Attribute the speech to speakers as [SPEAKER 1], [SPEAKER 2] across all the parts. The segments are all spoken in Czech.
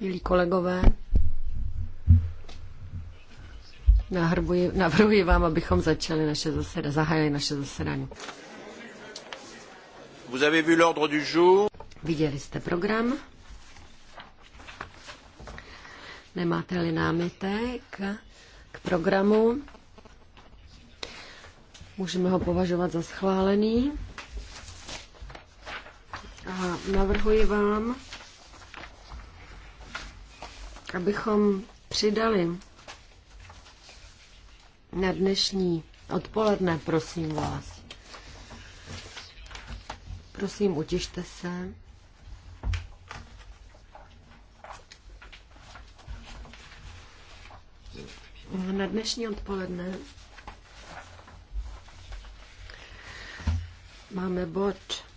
[SPEAKER 1] Milí kolegové, nahrbuji, navrhuji vám, abychom začali naše zasedání, zahájili naše zasedání.
[SPEAKER 2] Vous avez vu l'ordre du jour.
[SPEAKER 1] Viděli jste program. Nemáte-li námitek k programu, můžeme ho považovat za schválený. A navrhuji vám, abychom přidali na dnešní odpoledne, prosím vás. Prosím, utište se. Na dnešní odpoledne máme bod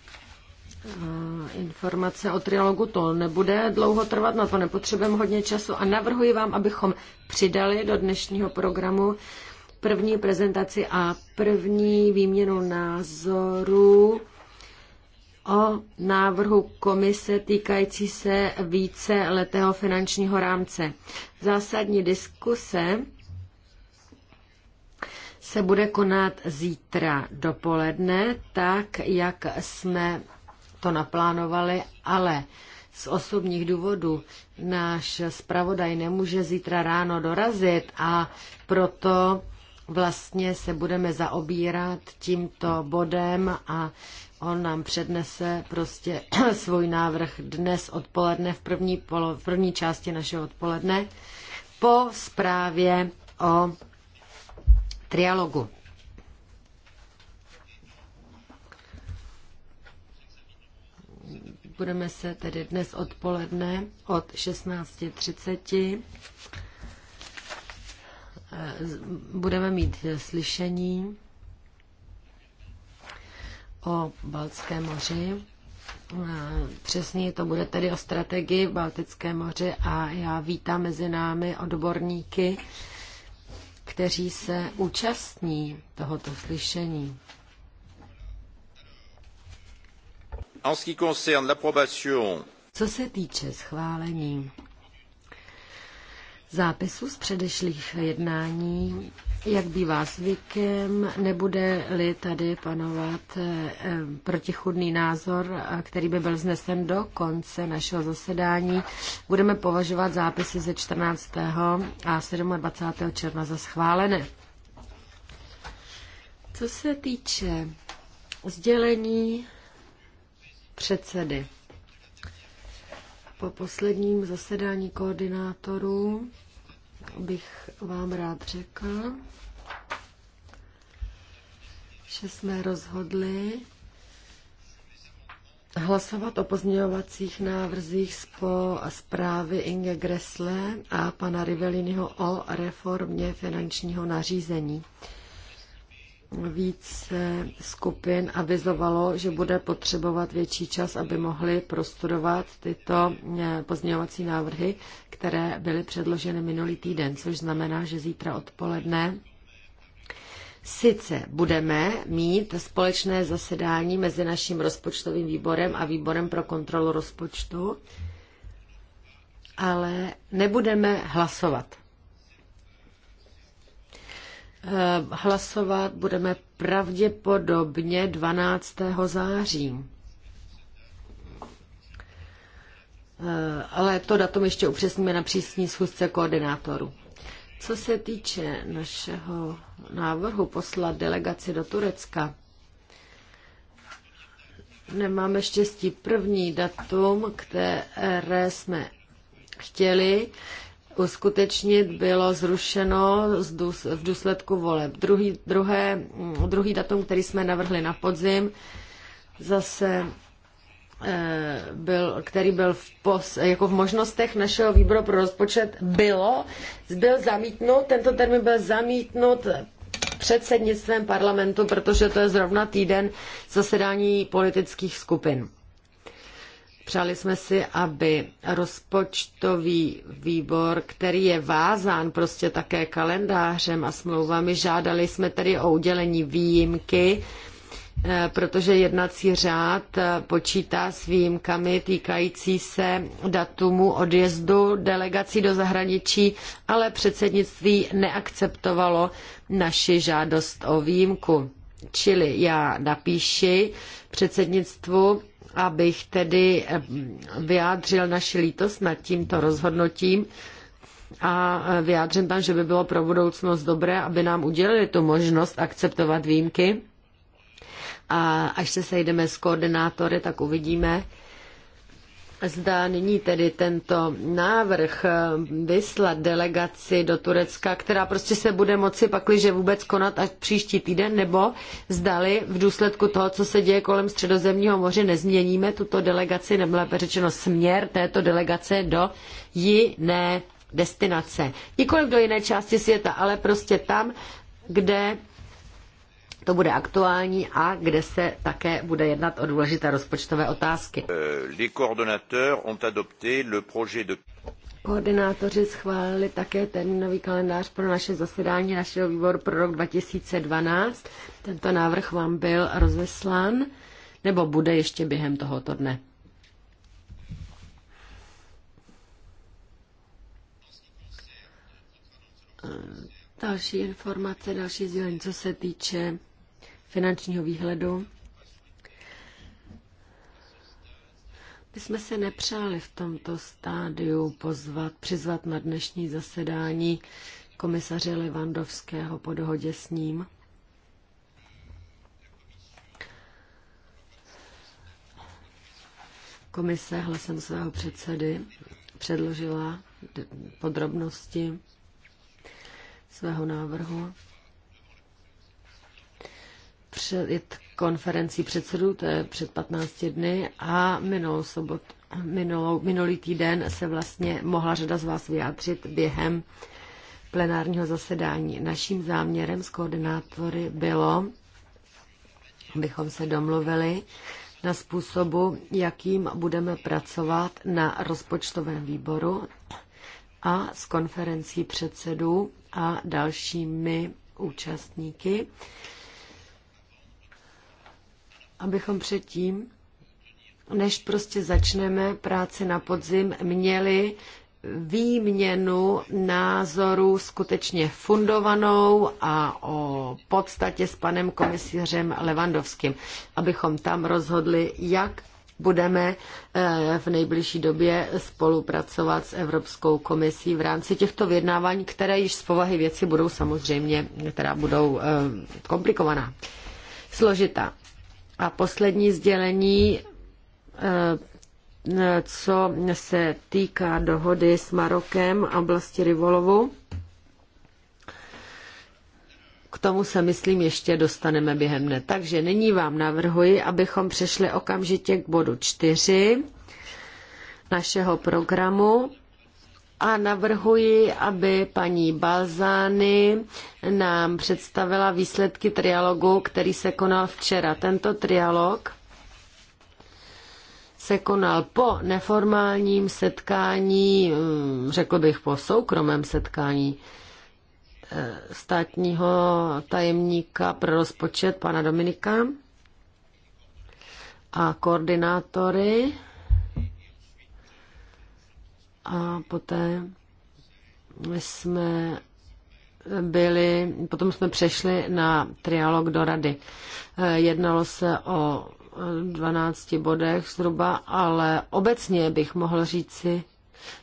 [SPEAKER 1] informace o trialogu. To nebude dlouho trvat, na to nepotřebujeme hodně času a navrhuji vám, abychom přidali do dnešního programu první prezentaci a první výměnu názorů o návrhu komise týkající se více letého finančního rámce. Zásadní diskuse se bude konat zítra dopoledne, tak jak jsme to naplánovali, ale z osobních důvodů náš zpravodaj nemůže zítra ráno dorazit a proto vlastně se budeme zaobírat tímto bodem a on nám přednese prostě svůj návrh dnes odpoledne v první, polo, v první části našeho odpoledne po zprávě o trialogu. Budeme se tedy dnes odpoledne od 16.30. Eh, budeme mít slyšení o Baltském moři. Eh, přesně to bude tedy o strategii v Baltické moři a já vítám mezi námi odborníky, kteří se účastní tohoto slyšení.
[SPEAKER 2] En ce qui concerne l'approbation
[SPEAKER 1] co se týče schválení zápisu z předešlých jednání, jak bývá zvykem, nebude-li tady panovat eh, protichudný názor, který by byl znesen do konce našeho zasedání, budeme považovat zápisy ze 14. a 27. června za schválené. Co se týče sdělení předsedy. Po posledním zasedání koordinátorů bych vám rád řekl, že jsme rozhodli hlasovat o pozměňovacích návrzích po zprávy Inge Gressle a pana Riveliniho o reformě finančního nařízení více skupin avizovalo, že bude potřebovat větší čas, aby mohli prostudovat tyto eh, pozměňovací návrhy, které byly předloženy minulý týden, což znamená, že zítra odpoledne Sice budeme mít společné zasedání mezi naším rozpočtovým výborem a výborem pro kontrolu rozpočtu, ale nebudeme hlasovat. Eh, hlasovat budeme pravděpodobně 12. září. Eh, ale to datum ještě upřesníme na přísní schůzce koordinátorů. Co se týče našeho návrhu poslat delegaci do Turecka, nemáme štěstí. První datum, které jsme chtěli, uskutečnit, bylo zrušeno v důsledku voleb. Druhý, druhé, druhý datum, který jsme navrhli na podzim, zase eh, byl, který byl v pos, jako v možnostech našeho výboru pro rozpočet, bylo, byl zamítnut, tento termín byl zamítnut předsednictvem parlamentu, protože to je zrovna týden zasedání politických skupin. Přáli jsme si, aby rozpočtový výbor, který je vázán prostě také kalendářem a smlouvami, žádali jsme tedy o udělení výjimky, eh, protože jednací řád eh, počítá s výjimkami týkající se datumu odjezdu delegací do zahraničí, ale předsednictví neakceptovalo naši žádost o výjimku. Čili já napíši předsednictvu, abych tedy eh, vyjádřil naši lítost nad tímto rozhodnutím a eh, vyjádřím tam, že by bylo pro budoucnost dobré, aby nám udělili tu možnost akceptovat výjimky. A až se sejdeme s koordinátory, tak uvidíme, Zda nyní tedy tento návrh eh, vyslat delegaci do Turecka, která prostě se bude moci pakliže vůbec konat až příští týden, nebo zdali v důsledku toho, co se děje kolem Středozemního moře, nezměníme tuto delegaci, nebo lépe řečeno směr této delegace do jiné destinace. Nikoliv do jiné části světa, ale prostě tam, kde to bude aktuální a kde se také bude jednat o důležité rozpočtové otázky. Eh, Koordinátoři schválili také ten nový kalendář pro naše zasedání našeho výboru pro rok 2012. Tento návrh vám byl rozeslán nebo bude ještě během tohoto dne. Eh, další informace, další sdělení, co se týče finančního výhledu, My jsme se nepřáli v tomto stádiu pozvat, přizvat na dnešní zasedání komisaře Levandovského po dohodě s ním. Komise hlasem svého předsedy předložila podrobnosti svého návrhu před konferencí předsedů, to je před 15 dny, a minulou sobot, minulou, minulý týden se vlastně mohla řada z vás vyjádřit během plenárního zasedání. Naším záměrem s koordinátory bylo, abychom se domluvili na způsobu, jakým budeme pracovat na rozpočtovém výboru a s konferencí předsedů a dalšími účastníky abychom předtím, než prostě začneme práci na podzim, měli výměnu názorů skutečně fundovanou a o podstatě s panem komisařem Levandovským, abychom tam rozhodli, jak budeme eh, v nejbližší době spolupracovat s Evropskou komisí v rámci těchto vyjednávání, které již z povahy věci budou samozřejmě, která budou eh, komplikovaná, složitá. A poslední sdělení, eh, eh, co se týká dohody s Marokem a oblasti Rivolovu. K tomu se, myslím, ještě dostaneme během dne. Takže nyní vám navrhuji, abychom přešli okamžitě k bodu 4 našeho programu a navrhuji, aby paní Balzány nám představila výsledky trialogu, který se konal včera. Tento trialog se konal po neformálním setkání, hm, řekl bych po soukromém setkání eh, státního tajemníka pro rozpočet pana Dominika a koordinátory a poté jsme byli, potom jsme přešli na trialog do rady. Eh, jednalo se o 12 eh, bodech zhruba, ale obecně bych mohl říci,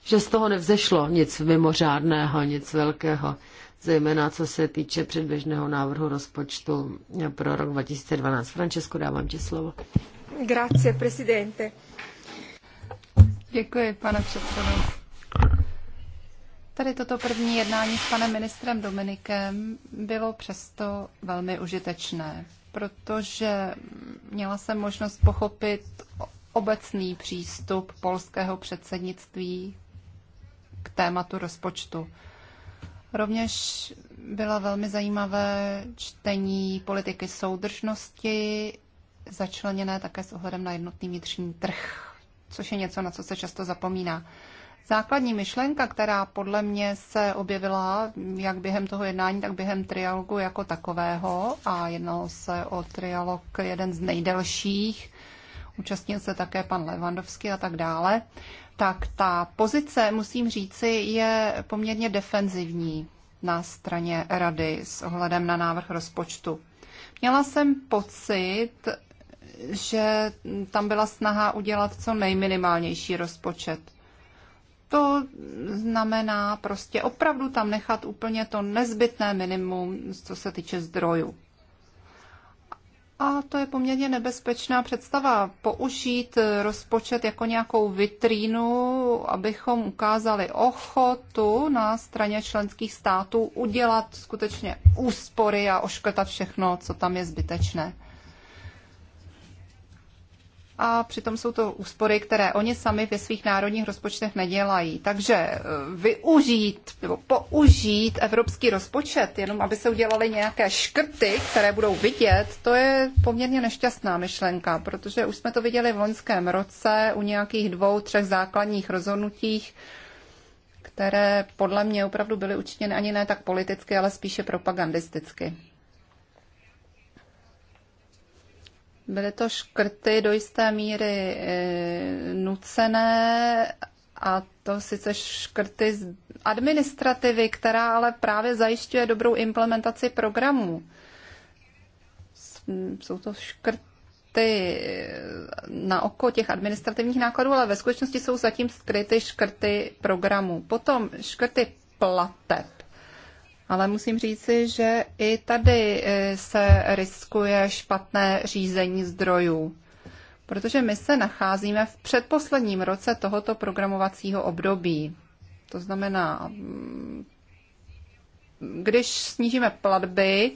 [SPEAKER 1] že z toho nevzešlo nic mimořádného, nic velkého, zejména co se týče předběžného návrhu rozpočtu pro rok 2012. Francesco, dávám ti slovo.
[SPEAKER 3] Grazie, presidente. Děkuji, pane předsedo. Tady toto první jednání s panem ministrem Dominikem bylo přesto velmi užitečné, protože měla jsem možnost pochopit obecný přístup polského předsednictví k tématu rozpočtu. Rovněž byla velmi zajímavé čtení politiky soudržnosti, začleněné také s ohledem na jednotný vnitřní trh což je něco, na co se často zapomíná. Základní myšlenka, která podle mě se objevila jak během toho jednání, tak během trialogu jako takového, a jednalo se o trialog jeden z nejdelších, účastnil se také pan Levandovský a tak dále, tak ta pozice, musím říci, je poměrně defenzivní na straně rady s ohledem na návrh rozpočtu. Měla jsem pocit, že tam byla snaha udělat co nejminimálnější rozpočet. To znamená prostě opravdu tam nechat úplně to nezbytné minimum, co se týče zdrojů. A to je poměrně nebezpečná představa. Použít rozpočet jako nějakou vitrínu, abychom ukázali ochotu na straně členských států udělat skutečně úspory a oškrtat všechno, co tam je zbytečné a přitom jsou to úspory, které oni sami ve svých národních rozpočtech nedělají. Takže e, využít nebo použít evropský rozpočet, jenom aby se udělaly nějaké škrty, které budou vidět, to je poměrně nešťastná myšlenka, protože už jsme to viděli v loňském roce u nějakých dvou, třech základních rozhodnutích, které podle mě opravdu byly učiněny ani ne tak politicky, ale spíše propagandisticky. Byly to škrty do jisté míry e, nucené a to sice škrty z administrativy, která ale právě zajišťuje dobrou implementaci programů. Jsou to škrty e, na oko těch administrativních nákladů, ale ve skutečnosti jsou zatím skryty škrty programů. Potom škrty plateb. Ale musím říci, že i tady e, se riskuje špatné řízení zdrojů, protože my se nacházíme v předposledním roce tohoto programovacího období. To znamená, mm, když snížíme platby,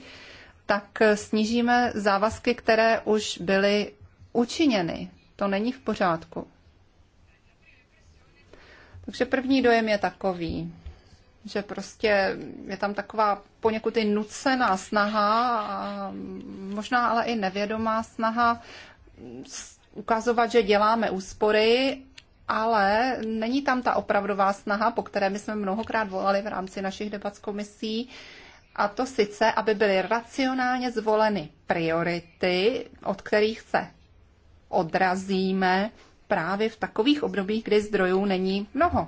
[SPEAKER 3] tak snížíme závazky, které už byly učiněny. To není v pořádku. Takže první dojem je takový že prostě je tam taková poněkud i nucená snaha, a možná ale i nevědomá snaha ukazovat, že děláme úspory, ale není tam ta opravdová snaha, po které my jsme mnohokrát volali v rámci našich debat s komisí, a to sice, aby byly racionálně zvoleny priority, od kterých se odrazíme právě v takových obdobích, kdy zdrojů není mnoho.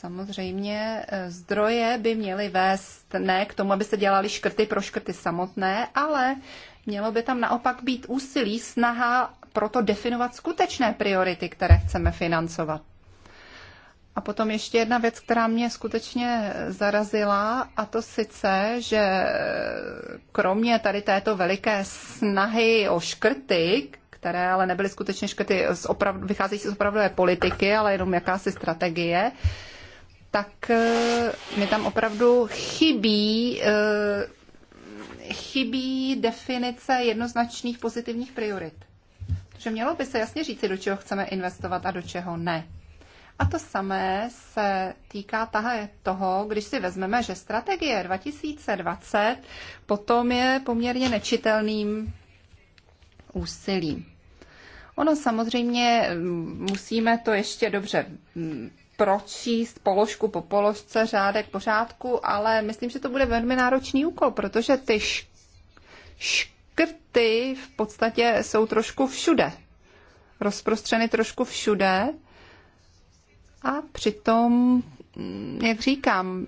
[SPEAKER 3] Samozřejmě eh, zdroje by měly vést ne k tomu, aby se dělali škrty pro škrty samotné, ale mělo by tam naopak být úsilí, snaha proto definovat skutečné priority, které chceme financovat. A potom ještě jedna věc, která mě skutečně eh, zarazila, a to sice, že eh, kromě tady této veliké snahy o škrty, které ale nebyly skutečně škrty z opravdu, vycházející z opravdové politiky, ale jenom jakási strategie, tak eh, mi tam opravdu chybí, eh, chybí definice jednoznačných pozitivních priorit. Že mělo by se jasně říci, do čeho chceme investovat a do čeho ne. A to samé se týká tahle toho, když si vezmeme, že strategie 2020 potom je poměrně nečitelným úsilím. Ono samozřejmě mm, musíme to ještě dobře mm, pročíst položku po položce, řádek po řádku, ale myslím, že to bude velmi náročný úkol, protože ty škrty v podstatě jsou trošku všude. Rozprostřeny trošku všude. A přitom, mm, jak říkám,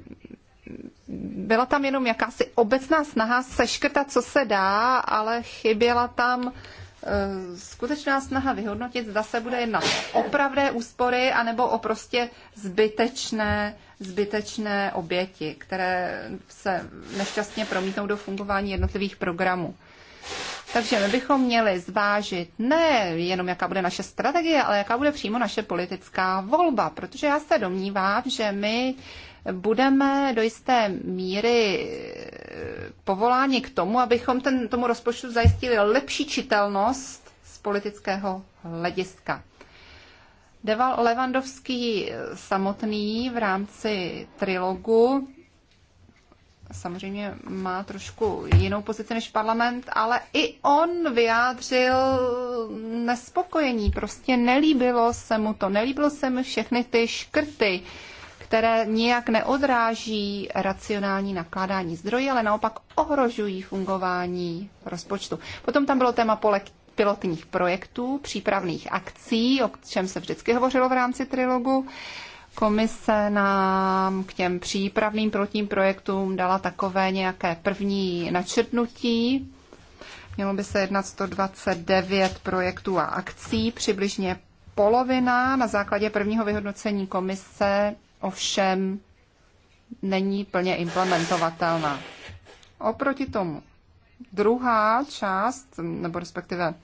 [SPEAKER 3] byla tam jenom jakási obecná snaha seškrtat, co se dá, ale chyběla tam Eh, skutečná snaha vyhodnotit, zda se bude jednat o pravdé úspory anebo o prostě zbytečné, zbytečné oběti, které se nešťastně promítnou do fungování jednotlivých programů. Takže my bychom měli zvážit ne jenom, jaká bude naše strategie, ale jaká bude přímo naše politická volba, protože já se domnívám, že my budeme do jisté míry eh, povoláni k tomu, abychom ten, tomu rozpočtu zajistili lepší čitelnost z politického hlediska. Deval Levandovský samotný v rámci trilogu samozřejmě má trošku jinou pozici než parlament, ale i on vyjádřil nespokojení. Prostě nelíbilo se mu to, nelíbilo se mu všechny ty škrty, které nijak neodráží racionální nakládání zdrojů, ale naopak ohrožují fungování rozpočtu. Potom tam bylo téma pilotních projektů, přípravných akcí, o čem se vždycky hovořilo v rámci trilogu. Komise nám k těm přípravným pilotním projektům dala takové nějaké první načrtnutí. Mělo by se jednat 129 projektů a akcí, přibližně polovina na základě prvního vyhodnocení komise ovšem není plně implementovatelná. Oproti tomu druhá část, nebo respektive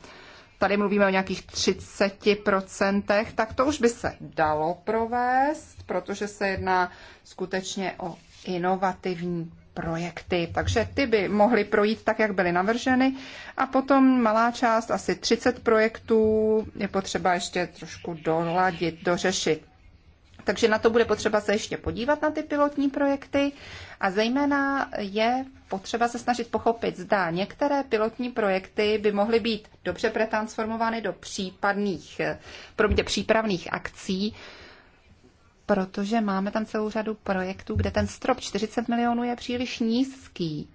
[SPEAKER 3] tady mluvíme o nějakých 30%, tak to už by se dalo provést, protože se jedná skutečně o inovativní projekty, takže ty by mohly projít tak, jak byly navrženy. A potom malá část, asi 30 projektů, je potřeba ještě trošku doladit, dořešit. Takže na to bude potřeba se ještě podívat na ty pilotní projekty a zejména je potřeba se snažit pochopit, zda některé pilotní projekty by mohly být dobře pretransformovány do případných, pro mě přípravných akcí, protože máme tam celou řadu projektů, kde ten strop 40 milionů je příliš nízký.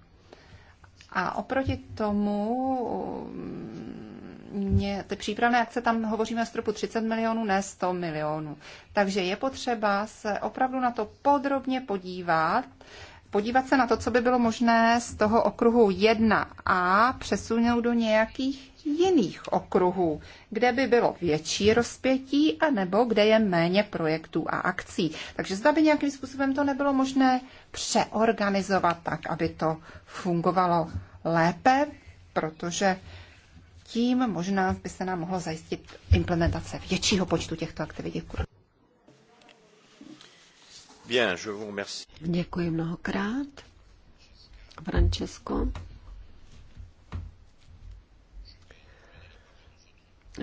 [SPEAKER 3] A oproti tomu mě, ty přípravné akce, tam hovoříme o stropu 30 milionů, ne 100 milionů. Takže je potřeba se opravdu na to podrobně podívat, podívat se na to, co by bylo možné z toho okruhu 1a přesunout do nějakých jiných okruhů, kde by bylo větší rozpětí a nebo kde je méně projektů a akcí. Takže zda by nějakým způsobem to nebylo možné přeorganizovat tak, aby to fungovalo lépe, protože tím možná by se nám mohlo zajistit implementace většího počtu těchto aktivit. Děkuji.
[SPEAKER 2] Bien, je vous remercie.
[SPEAKER 3] Děkuji
[SPEAKER 1] mnohokrát. Francesco.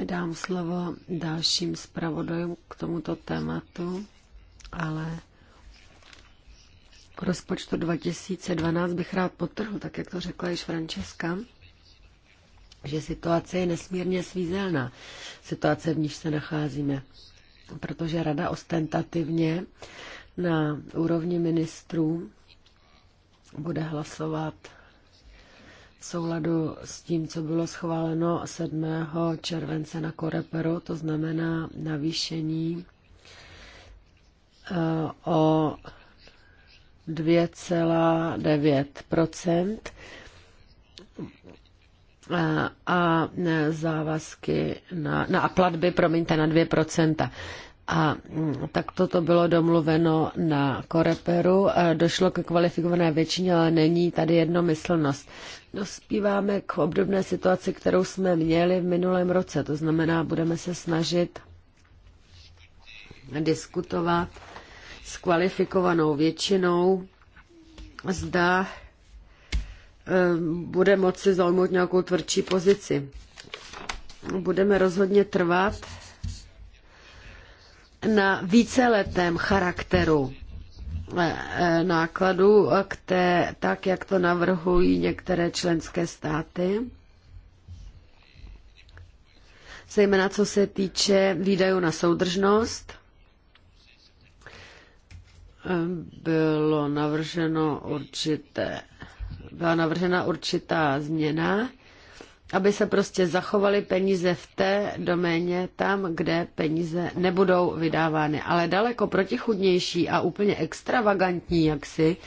[SPEAKER 1] Dám slovo dalším zpravodajům k tomuto tématu, ale k rozpočtu 2012 bych rád potrhl, tak jak to řekla již Francesca že situace je nesmírně svízelná, situace, v níž se nacházíme, protože rada ostentativně na úrovni ministrů bude hlasovat v souladu s tím, co bylo schváleno 7. července na Koreperu, to znamená navýšení eh, o 2,9 a závazky na, na platby, promiňte, na 2%. A mm, tak toto bylo domluveno na Koreperu. Došlo ke kvalifikované většině, ale není tady jednomyslnost. Dospíváme k obdobné situaci, kterou jsme měli v minulém roce. To znamená, budeme se snažit diskutovat s kvalifikovanou většinou, zda Eh, bude moci zaujmout nějakou tvrdší pozici. Budeme rozhodně trvat na víceletém charakteru eh, eh, nákladu, které, tak jak to navrhují některé členské státy, zejména co se týče výdajů na soudržnost. Bylo navrženo určité byla navržena určitá změna, aby se prostě zachovaly peníze v té doméně tam, kde peníze nebudou vydávány. Ale daleko protichudnější a úplně extravagantní jaksi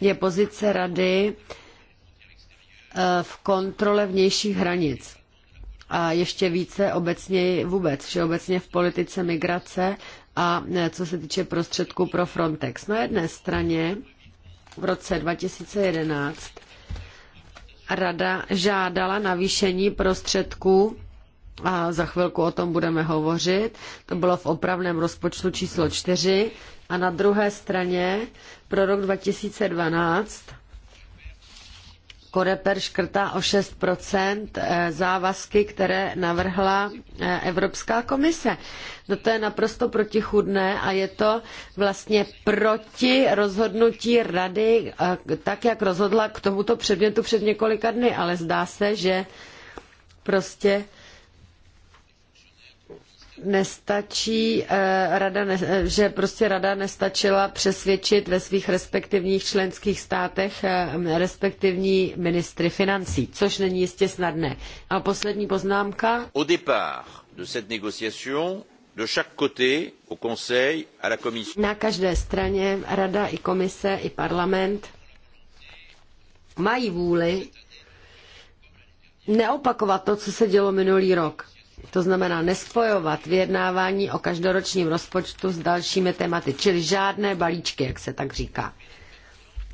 [SPEAKER 1] je pozice rady eh, v kontrole vnějších hranic a ještě více obecně vůbec, že obecně v politice migrace a eh, co se týče prostředků pro Frontex. Na jedné straně v roce 2011 rada žádala navýšení prostředků a za chvilku o tom budeme hovořit. To bylo v opravném rozpočtu číslo 4 a na druhé straně pro rok 2012 Koreper škrtá o 6% eh, závazky, které navrhla eh, Evropská komise. No to je naprosto protichudné a je to vlastně proti rozhodnutí rady, eh, tak jak rozhodla k tomuto předmětu před několika dny, ale zdá se, že prostě nestačí, eh, rada ne, eh, že prostě rada nestačila přesvědčit ve svých respektivních členských státech eh, respektivní ministry financí, což není jistě snadné. A poslední poznámka.
[SPEAKER 2] Au départ de cette négociation, de chaque côté, au conseil, à la commission. Na
[SPEAKER 1] každé straně rada i komise i parlament mají vůli neopakovat to, co se dělo minulý rok to znamená nespojovat vyjednávání o každoročním rozpočtu s dalšími tématy, čili žádné balíčky, jak se tak říká.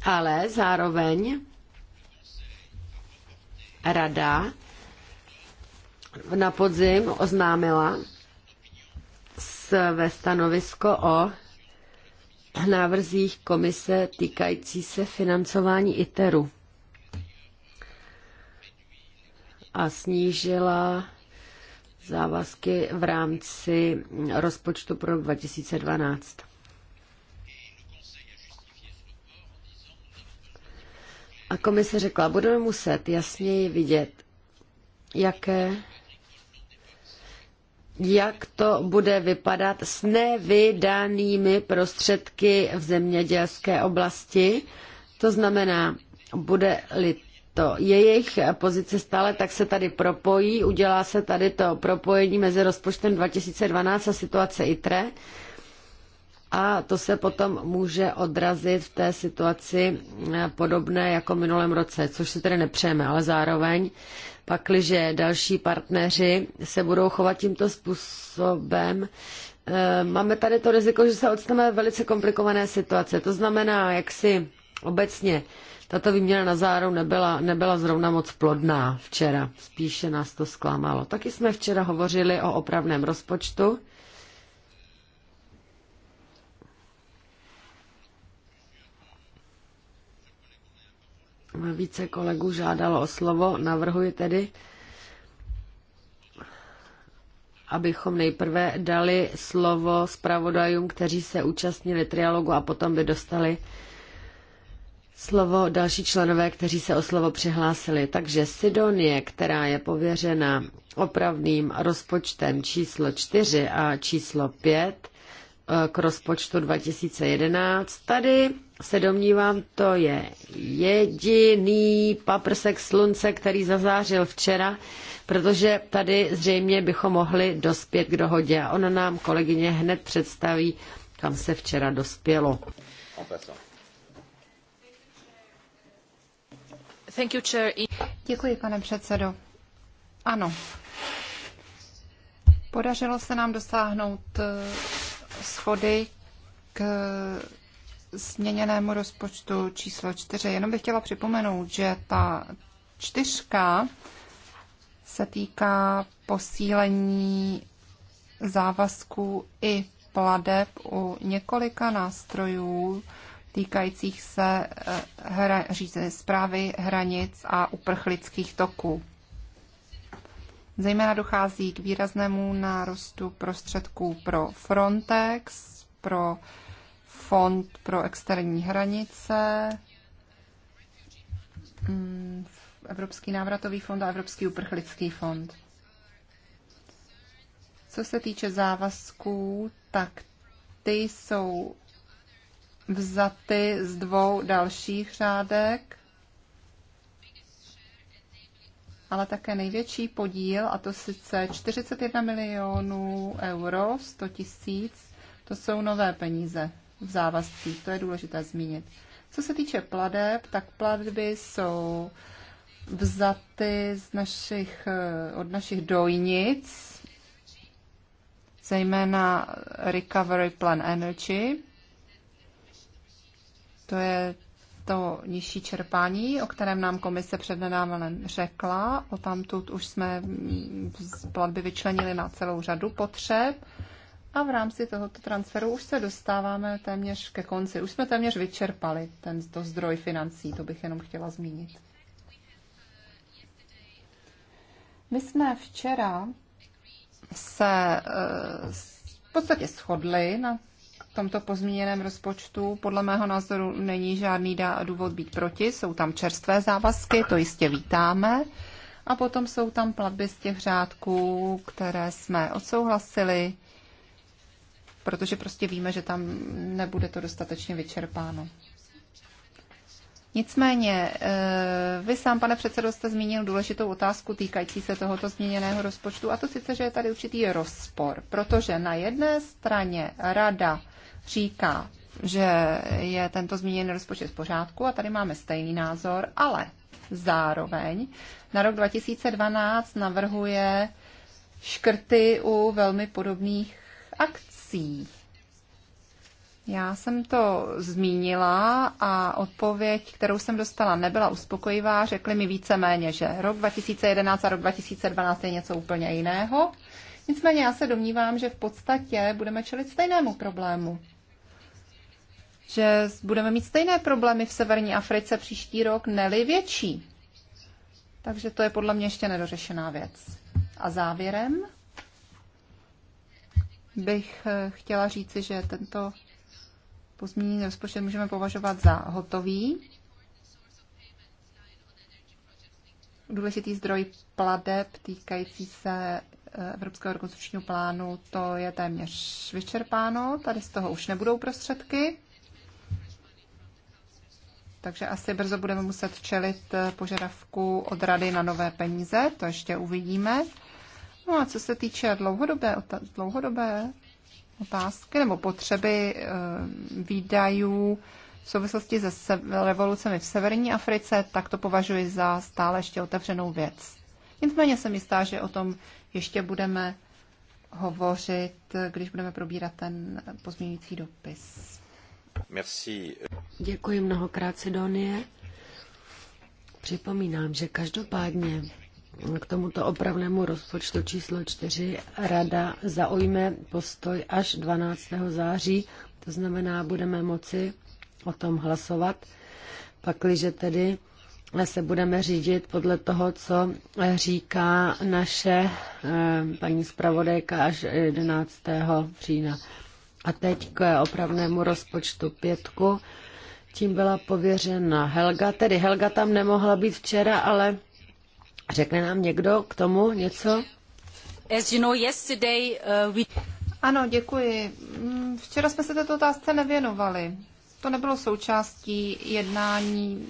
[SPEAKER 1] Ale zároveň rada na podzim oznámila své stanovisko o návrzích komise týkající se financování ITERu a snížila závazky v rámci rozpočtu pro 2012. A komise řekla, budeme muset jasněji vidět, jaké jak to bude vypadat s nevydanými prostředky v zemědělské oblasti. To znamená, bude-li to jejich pozice stále, tak se tady propojí, udělá se tady to propojení mezi rozpočtem 2012 a situace ITRE a to se potom může odrazit v té situaci eh, podobné jako v minulém roce, což se tedy nepřejeme, ale zároveň pakliže další partneři se budou chovat tímto způsobem, eh, máme tady to riziko, že se odstaneme velice komplikované situace. To znamená, jak si obecně tato výměna na záru nebyla, nebyla zrovna moc plodná včera. Spíše nás to zklamalo. Taky jsme včera hovořili o opravném rozpočtu. Více kolegů žádalo o slovo. Navrhuji tedy, abychom nejprve dali slovo zpravodajům, kteří se účastnili trialogu a potom by dostali slovo další členové, kteří se o slovo přihlásili. Takže Sidonie, která je pověřena opravným rozpočtem číslo 4 a číslo 5 eh, k rozpočtu 2011, tady se domnívám, to je jediný paprsek slunce, který zazářil včera, protože tady zřejmě bychom mohli dospět k dohodě. A ona nám kolegyně hned představí, kam se včera dospělo.
[SPEAKER 3] Děkuji, pane předsedo. Ano. Podařilo se nám dosáhnout eh, schody k změněnému rozpočtu číslo čtyři. Jenom bych chtěla připomenout, že ta čtyřka se týká posílení závazků i pladeb u několika nástrojů, týkajících se eh, hra, říze, zprávy hranic a uprchlických toků. Zejména dochází k výraznému nárostu prostředků pro Frontex, pro Fond pro externí hranice, mm, Evropský návratový fond a Evropský uprchlický fond. Co se týče závazků, tak ty jsou vzaty z dvou dalších řádek, ale také největší podíl, a to sice 41 milionů euro, 100 tisíc, to jsou nové peníze v závazcích, to je důležité zmínit. Co se týče pladeb, tak platby jsou vzaty z našich, od našich dojnic, zejména Recovery Plan Energy, to je to nižší čerpání, o kterém nám komise před nedávnem řekla. O tamtud už jsme z platby vyčlenili na celou řadu potřeb. A v rámci tohoto transferu už se dostáváme téměř ke konci. Už jsme téměř vyčerpali tento zdroj financí, to bych jenom chtěla zmínit. My jsme včera se eh, v podstatě shodli na tomto pozmíněném rozpočtu podle mého názoru není žádný důvod být proti. Jsou tam čerstvé závazky, to jistě vítáme. A potom jsou tam platby z těch řádků, které jsme odsouhlasili, protože prostě víme, že tam nebude to dostatečně vyčerpáno. Nicméně, eh, vy sám, pane předsedo, jste zmínil důležitou otázku týkající se tohoto změněného rozpočtu, a to sice, že je tady určitý rozpor, protože na jedné straně rada říká, že je tento zmíněný rozpočet v pořádku a tady máme stejný názor, ale zároveň na rok 2012 navrhuje škrty u velmi podobných akcí. Já jsem to zmínila a odpověď, kterou jsem dostala, nebyla uspokojivá. Řekli mi víceméně, že rok 2011 a rok 2012 je něco úplně jiného. Nicméně já se domnívám, že v podstatě budeme čelit stejnému problému že budeme mít stejné problémy v severní Africe příští rok, neli větší. Takže to je podle mě ještě nedořešená věc. A závěrem bych eh, chtěla říci, že tento pozměněný rozpočet můžeme považovat za hotový. Důležitý zdroj pladeb týkající se eh, Evropského rekonstručního plánu, to je téměř vyčerpáno. Tady z toho už nebudou prostředky. Takže asi brzo budeme muset čelit eh, požadavku od rady na nové peníze, to ještě uvidíme. No a co se týče dlouhodobé, dlouhodobé otázky nebo potřeby eh, výdajů v souvislosti se revolucemi v severní Africe, tak to považuji za stále ještě otevřenou věc. Nicméně jsem jistá, že o tom ještě budeme hovořit, eh, když budeme probírat ten pozměňující dopis. Děkuji mnohokrát,
[SPEAKER 1] Sidonie. Připomínám, že každopádně k tomuto opravnému rozpočtu číslo 4 rada zaujme postoj až 12. září, to znamená, budeme moci o tom hlasovat, pakliže tedy se budeme řídit podle toho, co říká naše eh, paní zpravodajka až 11. října. A teď k opravnému rozpočtu pětku. Tím byla pověřena Helga. Tedy Helga tam nemohla být včera, ale řekne nám někdo k tomu něco?
[SPEAKER 3] As you know, yesterday, uh, we... Ano, děkuji. Mm, včera jsme se této otázce nevěnovali. To nebylo součástí jednání.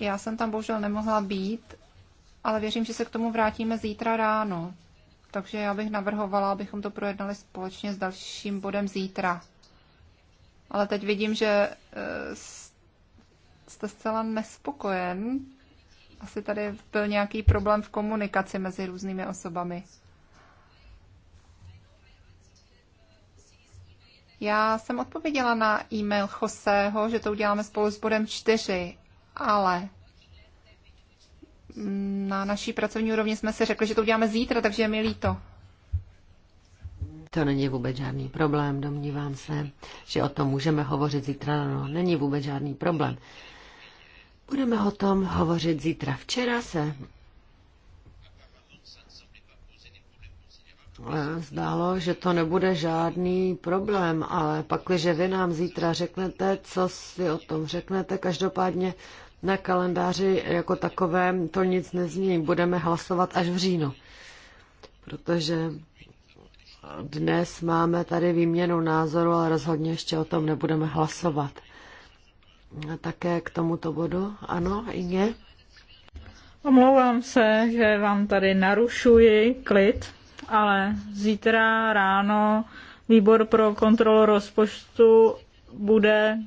[SPEAKER 3] Já jsem tam bohužel nemohla být, ale věřím, že se k tomu vrátíme zítra ráno. Takže já bych navrhovala, abychom to projednali společně s dalším bodem zítra. Ale teď vidím, že eh, jste zcela nespokojen. Asi tady byl nějaký problém v komunikaci mezi různými osobami. Já jsem odpověděla na e-mail Joseho, že to uděláme spolu s bodem 4, ale na naší pracovní úrovni jsme si řekli, že to uděláme zítra, takže je mi líto.
[SPEAKER 1] To není vůbec žádný problém, domnívám se, že o tom můžeme hovořit zítra No, Není vůbec žádný problém. Budeme o tom hovořit zítra. Včera se eh, Zdálo, že to nebude žádný problém, ale pakliže vy nám zítra řeknete, co si o tom řeknete, každopádně na kalendáři jako takovém to nic nezmění. Budeme hlasovat až v říjnu, protože dnes máme tady výměnu názoru, ale rozhodně ještě o tom nebudeme hlasovat. A také k tomuto bodu, ano, Inge? Omlouvám se,
[SPEAKER 4] že vám tady narušuji klid, ale zítra ráno výbor pro kontrolu rozpočtu bude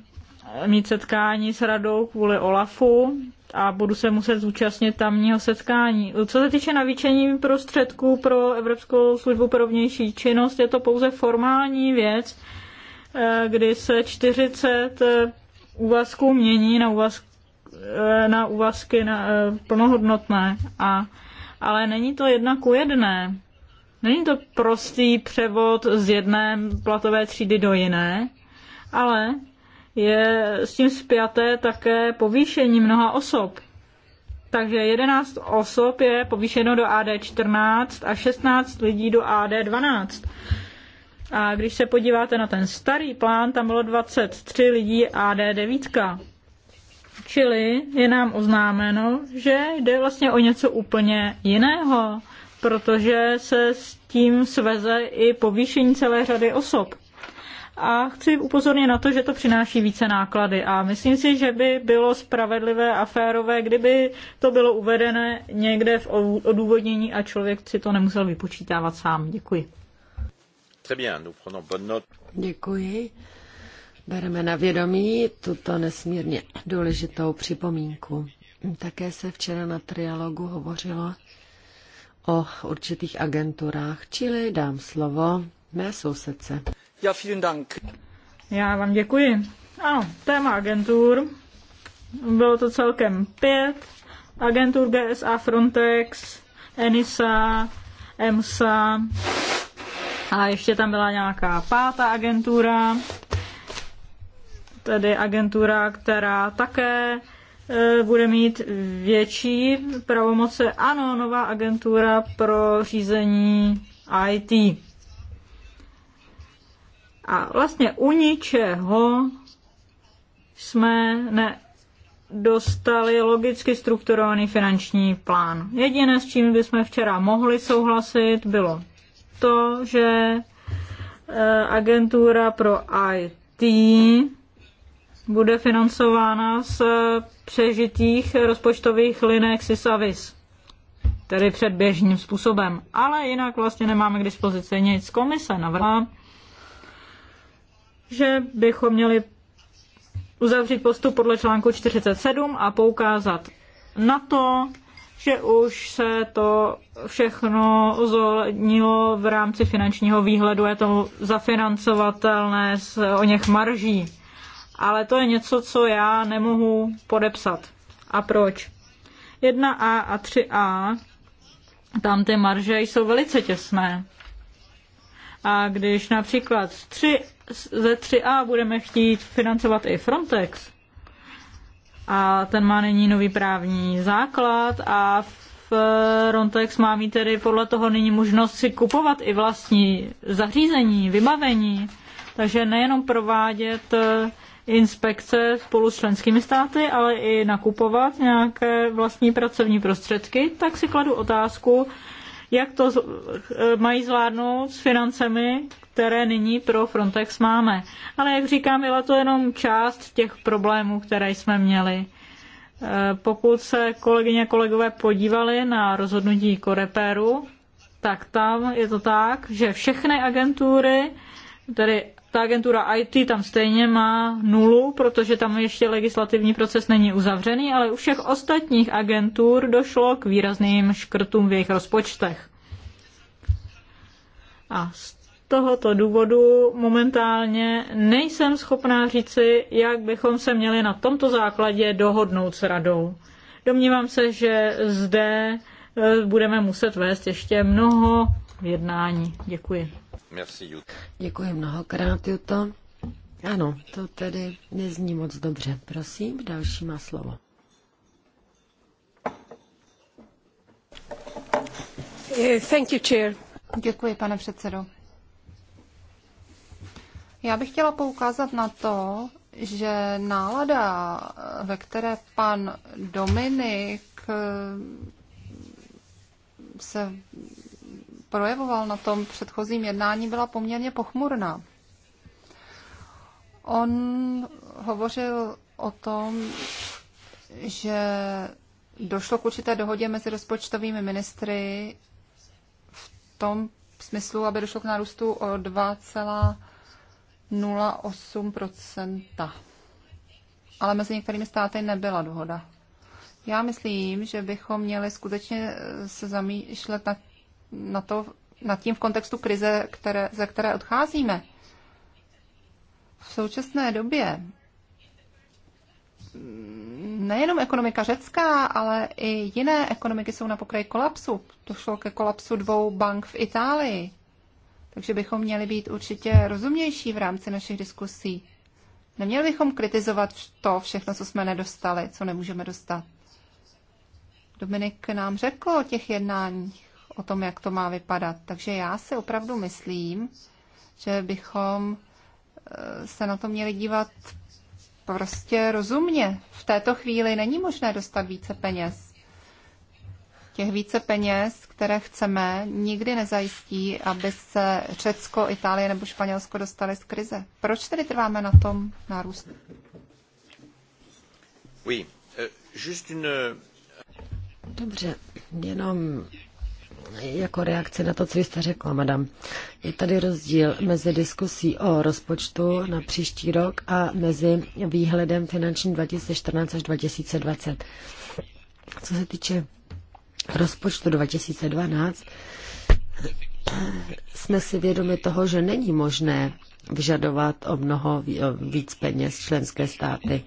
[SPEAKER 4] mít setkání s radou kvůli OLAFu a budu se muset zúčastnit tamního setkání. Co se týče navýšení prostředků pro Evropskou službu pro vnější činnost, je to pouze formální věc, eh, kdy se 40 eh, úvazků mění na úvaz, eh, na úvazky na, plnohodnotné. A, ale není to jedna ku jedné. Není to prostý převod z jedné platové třídy do jiné, ale je s tím spjaté také povýšení mnoha osob. Takže 11 osob je povýšeno do AD 14 a 16 lidí do AD 12. A když se podíváte na ten starý plán, tam bylo 23 lidí AD 9. Čili je nám oznámeno, že jde vlastně o něco úplně jiného, protože se s tím sveze i povýšení celé řady osob a chci upozornit na to, že to přináší více náklady a myslím si, že by bylo spravedlivé a férové, kdyby to bylo uvedené někde v odůvodnění a člověk si to nemusel vypočítávat sám. Děkuji.
[SPEAKER 1] Děkuji. Bereme na vědomí tuto nesmírně důležitou připomínku. Také se včera na trialogu hovořilo o určitých agenturách, čili dám slovo mé sousedce
[SPEAKER 4] vielen Dank. Já vám děkuji. Ano, téma agentur. Bylo to celkem pět. Agentur GSA, Frontex, ENISA, EMSA a ještě tam byla nějaká pátá agentura, tedy agentura, která také e, bude mít větší pravomoce. Ano, nová agentura pro řízení IT. A vlastně u ničeho jsme ne, dostali logicky strukturovaný finanční plán. Jediné, s čím bychom včera mohli souhlasit, bylo to, že eh, agentura pro IT bude financována z eh, přežitých rozpočtových linek SysAvis, tedy předběžným způsobem. Ale jinak vlastně nemáme k dispozici nic. Komise navrhla že bychom měli uzavřít postup podle článku 47 a poukázat na to, že už se to všechno zohlednilo v rámci finančního výhledu, je to zafinancovatelné z o něch marží. Ale to je něco, co já nemohu podepsat. A proč? 1A a 3A, tam ty marže jsou velice těsné. A když například ze 3A budeme chtít financovat i Frontex. A ten má nyní nový právní základ a Frontex má mít tedy podle toho nyní možnost si kupovat i vlastní zařízení, vybavení. Takže nejenom provádět eh, inspekce spolu s členskými státy, ale i nakupovat nějaké vlastní pracovní prostředky, tak si kladu otázku, jak to eh, mají zvládnout s financemi, které nyní pro Frontex máme. Ale jak říkám, byla to jenom část těch problémů, které jsme měli. E, pokud se kolegyně a kolegové podívali na rozhodnutí Koreperu, tak tam je to tak, že všechny agentury, tedy ta agentura IT tam stejně má nulu, protože tam ještě legislativní proces není uzavřený, ale u všech ostatních agentur došlo k výrazným škrtům v jejich rozpočtech. A z tohoto důvodu momentálně nejsem schopná říci, jak bychom se měli na tomto základě dohodnout s radou. Domnívám se, že zde eh, budeme muset vést ještě mnoho jednání. Děkuji.
[SPEAKER 2] Merci,
[SPEAKER 1] Děkuji mnohokrát, Juto. Ano, to tedy nezní moc dobře. Prosím, další má slovo.
[SPEAKER 3] Eh, thank you, chair. Děkuji, pane předsedo. Já bych chtěla poukázat na to, že nálada, ve které pan Dominik eh, se projevoval na tom předchozím jednání, byla poměrně pochmurná. On hovořil o tom, že došlo k určité dohodě mezi rozpočtovými ministry v tom smyslu, aby došlo k nárůstu o 2, 0,8%. Ale mezi některými státy nebyla dohoda. Já myslím, že bychom měli skutečně eh, se zamýšlet na, na to, nad tím v kontextu krize, které, ze které odcházíme. V současné době mm, nejenom ekonomika řecká, ale i jiné ekonomiky jsou na pokraji kolapsu. Došlo ke kolapsu dvou bank v Itálii. Takže bychom měli být určitě rozumnější v rámci našich diskusí. Neměli bychom kritizovat to všechno, co jsme nedostali, co nemůžeme dostat. Dominik nám řekl o těch jednáních, o tom, jak to má vypadat. Takže já si opravdu myslím, že bychom eh, se na to měli dívat prostě rozumně. V této chvíli není možné dostat více peněz těch více peněz, které chceme, nikdy nezajistí, aby se Řecko, Itálie nebo Španělsko dostali z krize. Proč tedy trváme na tom nárůstu?
[SPEAKER 2] Oui. Euh, Just une...
[SPEAKER 3] Dobře, jenom
[SPEAKER 1] jako reakce na to, co jste řekla, madam. Je tady rozdíl mezi diskusí o rozpočtu na příští rok a mezi výhledem finanční 2014 až 2020. Co se týče rozpočtu 2012 jsme si vědomi toho, že není možné vyžadovat o mnoho víc peněz členské státy.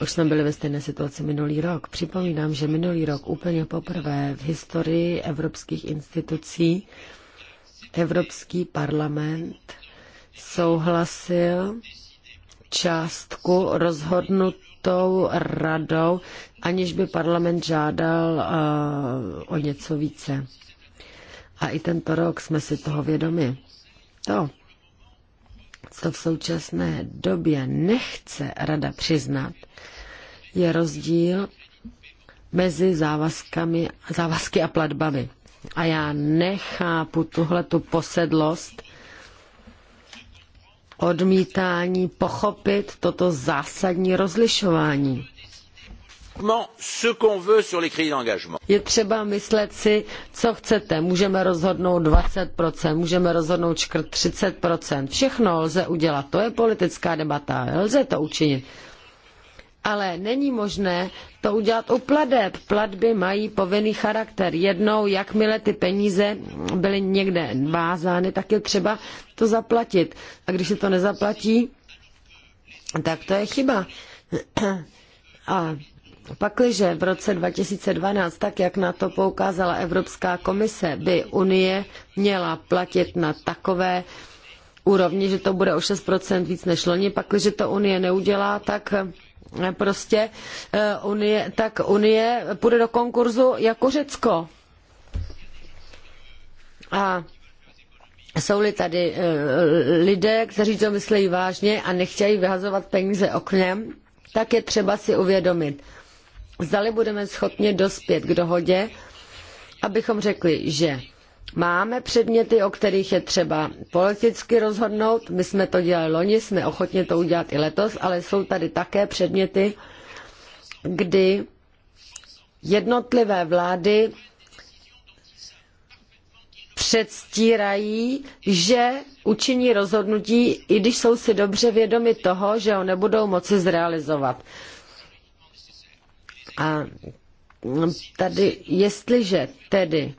[SPEAKER 1] Už jsme byli ve stejné situaci minulý rok. Připomínám, že minulý rok úplně poprvé v historii evropských institucí Evropský parlament souhlasil částku rozhodnutou radou aniž by parlament žádal eh, o něco více. A i tento rok jsme si toho vědomi. To, co v současné době nechce rada přiznat, je rozdíl mezi závazkami, závazky a platbami. A já nechápu tuhle tu posedlost, odmítání pochopit toto zásadní rozlišování. Je třeba myslet si, co chcete. Můžeme rozhodnout 20%, můžeme rozhodnout škrt 30%. Všechno lze udělat. To je politická debata. Lze to učinit. Ale není možné to udělat u pladeb. Platby mají povinný charakter. Jednou, jakmile ty peníze byly někde vázány, tak je třeba to zaplatit. A když se to nezaplatí, tak to je chyba. A Pakliže v roce 2012, tak jak na to poukázala Evropská komise, by Unie měla platit na takové úrovni, že to bude o 6% víc než loni, pakliže to Unie neudělá, tak eh, prostě eh, Unie, tak Unie půjde do konkurzu jako Řecko. A jsou-li tady eh, lidé, kteří to myslí vážně a nechtějí vyhazovat peníze oknem, tak je třeba si uvědomit, zdali budeme schopni dospět k dohodě, abychom řekli, že máme předměty, o kterých je třeba politicky rozhodnout. My jsme to dělali loni, jsme ochotni to udělat i letos, ale jsou tady také předměty, kdy jednotlivé vlády předstírají, že učiní rozhodnutí, i když jsou si dobře vědomi toho, že ho nebudou moci zrealizovat. A tady, jestliže tedy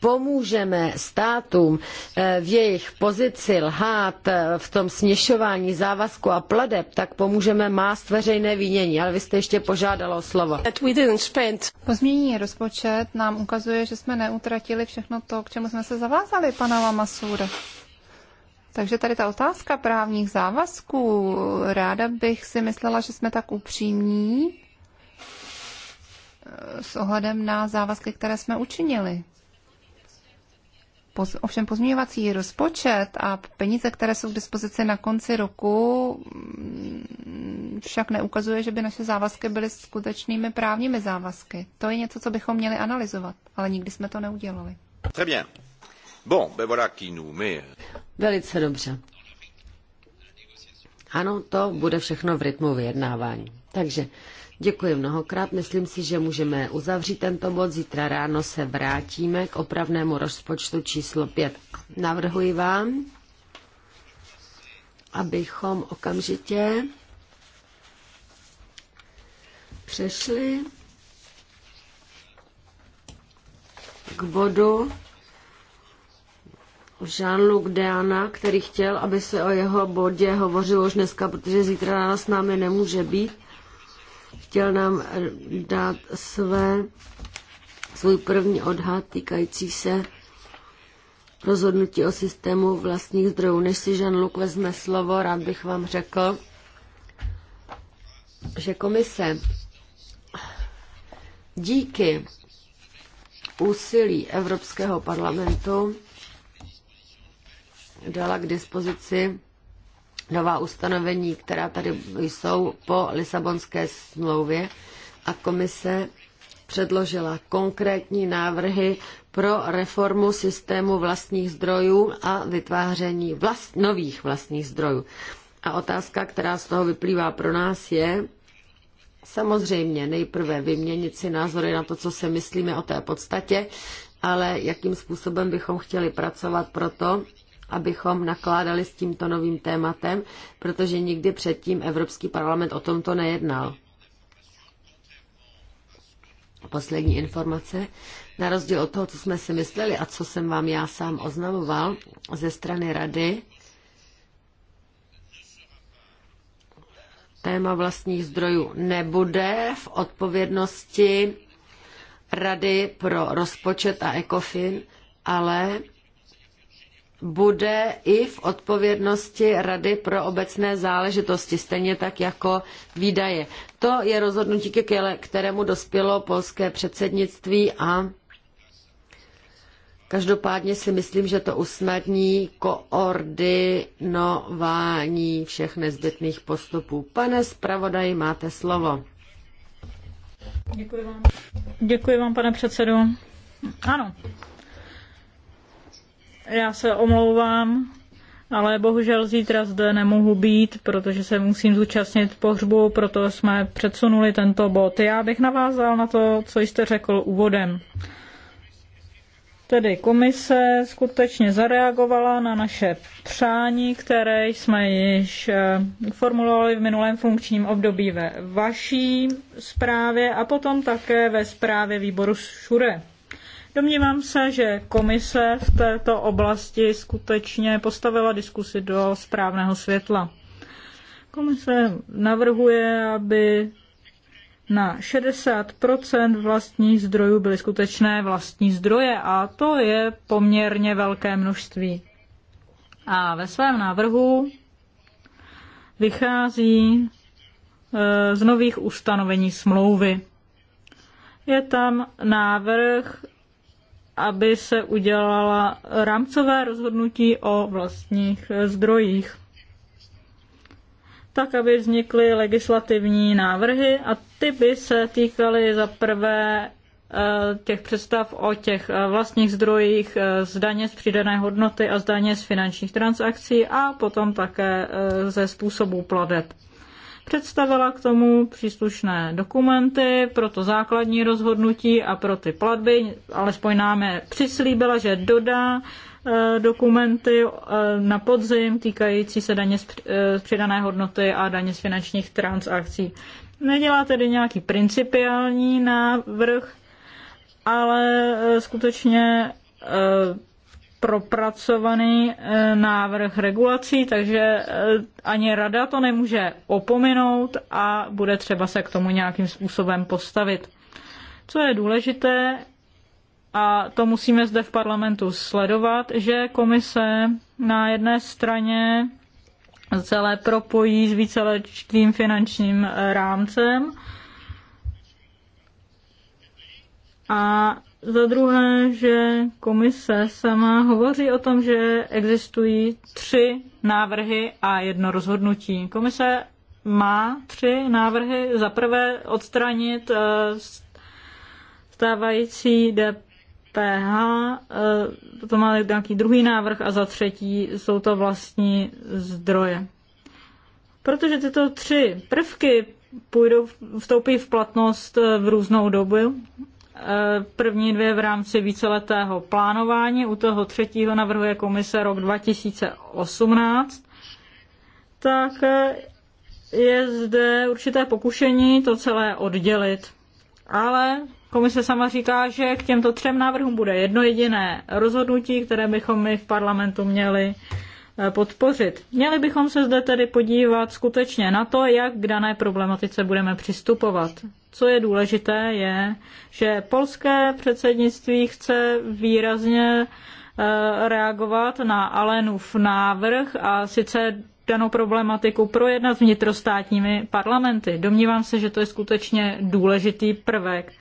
[SPEAKER 1] pomůžeme státům eh, v jejich pozici lhát eh, v tom směšování závazku a pladeb, tak pomůžeme mást veřejné vínění. Ale vy jste ještě požádala o slovo.
[SPEAKER 3] Pozmění rozpočet nám ukazuje, že jsme neutratili všechno to, k čemu jsme se zavázali, pana Lamasura. Takže tady ta otázka právních závazků, ráda bych si myslela, že jsme tak upřímní eh, s ohledem na závazky, které jsme učinili. Poz, ovšem pozměňovací rozpočet a peníze, které jsou k dispozici na konci roku, mm, však neukazuje, že by naše závazky byly skutečnými právními závazky. To je něco, co bychom měli analyzovat, ale nikdy jsme to neudělali.
[SPEAKER 2] Très bien. Bon, ben voilà qui nous met. Euh,
[SPEAKER 3] Velice dobře.
[SPEAKER 1] Ano, to bude všechno v rytmu vyjednávání. Takže děkuji mnohokrát. Myslím si, že můžeme uzavřít tento bod. Zítra ráno se vrátíme k opravnému rozpočtu číslo 5. Navrhuji vám, abychom okamžitě přešli k bodu Jean-Luc Deana, který chtěl, aby se o jeho bodě hovořilo už dneska, protože zítra nás s námi nemůže být. Chtěl nám dát své, svůj první odhad týkající se rozhodnutí o systému vlastních zdrojů. Než si Jean-Luc vezme slovo, rád bych vám řekl, že komise díky úsilí Evropského parlamentu dala k dispozici nová ustanovení, která tady jsou po Lisabonské smlouvě a komise předložila konkrétní návrhy pro reformu systému vlastních zdrojů a vytváření vlast, nových vlastních zdrojů. A otázka, která z toho vyplývá pro nás, je samozřejmě nejprve vyměnit si názory na to, co se myslíme o té podstatě, ale jakým způsobem bychom chtěli pracovat pro to, abychom nakládali s tímto novým tématem, protože nikdy předtím Evropský parlament o tomto nejednal. Poslední informace. Na rozdíl od toho, co jsme si mysleli a co jsem vám já sám oznamoval ze strany rady, téma vlastních zdrojů nebude v odpovědnosti Rady pro rozpočet a ECOFIN, ale bude i v odpovědnosti Rady pro obecné záležitosti, stejně tak jako výdaje. To je rozhodnutí, ke kterému dospělo polské předsednictví a každopádně si myslím, že to usnadní koordinování všech nezbytných postupů. Pane zpravodaji, máte slovo. Děkuji vám. Děkuji vám, pane předsedo. Ano,
[SPEAKER 4] já se omlouvám, ale bohužel zítra zde nemohu být, protože se musím zúčastnit pohřbu, proto jsme předsunuli tento bod. Já bych navázal na to, co jste řekl úvodem. Tedy komise skutečně zareagovala na naše přání, které jsme již eh, formulovali v minulém funkčním období ve vaší zprávě a potom také ve zprávě výboru Šure. Domnívám se, že komise v této oblasti skutečně postavila diskusi do správného světla. Komise navrhuje, aby na 60 vlastních zdrojů byly skutečné vlastní zdroje a to je poměrně velké množství. A ve svém návrhu vychází e, z nových ustanovení smlouvy. Je tam návrh aby se udělala rámcové rozhodnutí o vlastních zdrojích. Tak, aby vznikly legislativní návrhy a ty by se týkaly za prvé eh, těch představ o těch eh, vlastních zdrojích eh, z daně z přidané hodnoty a z daně z finančních transakcí a potom také ze způsobu pladeb představila k tomu příslušné dokumenty pro to základní rozhodnutí a pro ty platby, alespoň nám je přislíbila, že dodá eh, dokumenty eh, na podzim týkající se daně eh, z přidané hodnoty a daně z finančních transakcí. Nedělá tedy nějaký principiální návrh, ale skutečně propracovaný eh, návrh regulací, takže eh, ani rada to nemůže opominout a bude třeba se k tomu nějakým způsobem postavit. Co je důležité, a to musíme zde v parlamentu sledovat, že komise na jedné straně celé propojí s víceletým finančním eh, rámcem a za druhé, že komise sama hovoří o tom, že existují tři návrhy a jedno rozhodnutí. Komise má tři návrhy. Za prvé odstranit eh, stávající DPH, eh, potom má nějaký druhý návrh a za třetí jsou to vlastní zdroje. Protože tyto tři prvky půjdou, vstoupí v platnost eh, v různou dobu Eh, první dvě v rámci víceletého plánování, u toho třetího navrhuje komise rok 2018, tak eh, je zde určité pokušení to celé oddělit. Ale komise sama říká, že k těmto třem návrhům bude jedno jediné rozhodnutí, které bychom my v parlamentu měli eh, podpořit. Měli bychom se zde tedy podívat skutečně na to, jak k dané problematice budeme přistupovat co je důležité, je, že polské předsednictví chce výrazně eh, reagovat na Alenův návrh a sice danou problematiku projednat s vnitrostátními parlamenty. Domnívám se, že to je skutečně důležitý prvek,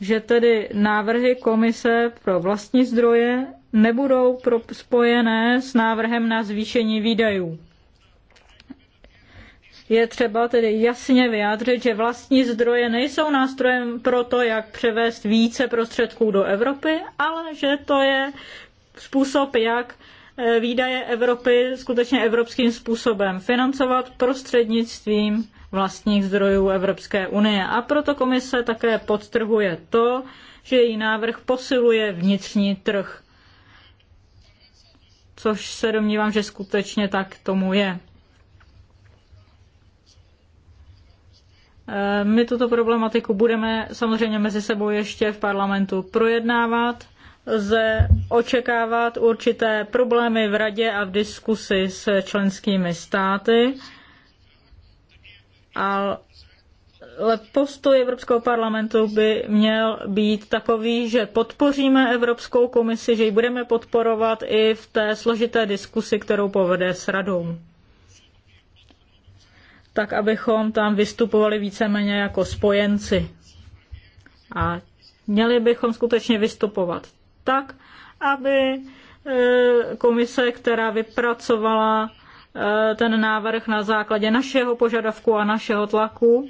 [SPEAKER 4] že tedy návrhy komise pro vlastní zdroje nebudou spojené s návrhem na zvýšení výdajů. Je třeba tedy jasně vyjádřit, že vlastní zdroje nejsou nástrojem pro to, jak převést více prostředků do Evropy, ale že to je způsob, jak eh, výdaje Evropy skutečně evropským způsobem financovat prostřednictvím vlastních zdrojů Evropské unie. A proto komise také podtrhuje to, že její návrh posiluje vnitřní trh. Což se domnívám, že skutečně tak tomu je. Eh, my tuto problematiku budeme samozřejmě mezi sebou ještě v parlamentu projednávat. Lze očekávat určité problémy v radě a v diskusi s členskými státy, ale postoj Evropského parlamentu by měl být takový, že podpoříme Evropskou komisi, že ji budeme podporovat i v té složité diskusi, kterou povede s radou tak abychom tam vystupovali víceméně jako spojenci. A měli bychom skutečně vystupovat tak, aby e, komise, která vypracovala e, ten návrh na základě našeho požadavku a našeho tlaku,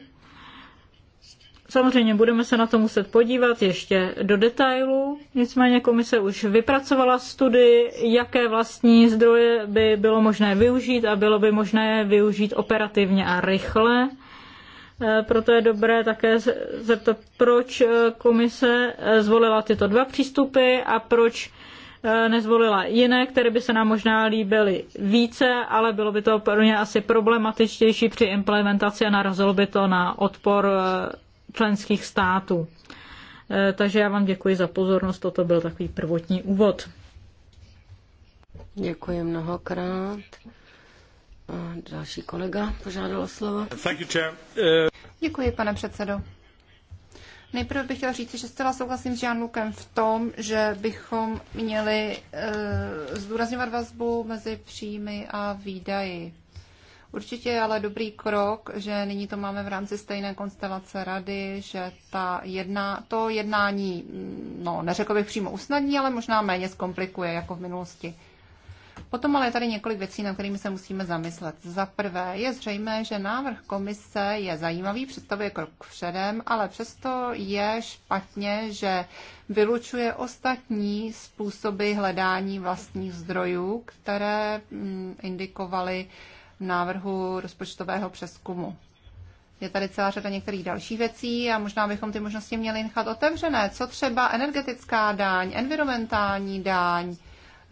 [SPEAKER 4] Samozřejmě budeme se na to muset podívat ještě do detailu, nicméně komise už vypracovala studii, jaké vlastní zdroje by bylo možné využít a bylo by možné je využít operativně a rychle. Eh, proto je dobré také zeptat, proč eh, komise eh, zvolila tyto dva přístupy a proč nezvolila jiné, které by se nám možná líbily více, ale bylo by to pro ně asi problematičtější při implementaci a narazilo by to na odpor členských států. E, takže já vám děkuji za pozornost, toto byl takový prvotní úvod.
[SPEAKER 1] Děkuji mnohokrát. Další
[SPEAKER 3] kolega požádal slovo.
[SPEAKER 2] E,
[SPEAKER 3] děkuji, pane předsedo. Nejprve bych chtěla říct, že zcela souhlasím s Lukem v tom, že bychom měli e, zdůrazňovat vazbu mezi příjmy a výdaji. Určitě je ale dobrý krok, že nyní to máme v rámci stejné konstelace rady, že ta jedna, to jednání, mm, no neřekl bych přímo usnadní, ale možná méně zkomplikuje jako v minulosti. Potom ale je tady několik věcí, na kterými se musíme zamyslet. Za prvé je zřejmé, že návrh komise je zajímavý, představuje krok předem, ale přesto je špatně, že vylučuje ostatní způsoby hledání vlastních zdrojů, které mm, indikovaly návrhu rozpočtového přeskumu. Je tady celá řada některých dalších věcí a možná bychom ty možnosti měli nechat otevřené. Co třeba energetická daň, environmentální daň,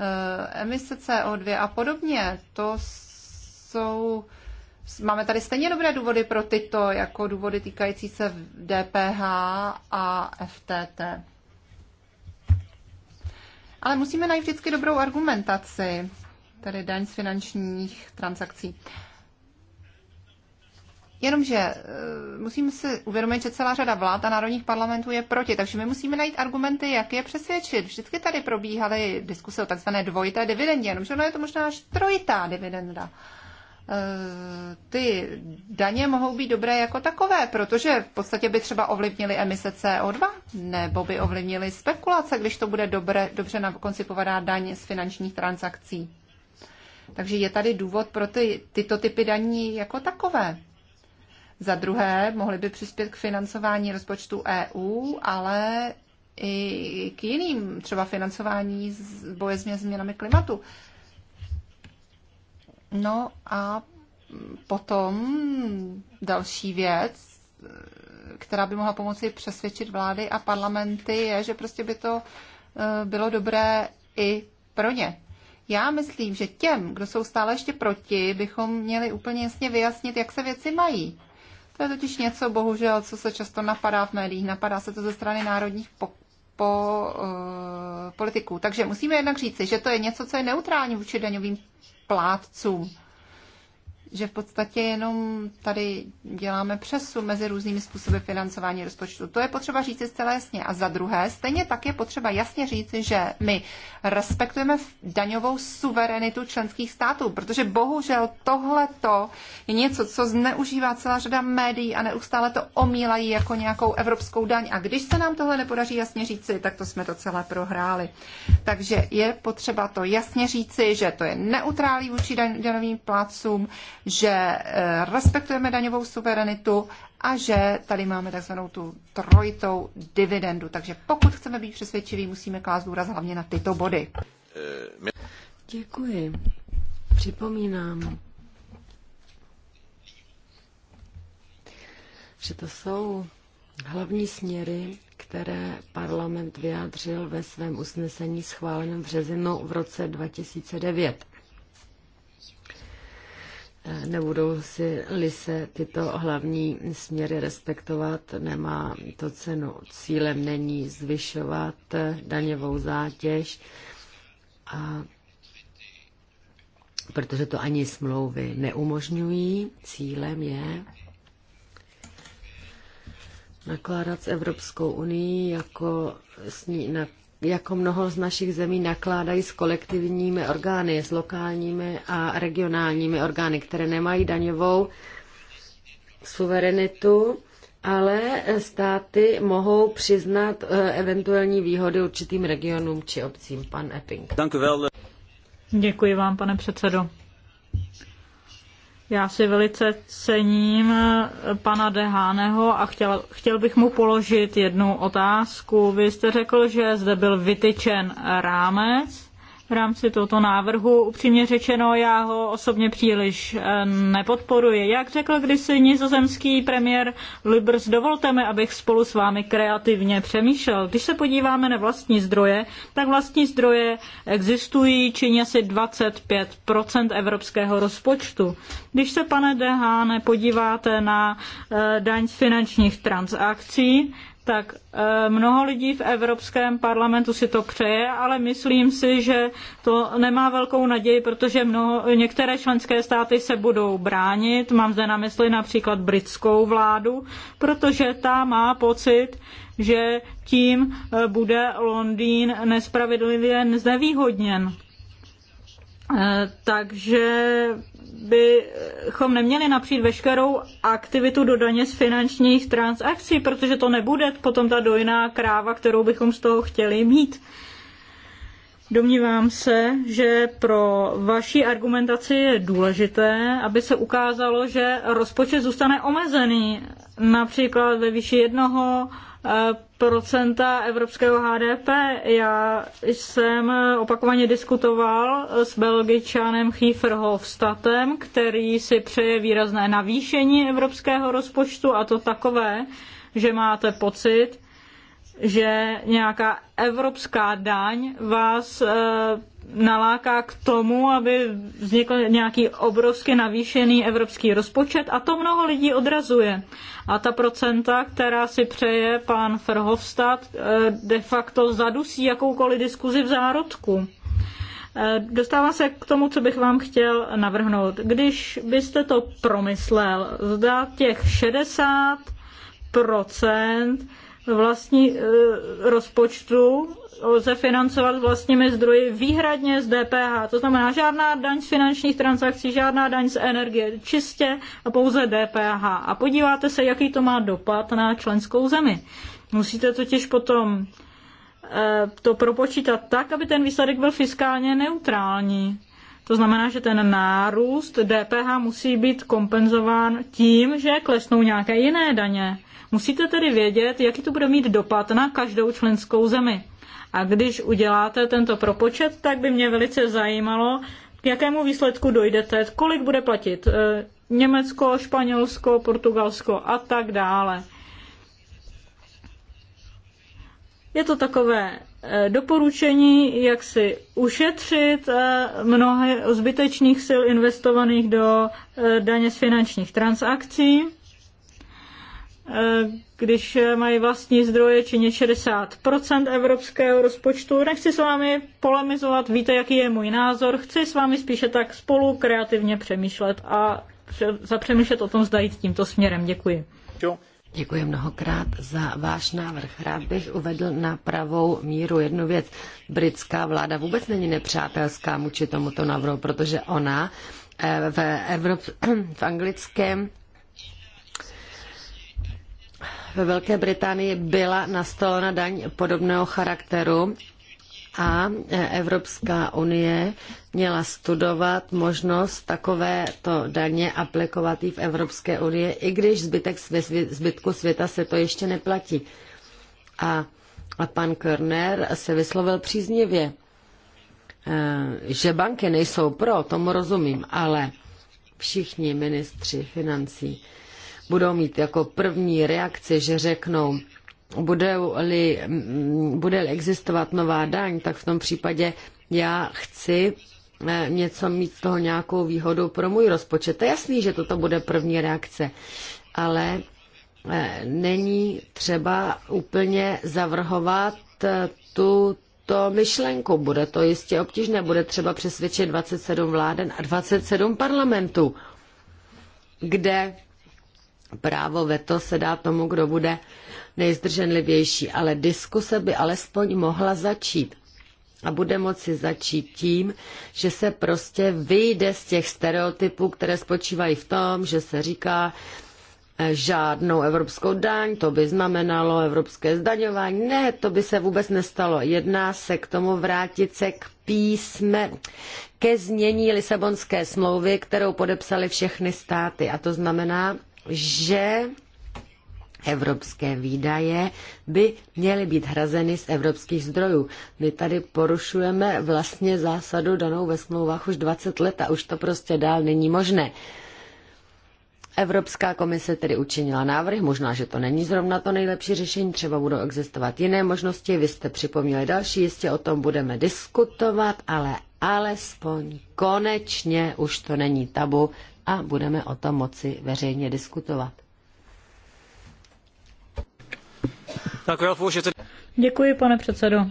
[SPEAKER 3] eh, emise CO2 a podobně. To jsou Máme tady stejně dobré důvody pro tyto, jako důvody týkající se DPH a FTT. Ale musíme najít vždycky dobrou argumentaci tedy daň z finančních transakcí. Jenomže eh, musíme si uvědomit, že celá řada vlád a národních parlamentů je proti, takže my musíme najít argumenty, jak je přesvědčit. Vždycky tady probíhaly diskuse o takzvané dvojité dividendě, jenomže ono je to možná až trojitá dividenda. Eh, ty daně mohou být dobré jako takové, protože v podstatě by třeba ovlivnily emise CO2, nebo by ovlivnily spekulace, když to bude dobré, dobře na konci daň z finančních transakcí. Takže je tady důvod pro ty, tyto typy daní jako takové. Za druhé, mohly by přispět k financování rozpočtu EU, ale i k jiným, třeba financování z boje s změnami klimatu. No a potom další věc, která by mohla pomoci přesvědčit vlády a parlamenty, je, že prostě by to eh, bylo dobré i pro ně. Já myslím, že těm, kdo jsou stále ještě proti, bychom měli úplně jasně vyjasnit, jak se věci mají. To je totiž něco, bohužel, co se často napadá v médiích. Napadá se to ze strany národních po, po, uh, politiků. Takže musíme jednak říci, že to je něco, co je neutrální vůči daňovým plátcům že v podstatě jenom tady děláme přesu mezi různými způsoby financování rozpočtu. To je potřeba říct zcela jasně. A za druhé, stejně tak je potřeba jasně říct, že my respektujeme daňovou suverenitu členských států, protože bohužel tohleto je něco, co zneužívá celá řada médií a neustále to omílají jako nějakou evropskou daň. A když se nám tohle nepodaří jasně říci, tak to jsme to celé prohráli. Takže je potřeba to jasně říci, že to je neutrální vůči daňovým plácům, že eh, respektujeme daňovou suverenitu a že tady máme takzvanou tu trojitou dividendu. Takže pokud chceme být přesvědčiví, musíme klást důraz hlavně na tyto body. Děkuji. Připomínám,
[SPEAKER 1] že to jsou hlavní směry, které parlament vyjádřil ve svém usnesení schváleném v v roce 2009 nebudou si lise tyto hlavní směry respektovat, nemá to cenu. Cílem není zvyšovat daňovou zátěž, a protože to ani smlouvy neumožňují. Cílem je nakládat s Evropskou unii jako s ní, na, jako mnoho z našich zemí nakládají s kolektivními orgány, s lokálními a regionálními orgány, které nemají daňovou suverenitu, ale státy mohou přiznat eh, eventuální výhody určitým regionům či obcím. Pan Epping. Děkuji vám, pane předsedo. Já si
[SPEAKER 4] velice cením eh, pana Deháneho a chtěl, chtěl bych mu položit jednu otázku. Vy jste řekl, že zde byl vytyčen rámec v rámci tohoto návrhu. Upřímně řečeno, já ho osobně příliš eh, nepodporuji. Jak řekl kdysi nizozemský premiér Libers, dovolte mi, abych spolu s vámi kreativně přemýšlel. Když se podíváme na vlastní zdroje, tak vlastní zdroje existují, činí asi 25% evropského rozpočtu. Když se, pane Dehane, podíváte na eh, daň z finančních transakcí, tak e, mnoho lidí v Evropském parlamentu si to přeje, ale myslím si, že to nemá velkou naději, protože mnoho, některé členské státy se budou bránit. Mám zde na mysli například britskou vládu, protože ta má pocit, že tím e, bude Londýn nespravedlivě znevýhodněn. E, takže bychom neměli napřít veškerou aktivitu do daně z finančních transakcí, protože to nebude potom ta dojná kráva, kterou bychom z toho chtěli mít. Domnívám se, že pro vaši argumentaci je důležité, aby se ukázalo, že rozpočet zůstane omezený, například ve výši jednoho eh, procenta evropského HDP. Já jsem opakovaně diskutoval s belgičanem Hofstadtem, který si přeje výrazné navýšení evropského rozpočtu a to takové, že máte pocit, že nějaká evropská daň vás eh, naláká k tomu, aby vznikl nějaký obrovsky navýšený evropský rozpočet a to mnoho lidí odrazuje. A ta procenta, která si přeje pan e, de facto zadusí jakoukoliv diskuzi v zárodku. Eh, dostává se k tomu, co bych vám chtěl navrhnout. Když byste to promyslel, zda těch 60 procent vlastní eh, rozpočtu lze financovat vlastními zdroji výhradně z DPH. To znamená žádná daň z finančních transakcí, žádná daň z energie, čistě a pouze DPH. A podíváte se, jaký to má dopad na členskou zemi. Musíte totiž potom eh, to propočítat tak, aby ten výsledek byl fiskálně neutrální. To znamená, že ten nárůst DPH musí být kompenzován tím, že klesnou nějaké jiné daně. Musíte tedy vědět, jaký to bude mít dopad na každou členskou zemi. A když uděláte tento propočet, tak by mě velice zajímalo, k jakému výsledku dojdete, kolik bude platit eh, Německo, Španělsko, Portugalsko a tak dále. Je to takové eh, doporučení, jak si ušetřit eh, mnohé zbytečných sil investovaných do daně z finančních transakcí. Eh, když mají vlastní zdroje čině 60% evropského rozpočtu. Nechci s vámi polemizovat, víte, jaký je můj názor. Chci s vámi spíše tak spolu kreativně přemýšlet a zapřemýšlet
[SPEAKER 1] o tom, zda jít tímto směrem. Děkuji. Děkuji mnohokrát za váš návrh. Rád bych uvedl na pravou míru jednu věc. Britská vláda vůbec není nepřátelská muči tomuto návrhu, protože ona eh, v, Evrop... v anglickém ve Velké Británii byla nastolena daň podobného charakteru a Evropská unie měla studovat možnost takovéto daně aplikovat i v Evropské unii, i když zbytek zbytku světa se to ještě neplatí. A, a pan Körner se vyslovil příznivě, eh, že banky nejsou pro, tomu rozumím, ale všichni ministři financí budou mít jako první reakci, že řeknou, bude-li, bude-li existovat nová daň, tak v tom případě já chci e, něco mít z toho nějakou výhodu pro můj rozpočet. To je jasný, že toto bude první reakce, ale e, není třeba úplně zavrhovat e, tu to myšlenku. Bude to jistě obtížné, bude třeba přesvědčit 27 vláden a 27 parlamentů, kde právo veto se dá tomu, kdo bude nejzdrženlivější, ale diskuse by alespoň mohla začít. A bude moci začít tím, že se prostě vyjde z těch stereotypů, které spočívají v tom, že se říká, eh, žádnou evropskou daň, to by znamenalo evropské zdaňování. Ne, to by se vůbec nestalo. Jedná se k tomu vrátit se k písme, ke znění Lisabonské smlouvy, kterou podepsali všechny státy. A to znamená, že evropské výdaje by měly být hrazeny z evropských zdrojů. My tady porušujeme vlastně zásadu danou ve smlouvách už 20 let a už to prostě dál není možné. Evropská komise tedy učinila návrh, možná, že to není zrovna to nejlepší řešení, třeba budou existovat jiné možnosti, vy jste připomněli další, jistě o tom budeme diskutovat, ale alespoň konečně už to není tabu, a budeme o tom moci veřejně diskutovat.
[SPEAKER 4] Děkuji, pane předsedo.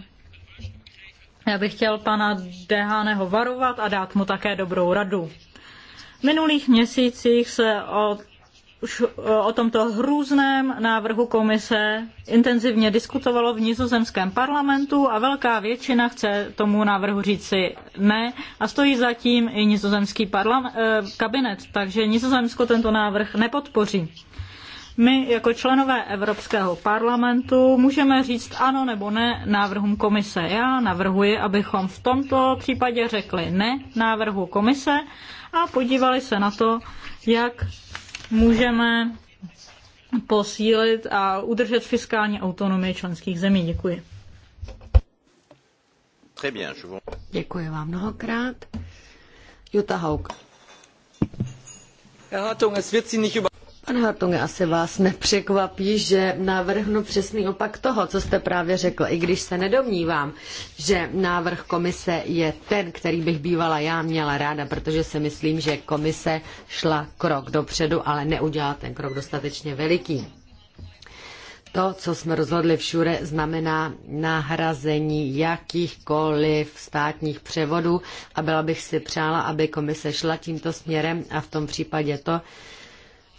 [SPEAKER 4] Já bych chtěl pana Deháneho varovat a dát mu také dobrou radu. V minulých měsících se od už eh, o tomto hrůzném návrhu komise intenzivně diskutovalo v nizozemském parlamentu a velká většina chce tomu návrhu říci ne a stojí zatím i nizozemský eh, kabinet, takže nizozemsko tento návrh nepodpoří. My jako členové Evropského parlamentu můžeme říct ano nebo ne návrhům komise. Já navrhuji, abychom v tomto případě řekli ne návrhu komise a podívali se na to, jak můžeme posílit a udržet fiskální autonomii členských zemí. Děkuji. Děkuji vám
[SPEAKER 1] mnohokrát. Jutta Haug. Pane Hartunge, asi vás nepřekvapí, že navrhnu přesný opak toho, co jste právě řekl, i když se nedomnívám, že návrh komise je ten, který bych bývala já měla ráda, protože si myslím, že komise šla krok dopředu, ale neudělala ten krok dostatečně veliký. To, co jsme rozhodli v Šure, znamená nahrazení jakýchkoliv státních převodů a byla bych si přála, aby komise šla tímto směrem a v tom případě to,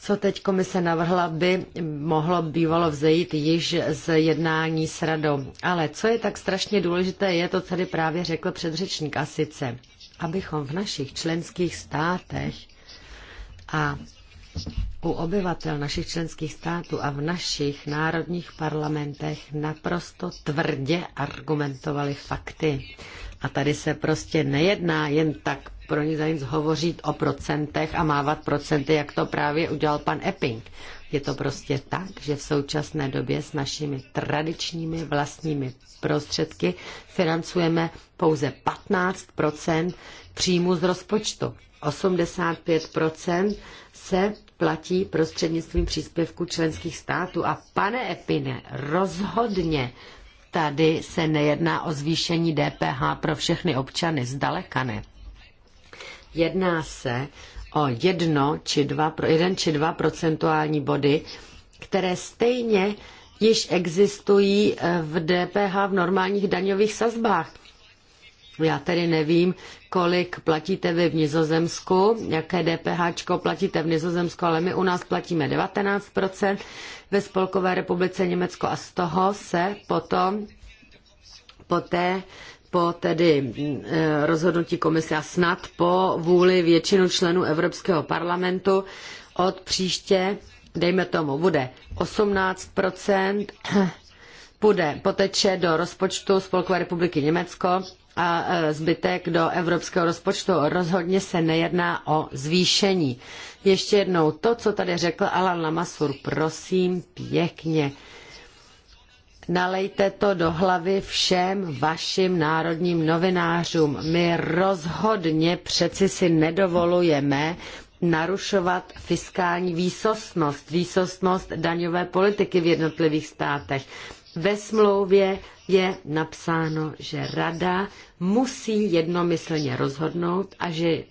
[SPEAKER 1] co teď komise navrhla, by mohlo bývalo vzejít již z jednání s radou. Ale co je tak strašně důležité, je to, co tady právě řekl předřečník a sice, abychom v našich členských státech a u obyvatel našich členských států a v našich národních parlamentech naprosto tvrdě argumentovali fakty. A tady se prostě nejedná jen tak pro ně nic hovořit o procentech a mávat procenty, jak to právě udělal pan Epping. Je to prostě tak, že v současné době s našimi tradičními vlastními prostředky financujeme pouze 15 příjmu z rozpočtu. 85 se platí prostřednictvím příspěvku členských států. A pane Epine, rozhodně Tady se nejedná o zvýšení DPH pro všechny občany, zdaleka ne. Jedná se o jedno či dva, pro jeden či dva procentuální body, které stejně již existují eh, v DPH v normálních daňových sazbách. Já tedy nevím, kolik platíte vy v Nizozemsku, jaké DPH platíte v Nizozemsku, ale my u nás platíme 19%, ve Spolkové republice Německo a z toho se potom poté po tedy eh, rozhodnutí komise a snad po vůli většinu členů Evropského parlamentu od příště, dejme tomu, bude 18 bude, poteče do rozpočtu Spolkové republiky Německo a e, zbytek do evropského rozpočtu. Rozhodně se nejedná o zvýšení. Ještě jednou to, co tady řekl Alan Lamassur, prosím pěkně. Nalejte to do hlavy všem vašim národním novinářům. My rozhodně přeci si nedovolujeme narušovat fiskální výsostnost, výsostnost daňové politiky v jednotlivých státech. Ve smlouvě je napsáno, že rada musí jednomyslně rozhodnout a že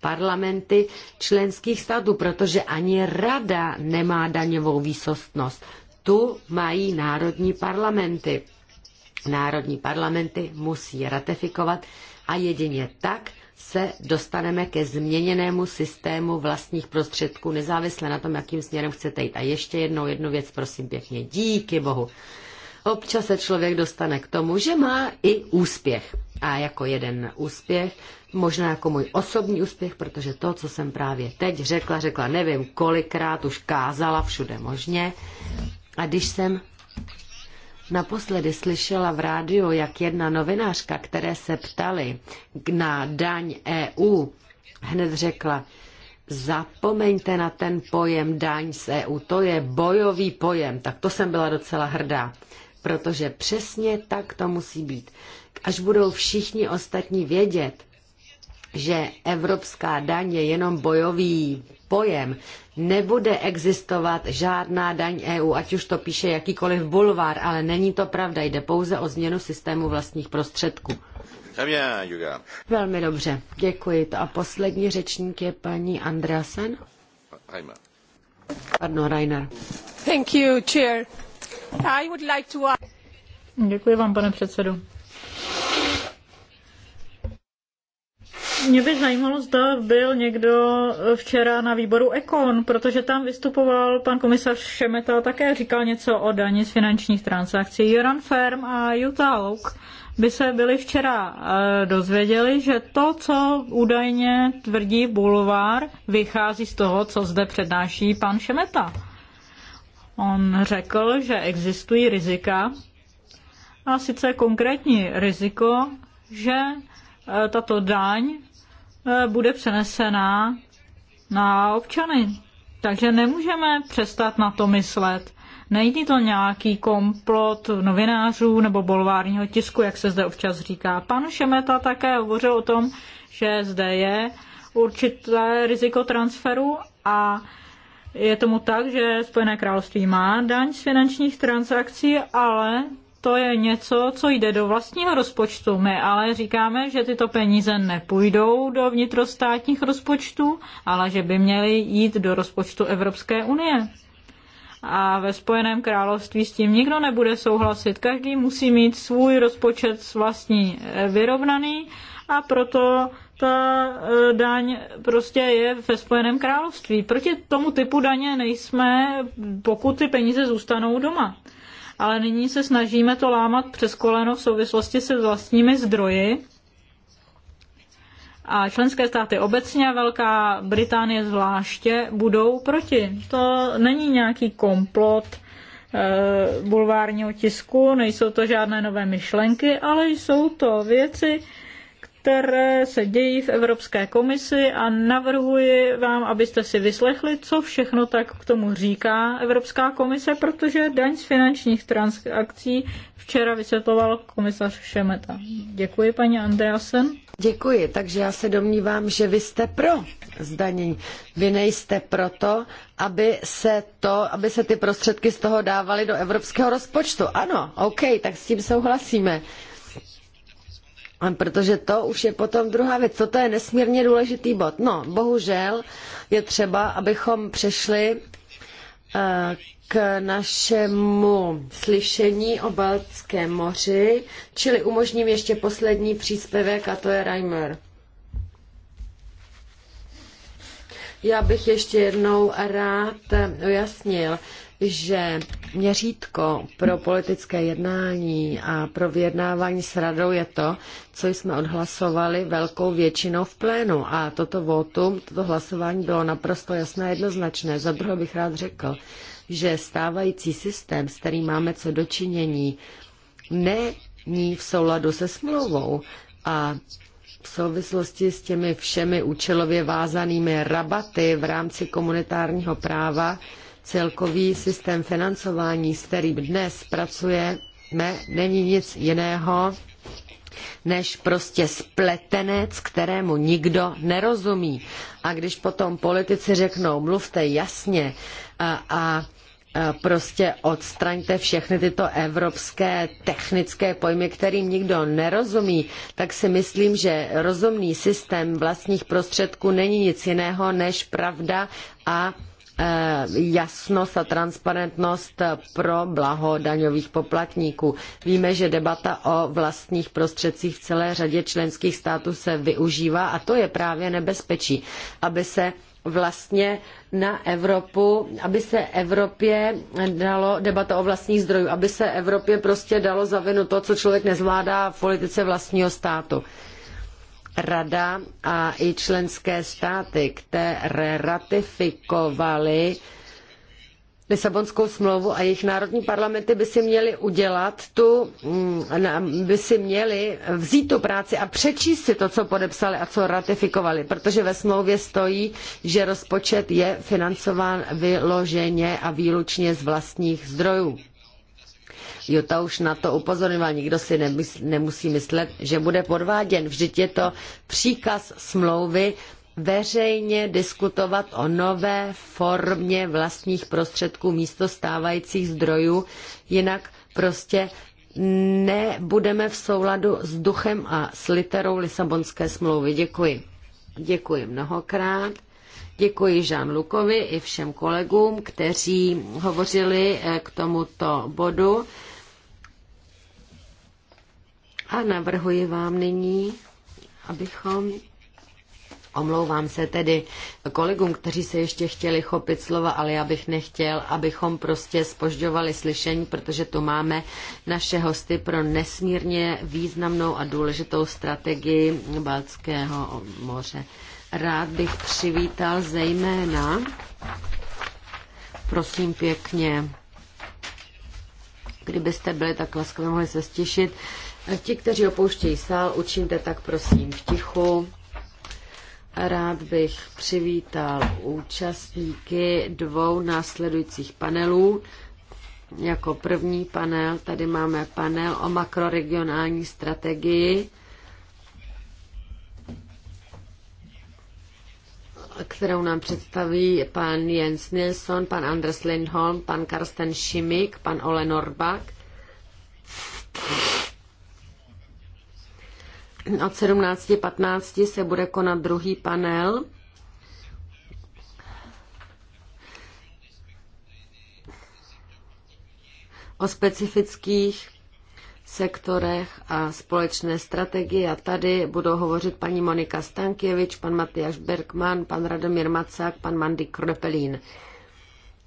[SPEAKER 1] parlamenty členských států, protože ani rada nemá daňovou výsostnost. Tu mají národní parlamenty. Národní parlamenty musí ratifikovat a jedině tak se dostaneme ke změněnému systému vlastních prostředků, nezávisle na tom, jakým směrem chcete jít. A ještě jednou jednu věc, prosím pěkně. Díky Bohu občas se člověk dostane k tomu, že má i úspěch. A jako jeden úspěch, možná jako můj osobní úspěch, protože to, co jsem právě teď řekla, řekla nevím kolikrát, už kázala všude možně. A když jsem Naposledy slyšela v rádiu, jak jedna novinářka, které se ptali na daň EU, hned řekla, zapomeňte na ten pojem daň z EU, to je bojový pojem, tak to jsem byla docela hrdá protože přesně tak to musí být. Až budou všichni ostatní vědět, že evropská daň je jenom bojový pojem, nebude existovat žádná daň EU, ať už to píše jakýkoliv bulvár, ale není to pravda, jde pouze o změnu systému vlastních prostředků. Velmi dobře, děkuji. To a poslední řečník je paní Andreasen. Pardon, Rainer. Thank you, chair.
[SPEAKER 4] Děkuji vám, pane předsedo. Mě by zajímalo, zda byl někdo včera na výboru ECON, protože tam vystupoval pan komisař Šemeta také říkal něco o dani z finančních transakcí. Joran Ferm a Jutta Luk by se byli včera eh, dozvěděli, že to, co údajně tvrdí Bulvár, vychází z toho, co zde přednáší pan Šemeta. On řekl, že existují rizika, a sice konkrétní riziko, že e, tato daň e, bude přenesená na občany. Takže nemůžeme přestat na to myslet. Nejde to nějaký komplot novinářů nebo bolvárního tisku, jak se zde občas říká. Pan Šemeta také hovořil o tom, že zde je určité riziko transferu a je tomu tak, že Spojené království má daň z finančních transakcí, ale to je něco, co jde do vlastního rozpočtu. My ale říkáme, že tyto peníze nepůjdou do vnitrostátních rozpočtů, ale že by měly jít do rozpočtu Evropské unie. A ve Spojeném království s tím nikdo nebude souhlasit. Každý musí mít svůj rozpočet vlastní eh, vyrovnaný a proto ta e, daň prostě je ve Spojeném království. Proti tomu typu daně nejsme, pokud ty peníze zůstanou doma. Ale nyní se snažíme to lámat přes koleno v souvislosti se vlastními zdroji. A členské státy obecně, Velká Británie zvláště, budou proti. To není nějaký komplot e, bulvárního tisku, nejsou to žádné nové myšlenky, ale jsou to věci, které se dějí v Evropské komisi a navrhuji vám, abyste si vyslechli, co všechno tak k tomu říká Evropská komise, protože daň z finančních transakcí včera vysvětloval komisař Šemeta. Děkuji, paní Andreasen. Děkuji, takže
[SPEAKER 1] já se domnívám, že vy jste pro zdanění. Vy nejste proto, aby se, to, aby se ty prostředky z toho dávaly do evropského rozpočtu. Ano, OK, tak s tím souhlasíme. A Protože to už je potom druhá věc. Toto je nesmírně důležitý bod. No, bohužel je třeba, abychom přešli eh, k našemu slyšení o Baltském moři, čili umožním ještě poslední příspěvek a to je Reimer. Já bych ještě jednou rád eh, ujasnil, že měřítko pro politické jednání a pro vyjednávání s radou je to, co jsme odhlasovali velkou většinou v plénu. A toto votum, toto hlasování bylo naprosto jasné a jednoznačné. Za druhé bych rád řekl, že stávající systém, s kterým máme co dočinění, není v souladu se smlouvou a v souvislosti s těmi všemi účelově vázanými rabaty v rámci komunitárního práva, Celkový systém financování, s kterým dnes pracujeme, není nic jiného než prostě spletenec, kterému nikdo nerozumí. A když potom politici řeknou, mluvte jasně a, a prostě odstraňte všechny tyto evropské technické pojmy, kterým nikdo nerozumí, tak si myslím, že rozumný systém vlastních prostředků není nic jiného než pravda a Eh, jasnost a transparentnost pro blaho daňových poplatníků. Víme, že debata o vlastních prostředcích v celé řadě členských států se využívá a to je právě nebezpečí, aby se vlastně na Evropu, aby se Evropě dalo debata o vlastních zdrojů, aby se Evropě prostě dalo zavinu to, co člověk nezvládá v politice vlastního státu. Rada a i členské státy, které ratifikovaly Lisabonskou smlouvu a jejich národní parlamenty by si měly udělat tu, mm, by si měly vzít tu práci a přečíst si to, co podepsali a co ratifikovali, protože ve smlouvě stojí, že rozpočet je financován vyloženě a výlučně z vlastních zdrojů. Juta už na to upozorňoval, nikdo si nemysl, nemusí myslet, že bude podváděn. Vždyť je to příkaz smlouvy veřejně diskutovat o nové formě vlastních prostředků místo stávajících zdrojů, jinak prostě nebudeme v souladu s duchem a s literou Lisabonské smlouvy. Děkuji. Děkuji mnohokrát. Děkuji Žán Lukovi i všem kolegům, kteří hovořili eh, k tomuto bodu. A navrhuji vám nyní, abychom Omlouvám se tedy kolegům, kteří se ještě chtěli chopit slova, ale já bych nechtěl, abychom prostě spožďovali slyšení, protože tu máme naše hosty pro nesmírně významnou a důležitou strategii Balckého moře. Rád bych přivítal zejména, prosím pěkně, kdybyste byli tak laskavě mohli se stišit, Ti, kteří opouštějí sál, učiňte tak prosím v tichu. Rád bych přivítal účastníky dvou následujících panelů. Jako první panel tady máme panel o makroregionální strategii, kterou nám představí pan Jens Nilsson, pan Anders Lindholm, pan Karsten Šimik, pan Ole Norbak od 17.15 se bude konat druhý panel. o specifických sektorech a společné strategie. A tady budou hovořit paní Monika Stankěvič, pan Matyáš Bergman, pan Radomír Macák, pan Mandy Kropelín.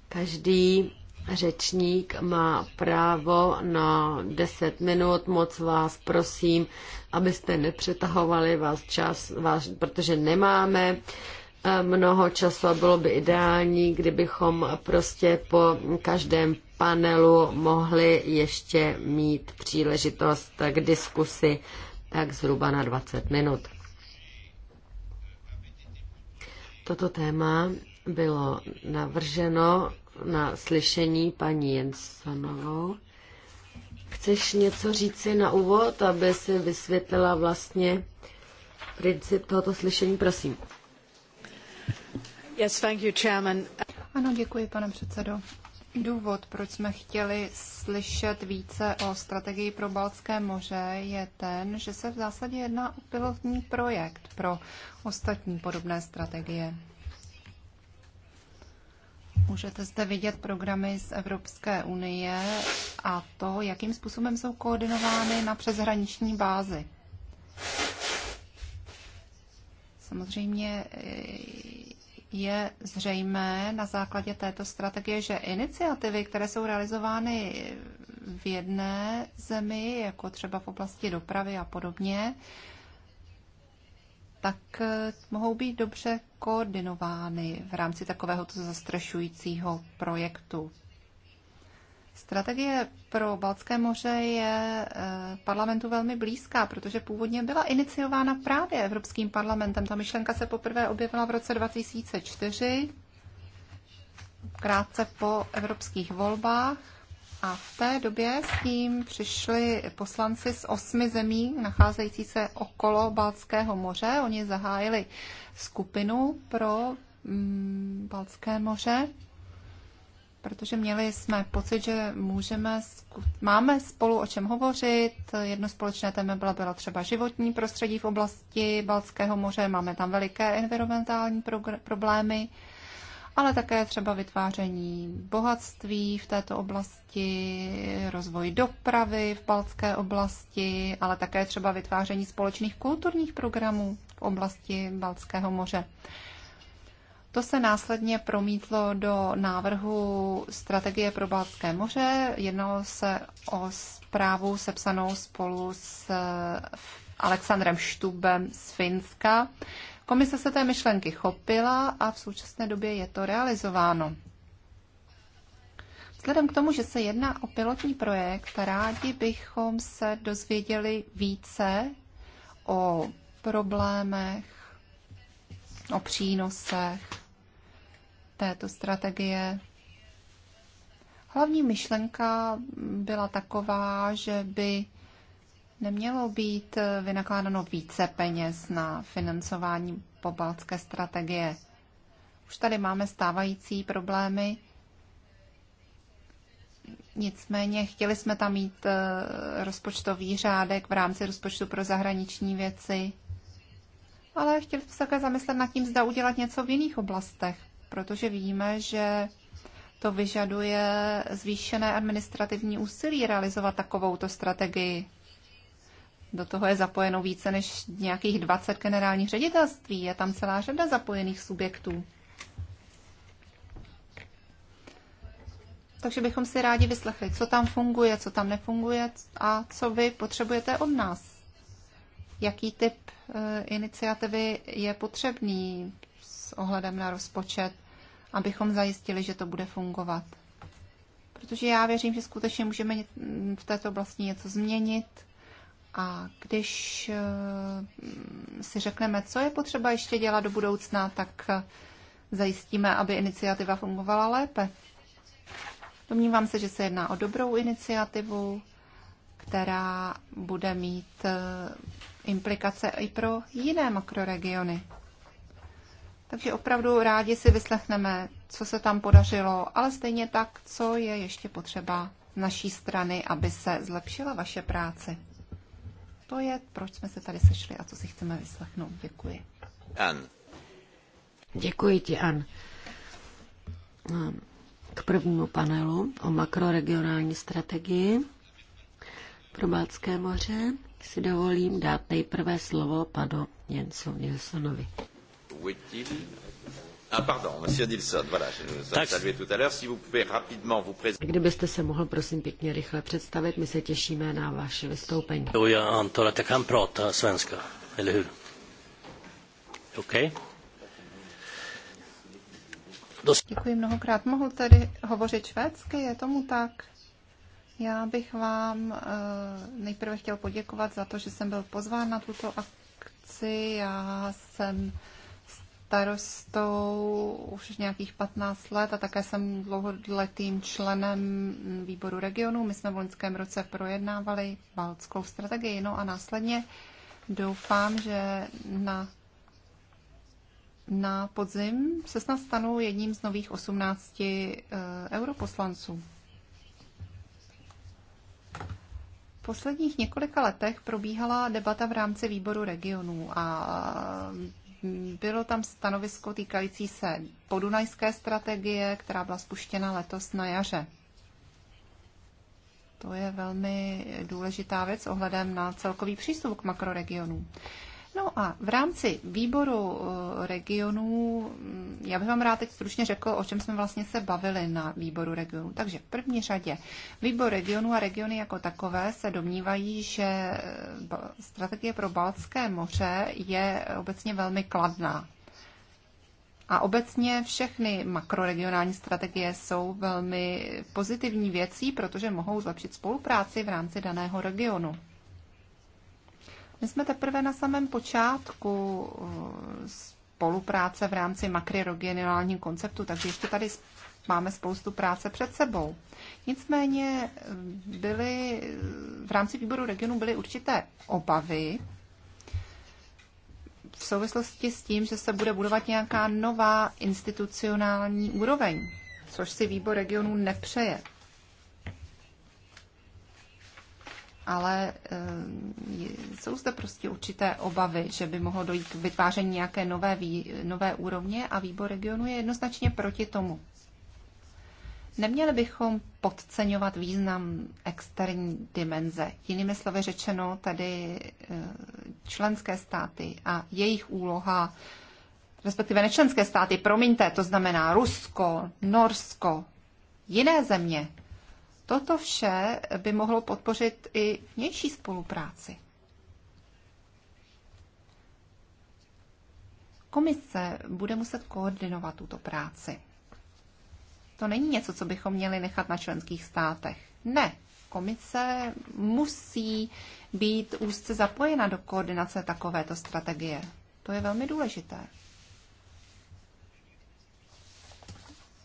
[SPEAKER 1] Každý Řečník má právo na 10 minut. Moc vás prosím, abyste nepřetahovali vás čas, vás, protože nemáme eh, mnoho času a bylo by ideální, kdybychom prostě po každém panelu mohli ještě mít příležitost k diskusi tak zhruba na 20 minut. Toto téma bylo navrženo na slyšení paní Jensonovou. Chceš něco říci na úvod, aby si vysvětlila vlastně princip tohoto slyšení? Prosím.
[SPEAKER 3] Yes, thank you, chairman. Ano, děkuji, pane předsedo. Důvod, proč jsme chtěli slyšet více o strategii pro Baltské moře, je ten, že se v zásadě jedná o pilotní projekt pro ostatní podobné strategie Můžete zde vidět programy z Evropské unie a to, jakým způsobem jsou koordinovány na přeshraniční bázi. Samozřejmě eh, je zřejmé na základě této strategie, že iniciativy, které jsou realizovány v jedné zemi, jako třeba v oblasti dopravy a podobně, tak eh, mohou být dobře koordinovány v rámci takovéhoto zastrašujícího projektu. Strategie pro Baltské moře je eh, parlamentu velmi blízká, protože původně byla iniciována právě Evropským parlamentem. Ta myšlenka se poprvé objevila v roce 2004, krátce po evropských volbách a v té době s tím přišli poslanci z osmi zemí, nacházející se okolo Baltského moře. Oni zahájili skupinu pro mm, Baltské moře, protože měli jsme pocit, že můžeme, máme spolu o čem hovořit. Jedno společné téma byla, byla třeba životní prostředí v oblasti Baltského moře, máme tam veliké environmentální problémy ale také třeba vytváření bohatství v této oblasti, rozvoj dopravy v Balcké oblasti, ale také třeba vytváření společných kulturních programů v oblasti Balckého moře. To se následně promítlo do návrhu strategie pro Balské moře. Jednalo se o zprávu sepsanou spolu s Alexandrem Štubem z Finska, Komise se té myšlenky chopila a v současné době je to realizováno. Vzhledem k tomu, že se jedná o pilotní projekt, rádi bychom se dozvěděli více o problémech, o přínosech této strategie. Hlavní myšlenka byla taková, že by nemělo být eh, vynakládáno více peněz na financování pobaltské strategie. Už tady máme stávající problémy, nicméně chtěli jsme tam mít eh, rozpočtový řádek v rámci rozpočtu pro zahraniční věci, ale chtěli jsme se také zamyslet nad tím, zda udělat něco v jiných oblastech, protože víme, že to vyžaduje zvýšené administrativní úsilí realizovat takovouto strategii. Do toho je zapojeno více než nějakých 20 generálních ředitelství. Je tam celá řada zapojených subjektů. Takže bychom si rádi vyslechli, co tam funguje, co tam nefunguje a co vy potřebujete od nás. Jaký typ eh, iniciativy je potřebný s ohledem na rozpočet, abychom zajistili, že to bude fungovat. Protože já věřím, že skutečně můžeme v této oblasti něco změnit a když eh, si řekneme, co je potřeba ještě dělat do budoucna, tak eh, zajistíme, aby iniciativa fungovala lépe. Domnívám se, že se jedná o dobrou iniciativu, která bude mít eh, implikace i pro jiné makroregiony. Takže opravdu rádi si vyslechneme, co se tam podařilo, ale stejně tak, co je ještě potřeba z naší strany, aby se zlepšila vaše práce to je, proč jsme se tady sešli a co si chceme vyslechnout. Děkuji. An. Děkuji ti, An.
[SPEAKER 1] K prvnímu panelu o makroregionální strategii pro Balcké moře si dovolím dát nejprve slovo panu Jensu Nilsonovi.
[SPEAKER 2] Ah, pardon, monsieur voilà, je tak... tout à l'heure. Si vous pouvez rapidement vous présenter. Kdybyste
[SPEAKER 1] se mohl, prosím, pěkně rychle představit, my se těšíme na
[SPEAKER 3] vaše vystoupení.
[SPEAKER 2] Jo, já antar, att jag svenska, eller hur?
[SPEAKER 3] Dost... Děkuji mnohokrát. Mohl tady hovořit švédsky, je tomu tak? Já bych vám eh, nejprve chtěl poděkovat za to, že jsem byl pozván na tuto akci. Já jsem starostou už nějakých 15 let a také jsem dlouholetým členem výboru regionu. My jsme v loňském roce projednávali baltskou strategii. No a následně doufám, že na, na podzim se snad stanu jedním z nových 18 eh, europoslanců. V posledních několika letech probíhala debata v rámci výboru regionů a bylo tam stanovisko týkající se podunajské strategie, která byla spuštěna letos na jaře. To je velmi důležitá věc ohledem na celkový přístup k makroregionům. No a v rámci výboru eh, regionů, mm, já bych vám rád teď stručně řekl, o čem jsme vlastně se bavili na výboru regionů. Takže v první řadě výbor regionů a regiony jako takové se domnívají, že eh, strategie pro Balcké moře je obecně velmi kladná. A obecně všechny makroregionální strategie jsou velmi pozitivní věcí, protože mohou zlepšit spolupráci v rámci daného regionu. My jsme teprve na samém počátku eh, spolupráce v rámci makroregionálního konceptu, takže ještě tady máme spoustu práce před sebou. Nicméně eh, byly, eh, v rámci výboru regionu byly určité obavy v souvislosti s tím, že se bude budovat nějaká nová institucionální úroveň, což si výbor regionu nepřeje. ale eh, jsou zde prostě určité obavy, že by mohlo dojít k vytváření nějaké nové, vý, nové úrovně a výbor regionu je jednoznačně proti tomu. Neměli bychom podceňovat význam externí dimenze. Jinými slovy řečeno, tady eh, členské státy a jejich úloha, respektive nečlenské státy, promiňte, to znamená Rusko, Norsko, jiné země, Toto vše by mohlo podpořit i vnější spolupráci. Komise bude muset koordinovat tuto práci. To není něco, co bychom měli nechat na členských státech. Ne, komise musí být úzce zapojena do koordinace takovéto strategie. To je velmi důležité.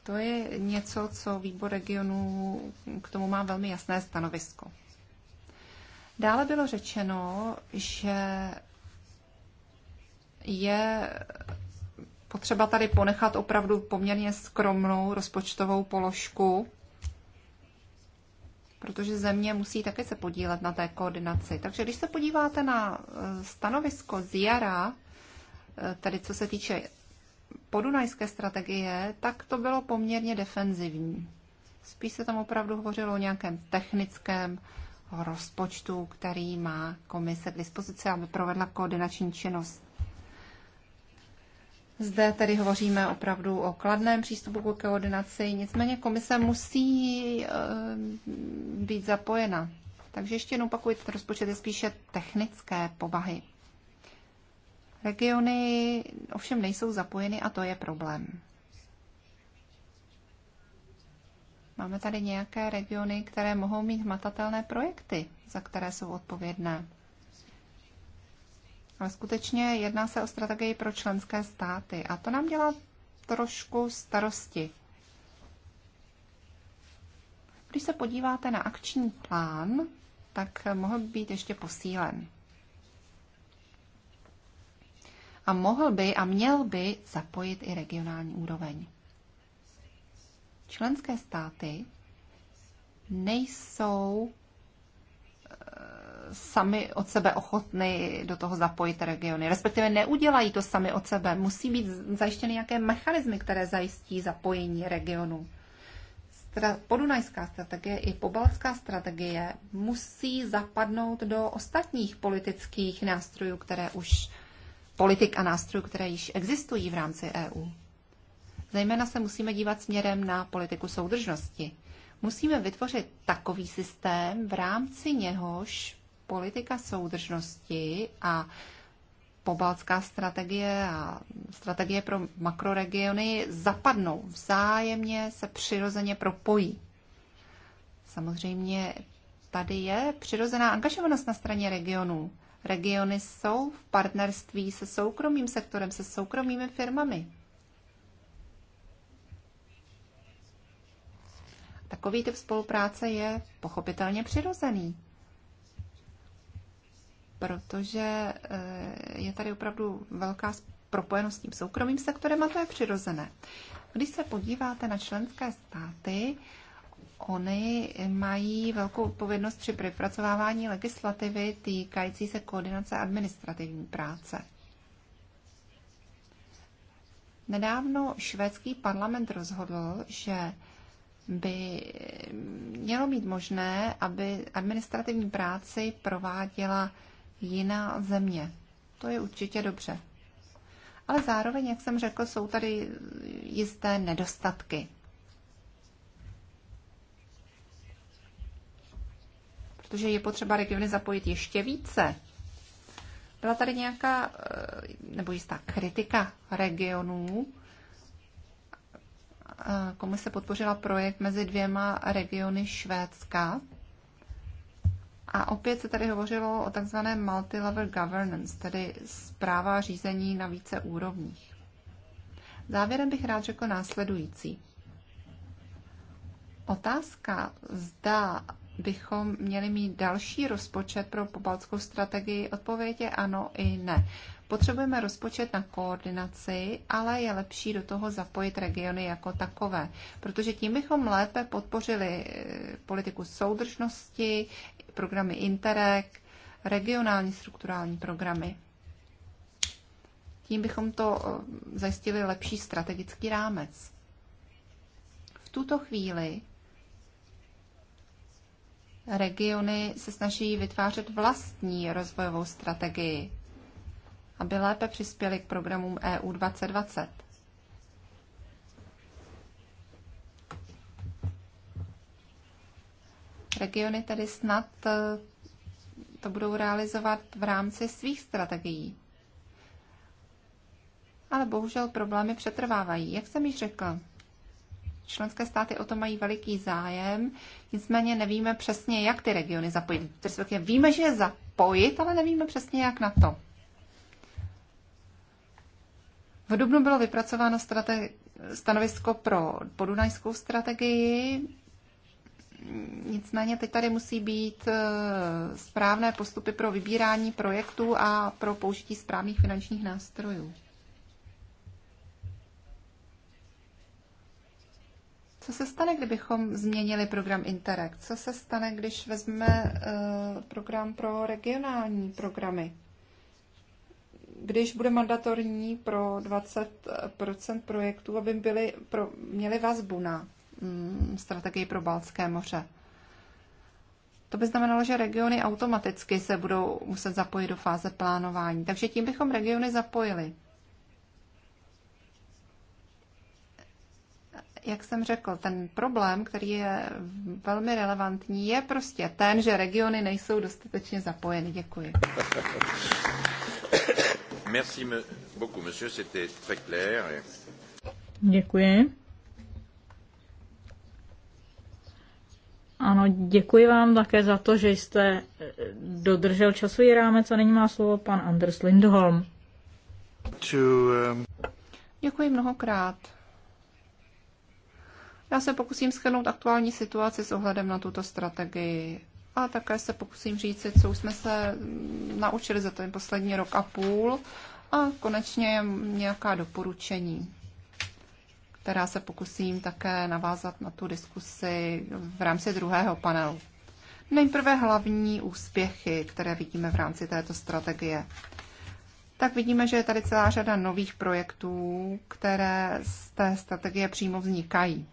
[SPEAKER 3] To je něco, co výbor regionů k tomu má velmi jasné stanovisko. Dále bylo řečeno, že je potřeba tady ponechat opravdu poměrně skromnou rozpočtovou položku, protože země musí také se podílet na té koordinaci. Takže když se podíváte na eh, stanovisko z jara, eh, tedy co se týče podunajské strategie, tak to bylo poměrně defenzivní. Spíš se tam opravdu hovořilo o nějakém technickém rozpočtu, který má komise k dispozici, aby provedla koordinační činnost. Zde tedy hovoříme opravdu o kladném přístupu k koordinaci, nicméně komise musí e, být zapojena. Takže ještě jednou opakuji, ten rozpočet je spíše technické povahy. Regiony ovšem nejsou zapojeny a to je problém. Máme tady nějaké regiony, které mohou mít hmatatelné projekty, za které jsou odpovědné. Ale skutečně jedná se o strategii pro členské státy a to nám dělá trošku starosti. Když se podíváte na akční plán, tak mohl být ještě posílen. a mohl by a měl by zapojit i regionální úroveň. Členské státy nejsou eh, sami od sebe ochotny do toho zapojit regiony, respektive neudělají to sami od sebe. Musí být zajištěny nějaké mechanismy, které zajistí zapojení regionu. podunajská strategie i pobalská strategie musí zapadnout do ostatních politických nástrojů, které už politik a nástrojů, které již existují v rámci EU. Zejména se musíme dívat směrem na politiku soudržnosti. Musíme vytvořit takový systém, v rámci něhož politika soudržnosti a pobaltská strategie a strategie pro makroregiony zapadnou, vzájemně se přirozeně propojí. Samozřejmě tady je přirozená angažovanost na straně regionů. Regiony jsou v partnerství se soukromým sektorem, se soukromými firmami. Takový typ spolupráce je pochopitelně přirozený, protože eh, je tady opravdu velká propojenost s tím soukromým sektorem a to je přirozené. Když se podíváte na členské státy, Oni mají velkou odpovědnost při přepracovávání legislativy týkající se koordinace administrativní práce. Nedávno švédský parlament rozhodl, že by mělo být možné, aby administrativní práci prováděla jiná země. To je určitě dobře. Ale zároveň, jak jsem řekl, jsou tady jisté nedostatky. protože je potřeba regiony zapojit ještě více. Byla tady nějaká eh, nebo jistá kritika regionů. Eh, komise podpořila projekt mezi dvěma regiony Švédska. A opět se tady hovořilo o takzvaném multilevel governance, tedy zpráva řízení na více úrovních. Závěrem bych rád řekl následující. Otázka, zda bychom měli mít další rozpočet pro pobaltskou strategii? Odpověď je ano i ne. Potřebujeme rozpočet na koordinaci, ale je lepší do toho zapojit regiony jako takové, protože tím bychom lépe podpořili eh, politiku soudržnosti, programy Interreg, regionální strukturální programy. Tím bychom to eh, zajistili lepší strategický rámec. V tuto chvíli regiony se snaží vytvářet vlastní rozvojovou strategii, aby lépe přispěli k programům EU 2020. Regiony tedy snad eh, to budou realizovat v rámci svých strategií. Ale bohužel problémy přetrvávají, jak jsem již řekla. Členské státy o to mají veliký zájem, nicméně nevíme přesně, jak ty regiony zapojit. Respektive víme, že je zapojit, ale nevíme přesně, jak na to. V Dubnu bylo vypracováno strate- stanovisko pro podunajskou strategii, nicméně teď tady musí být e, správné postupy pro vybírání projektů a pro použití správných finančních nástrojů. Co se stane, kdybychom změnili program Interact? Co se stane, když vezmeme eh, program pro regionální programy? Když bude mandatorní pro 20 projektů, aby byly, pro, měli vazbu na mm, strategii pro Balské moře. To by znamenalo, že regiony automaticky se budou muset zapojit do fáze plánování. Takže tím bychom regiony zapojili. jak jsem řekl, ten problém, který je velmi relevantní, je prostě ten, že regiony nejsou dostatečně zapojeny. Děkuji.
[SPEAKER 2] Merci beaucoup, monsieur, c'était très clair.
[SPEAKER 3] Děkuji.
[SPEAKER 4] Ano, děkuji vám také za to, že jste eh, dodržel časový rámec a nyní má slovo pan Anders Lindholm. To,
[SPEAKER 2] um...
[SPEAKER 3] Děkuji mnohokrát. Já se pokusím schrnout aktuální situaci s ohledem na tuto strategii a také se pokusím říct, co jsme se naučili za ten poslední rok a půl a konečně nějaká doporučení, která se pokusím také navázat na tu diskusi v rámci druhého panelu. Nejprve hlavní úspěchy, které vidíme v rámci této strategie. Tak vidíme, že je tady celá řada nových projektů, které z té strategie přímo vznikají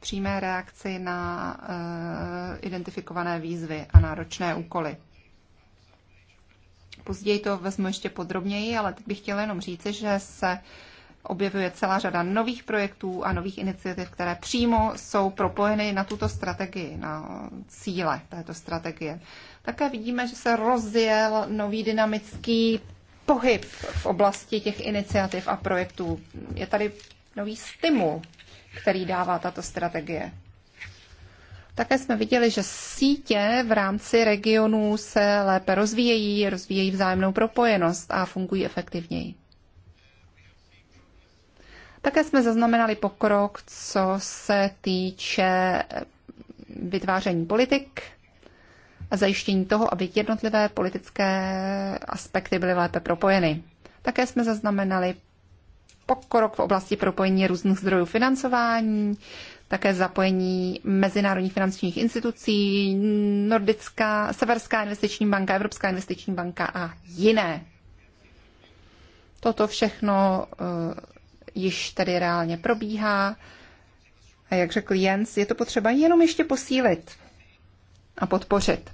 [SPEAKER 3] přímé reakci na eh, identifikované výzvy a náročné úkoly. Později to vezmu ještě podrobněji, ale teď bych chtěla jenom říci, že se objevuje celá řada nových projektů a nových iniciativ, které přímo jsou propojeny na tuto strategii, na cíle této strategie. Také vidíme, že se rozjel nový dynamický pohyb v oblasti těch iniciativ a projektů. Je tady nový stimul který dává tato strategie. Také jsme viděli, že sítě v rámci regionů se lépe rozvíjejí, rozvíjejí vzájemnou propojenost a fungují efektivněji. Také jsme zaznamenali pokrok, co se týče vytváření politik a zajištění toho, aby jednotlivé politické aspekty byly lépe propojeny. Také jsme zaznamenali pokrok v oblasti propojení různých zdrojů financování, také zapojení mezinárodních finančních institucí, Nordická, Severská investiční banka, Evropská investiční banka a jiné. Toto všechno uh, již tedy reálně probíhá. A jak řekl Jens, je to potřeba jenom ještě posílit a podpořit.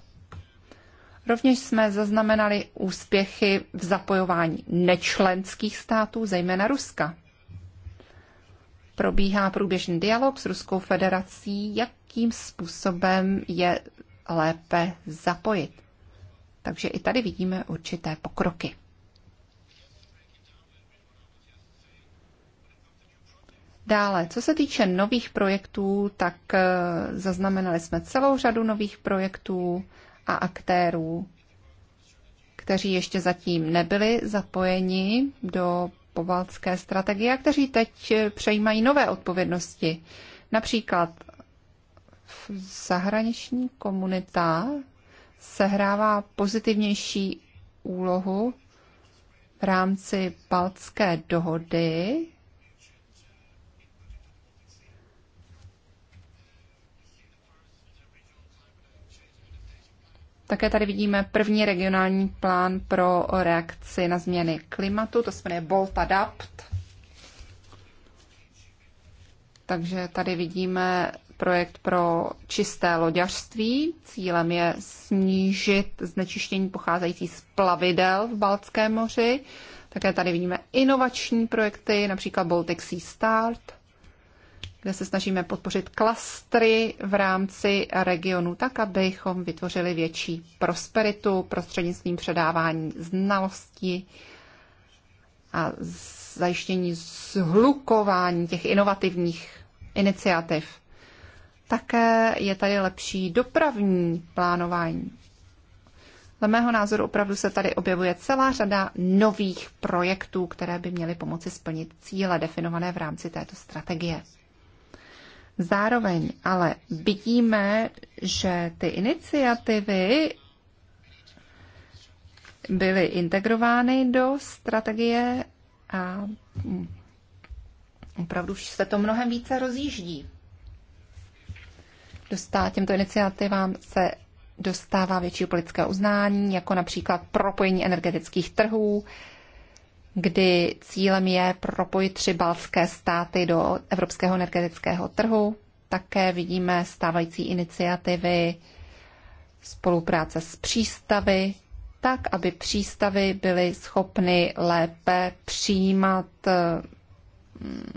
[SPEAKER 3] Rovněž jsme zaznamenali úspěchy v zapojování nečlenských států, zejména Ruska. Probíhá průběžný dialog s Ruskou federací, jakým způsobem je lépe zapojit. Takže i tady vidíme určité pokroky. Dále, co se týče nových projektů, tak eh, zaznamenali jsme celou řadu nových projektů a aktérů, kteří ještě zatím nebyli zapojeni do povalské strategie a kteří teď eh, přejímají nové odpovědnosti. Například zahraniční komunita sehrává pozitivnější úlohu v rámci Baltské dohody Také tady vidíme první regionální plán pro reakci na změny klimatu, to se jmenuje Bolt Adapt. Takže tady vidíme projekt pro čisté loďařství. Cílem je snížit znečištění pocházející z plavidel v Baltském moři. Také tady vidíme inovační projekty, například Baltic Sea Start – kde se snažíme podpořit klastry v rámci regionu, tak abychom vytvořili větší prosperitu prostřednictvím předávání znalostí a zajištění zhlukování těch inovativních iniciativ. Také je tady lepší dopravní plánování. Dle mého názoru opravdu se tady objevuje celá řada nových projektů, které by měly pomoci splnit cíle definované v rámci této strategie. Zároveň ale vidíme, že ty iniciativy byly integrovány do strategie a opravdu už se to mnohem více rozjíždí. Dostá, těmto iniciativám se dostává větší politické uznání, jako například propojení energetických trhů, kdy cílem je propojit tři balské státy do evropského energetického trhu. Také vidíme stávající iniciativy spolupráce s přístavy, tak, aby přístavy byly schopny lépe přijímat mm,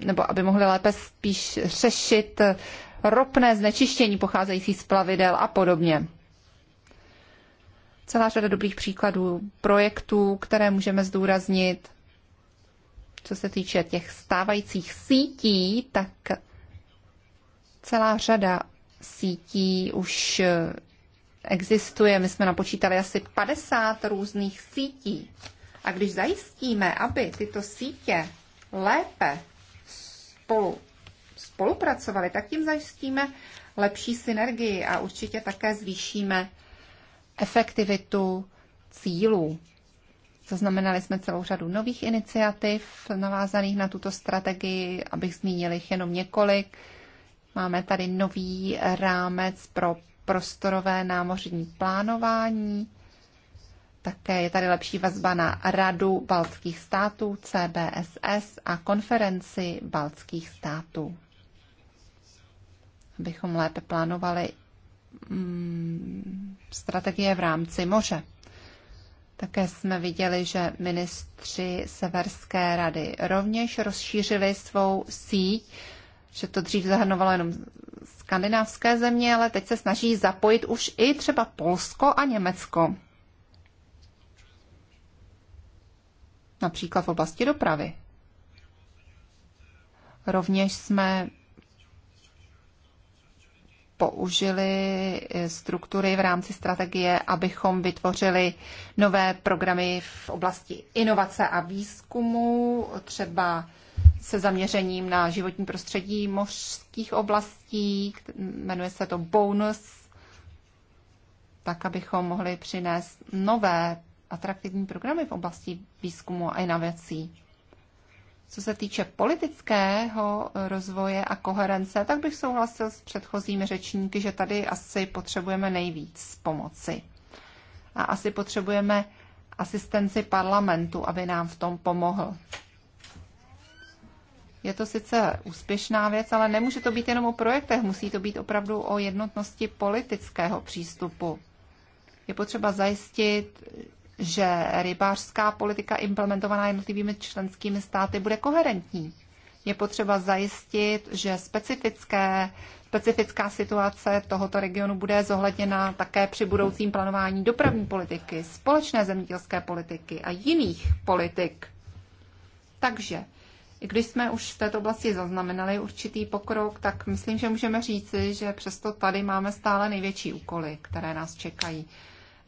[SPEAKER 3] nebo aby mohly lépe spíš řešit ropné znečištění pocházející z plavidel a podobně celá řada dobrých příkladů projektů, které můžeme zdůraznit. Co se týče těch stávajících sítí, tak celá řada sítí už existuje. My jsme napočítali asi 50 různých sítí. A když zajistíme, aby tyto sítě lépe spolu spolupracovaly, tak tím zajistíme lepší synergii a určitě také zvýšíme efektivitu cílů. Zaznamenali jsme celou řadu nových iniciativ navázaných na tuto strategii, abych zmínil jich jenom několik. Máme tady nový rámec pro prostorové námořní plánování. Také je tady lepší vazba na Radu baltských států, CBSS a konferenci baltských států. Abychom lépe plánovali Mm, strategie v rámci moře. Také jsme viděli, že ministři Severské rady rovněž rozšířili svou síť, že to dřív zahrnovalo jenom skandinávské země, ale teď se snaží zapojit už i třeba Polsko a Německo. Například v oblasti dopravy. Rovněž jsme použili eh, struktury v rámci strategie, abychom vytvořili nové programy v oblasti inovace a výzkumu, třeba se zaměřením na životní prostředí mořských oblastí, jmenuje se to bonus, tak abychom mohli přinést nové atraktivní programy v oblasti výzkumu a inovací. Co se týče politického rozvoje a koherence, tak bych souhlasil s předchozími řečníky, že tady asi potřebujeme nejvíc pomoci. A asi potřebujeme asistenci parlamentu, aby nám v tom pomohl. Je to sice úspěšná věc, ale nemůže to být jenom o projektech, musí to být opravdu o jednotnosti politického přístupu. Je potřeba zajistit, že rybářská politika implementovaná jednotlivými členskými státy bude koherentní. Je potřeba zajistit, že specifické, specifická situace tohoto regionu bude zohledněna také při budoucím plánování dopravní politiky, společné zemědělské politiky a jiných politik. Takže i když jsme už v této oblasti zaznamenali určitý pokrok, tak myslím, že můžeme říci, že přesto tady máme stále největší úkoly, které nás čekají.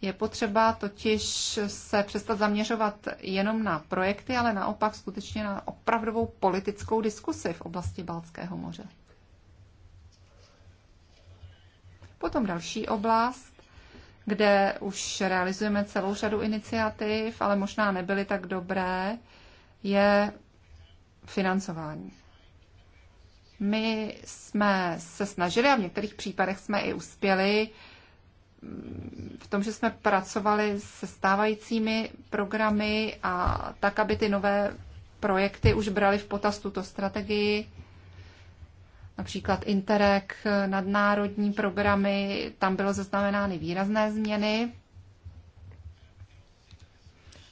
[SPEAKER 3] Je potřeba totiž se přestat zaměřovat jenom na projekty, ale naopak skutečně na opravdovou politickou diskusi v oblasti Balckého moře. Potom další oblast, kde už realizujeme celou řadu iniciativ, ale možná nebyly tak dobré, je financování. My jsme se snažili a v některých případech jsme i uspěli v tom, že jsme pracovali se stávajícími programy a tak, aby ty nové projekty už brali v potaz tuto strategii, například Interreg, nadnárodní programy, tam bylo zaznamenány výrazné změny.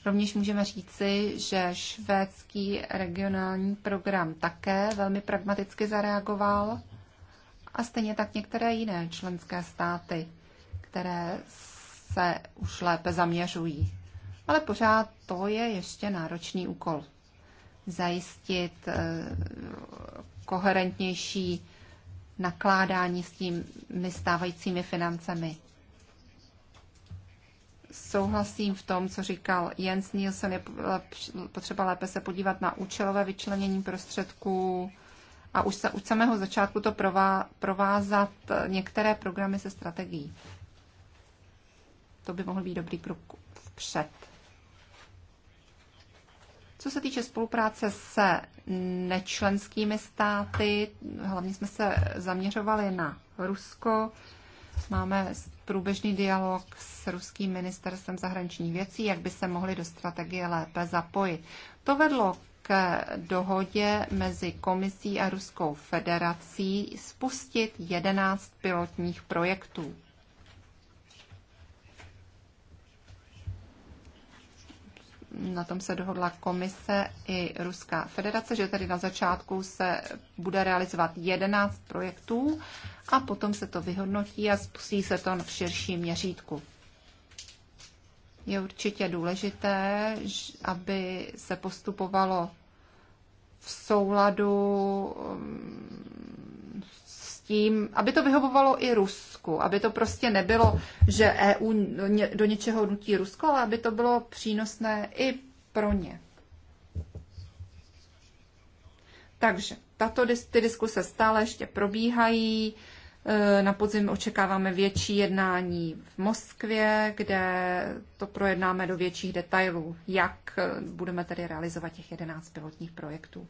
[SPEAKER 3] Rovněž můžeme říci, že švédský regionální program také velmi pragmaticky zareagoval a stejně tak některé jiné členské státy které se už lépe zaměřují. Ale pořád to je ještě náročný úkol. Zajistit eh, koherentnější nakládání s tím stávajícími financemi. Souhlasím v tom, co říkal Jens Nielsen, je potřeba lépe se podívat na účelové vyčlenění prostředků a už, se, už samého začátku to prová, provázat eh, některé programy se strategií. To by mohl být dobrý krok vpřed. Co se týče spolupráce se nečlenskými státy, hlavně jsme se zaměřovali na Rusko. Máme průběžný dialog s ruským ministerstvem zahraničních věcí, jak by se mohli do strategie lépe zapojit. To vedlo k dohodě mezi komisí a Ruskou federací spustit 11 pilotních projektů. na tom se dohodla komise i Ruská federace, že tedy na začátku se bude realizovat 11 projektů a potom se to vyhodnotí a spustí se to v širším měřítku. Je určitě důležité, aby se postupovalo v souladu um, tím, aby to vyhovovalo i Rusku, aby to prostě nebylo, že EU do něčeho nutí Rusko, ale aby to bylo přínosné i pro ně. Takže tato, ty diskuse stále ještě probíhají. E, na podzim očekáváme větší jednání v Moskvě, kde to projednáme do větších detailů, jak e, budeme tedy realizovat těch 11 pilotních projektů.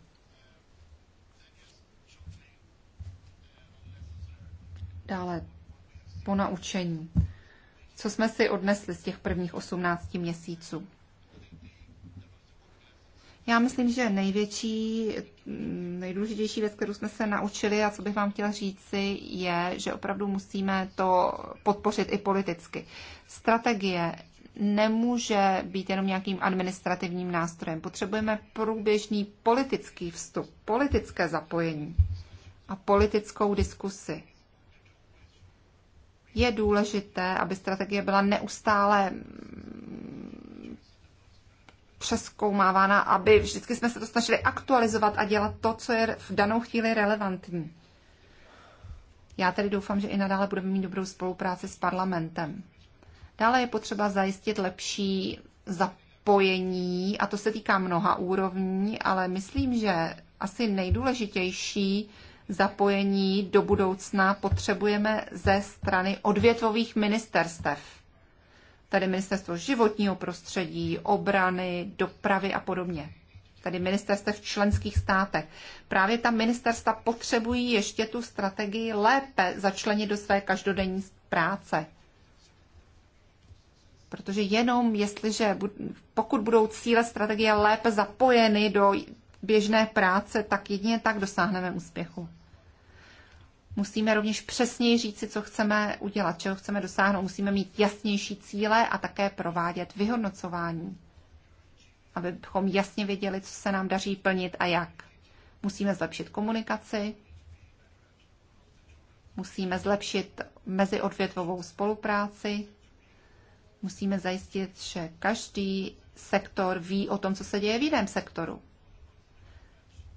[SPEAKER 3] Dále po naučení. Co jsme si odnesli z těch prvních 18 měsíců? Já myslím, že největší, nejdůležitější věc, kterou jsme se naučili a co bych vám chtěla říci, je, že opravdu musíme to podpořit i politicky. Strategie nemůže být jenom nějakým administrativním nástrojem. Potřebujeme průběžný politický vstup, politické zapojení a politickou diskusi je důležité, aby strategie byla neustále mm, přeskoumávána, aby vždycky jsme se to snažili aktualizovat a dělat to, co je v danou chvíli relevantní. Já tedy doufám, že i nadále budeme mít dobrou spolupráci s parlamentem. Dále je potřeba zajistit lepší zapojení, a to se týká mnoha úrovní, ale myslím, že asi nejdůležitější zapojení do budoucna potřebujeme ze strany odvětvových ministerstev, tedy ministerstvo životního prostředí, obrany, dopravy a podobně tedy ministerstev členských státech. Právě ta ministerstva potřebují ještě tu strategii lépe začlenit do své každodenní práce. Protože jenom jestliže, pokud budou cíle strategie lépe zapojeny do běžné práce, tak jedině tak dosáhneme úspěchu. Musíme rovněž přesněji říci, co chceme udělat, čeho chceme dosáhnout. Musíme mít jasnější cíle a také provádět vyhodnocování, abychom jasně věděli, co se nám daří plnit a jak. Musíme zlepšit komunikaci, musíme zlepšit meziodvětvovou spolupráci, musíme zajistit, že každý sektor ví o tom, co se děje v jiném sektoru.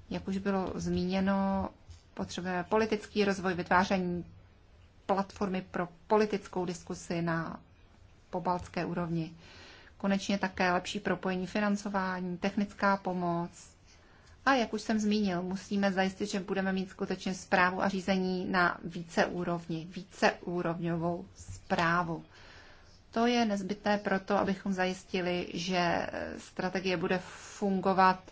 [SPEAKER 3] Jak už bylo zmíněno, potřebujeme politický rozvoj, vytváření platformy pro politickou diskusi na pobaltské úrovni. Konečně také lepší propojení financování, technická pomoc. A jak už jsem zmínil, musíme zajistit, že budeme mít skutečně zprávu a řízení na více úrovni, více úrovňovou zprávu. To je nezbytné proto, abychom zajistili, že strategie bude fungovat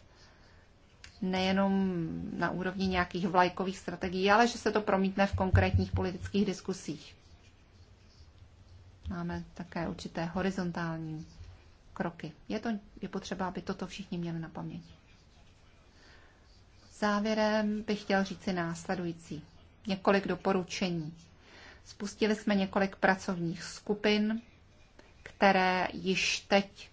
[SPEAKER 3] nejenom na úrovni nějakých vlajkových strategií, ale že se to promítne v konkrétních politických diskusích. Máme také určité horizontální kroky. Je, to, je potřeba, aby toto všichni měli na paměti. Závěrem bych chtěl říci následující. Několik doporučení. Spustili jsme několik pracovních skupin, které již teď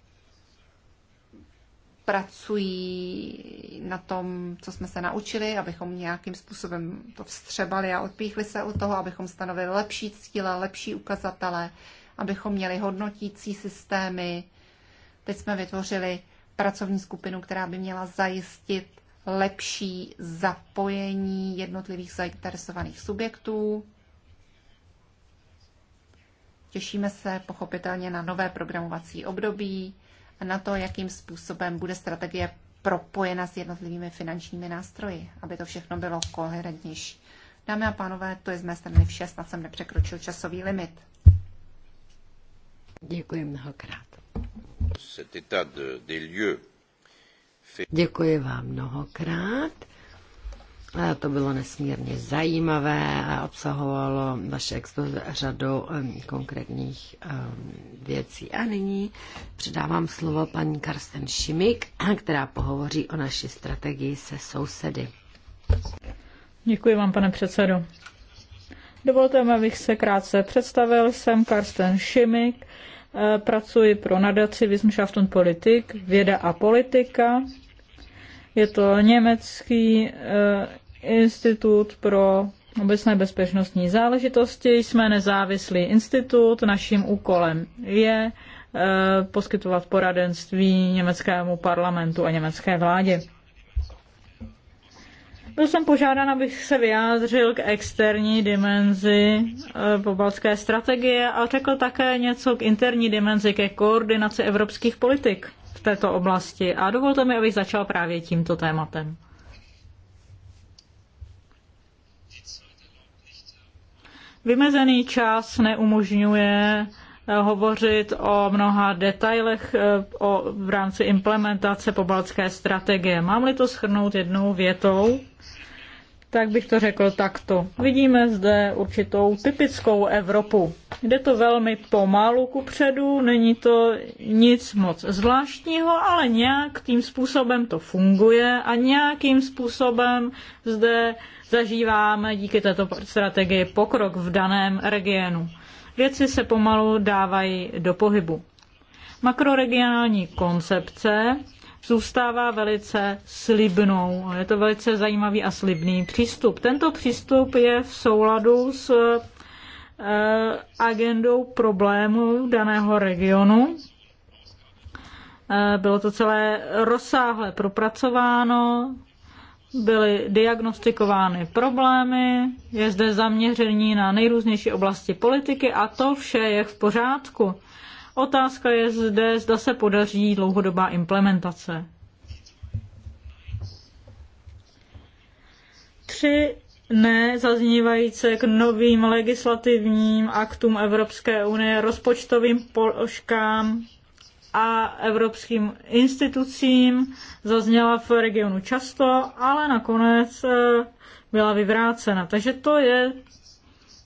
[SPEAKER 3] pracují na tom, co jsme se naučili, abychom nějakým způsobem to vstřebali a odpíchli se od toho, abychom stanovili lepší cíle, lepší ukazatele, abychom měli hodnotící systémy. Teď jsme vytvořili pracovní skupinu, která by měla zajistit lepší zapojení jednotlivých zainteresovaných subjektů. Těšíme se pochopitelně na nové programovací období na to, jakým způsobem bude strategie propojena s jednotlivými finančními nástroji, aby to všechno bylo koherentnější. Dámy a pánové, to je z mé strany vše, snad jsem nepřekročil časový limit. Děkuji mnohokrát.
[SPEAKER 1] Děkuji vám mnohokrát to bylo nesmírně zajímavé a obsahovalo vaše expoze řadu konkrétních věcí. A nyní předávám slovo paní Karsten Šimik, která pohovoří o naší strategii se sousedy.
[SPEAKER 4] Děkuji vám, pane předsedo. Dovolte mi, abych se krátce představil. Jsem Karsten Šimik, eh, pracuji pro nadaci Wissenschaft und Politik, věda a politika. Je to německý eh, Institut pro obecné bezpečnostní záležitosti. Jsme nezávislý institut, naším úkolem je eh, poskytovat poradenství německému parlamentu a německé vládě. Byl jsem požádán, abych se vyjádřil k externí dimenzi eh, pobalské strategie a řekl také něco k interní dimenzi, ke koordinaci evropských politik v této oblasti. A dovolte mi, abych začal právě tímto tématem. Vymezený čas neumožňuje eh, hovořit o mnoha detailech eh, o, v rámci implementace pobaltské strategie. Mám-li to schrnout jednou větou, tak bych to řekl takto. Vidíme zde určitou typickou Evropu. Jde to velmi pomalu kupředu, není to nic moc zvláštního, ale nějak tím způsobem to funguje a nějakým způsobem zde zažíváme díky této strategii pokrok v daném regionu. Věci se pomalu dávají do pohybu. Makroregionální koncepce zůstává velice slibnou. Je to velice zajímavý a slibný přístup. Tento přístup je v souladu s eh, agendou problémů daného regionu. Eh, bylo to celé rozsáhle propracováno, byly diagnostikovány problémy, je zde zaměření na nejrůznější oblasti politiky a to vše je v pořádku. Otázka je zde, zda se podaří dlouhodobá implementace. Tři ne zaznívající k novým legislativním aktům Evropské unie, rozpočtovým položkám a evropským institucím zazněla v regionu často, ale nakonec eh, byla vyvrácena. Takže to je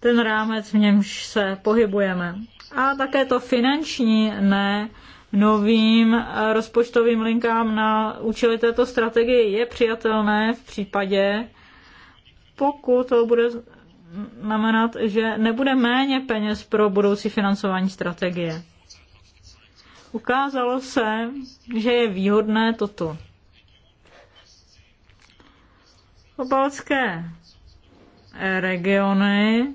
[SPEAKER 4] ten rámec, v němž se pohybujeme a také to finanční ne novým eh, rozpočtovým linkám na účely této strategie je přijatelné v případě, pokud to bude znamenat, že nebude méně peněz pro budoucí financování strategie. Ukázalo se, že je výhodné toto. Obalské regiony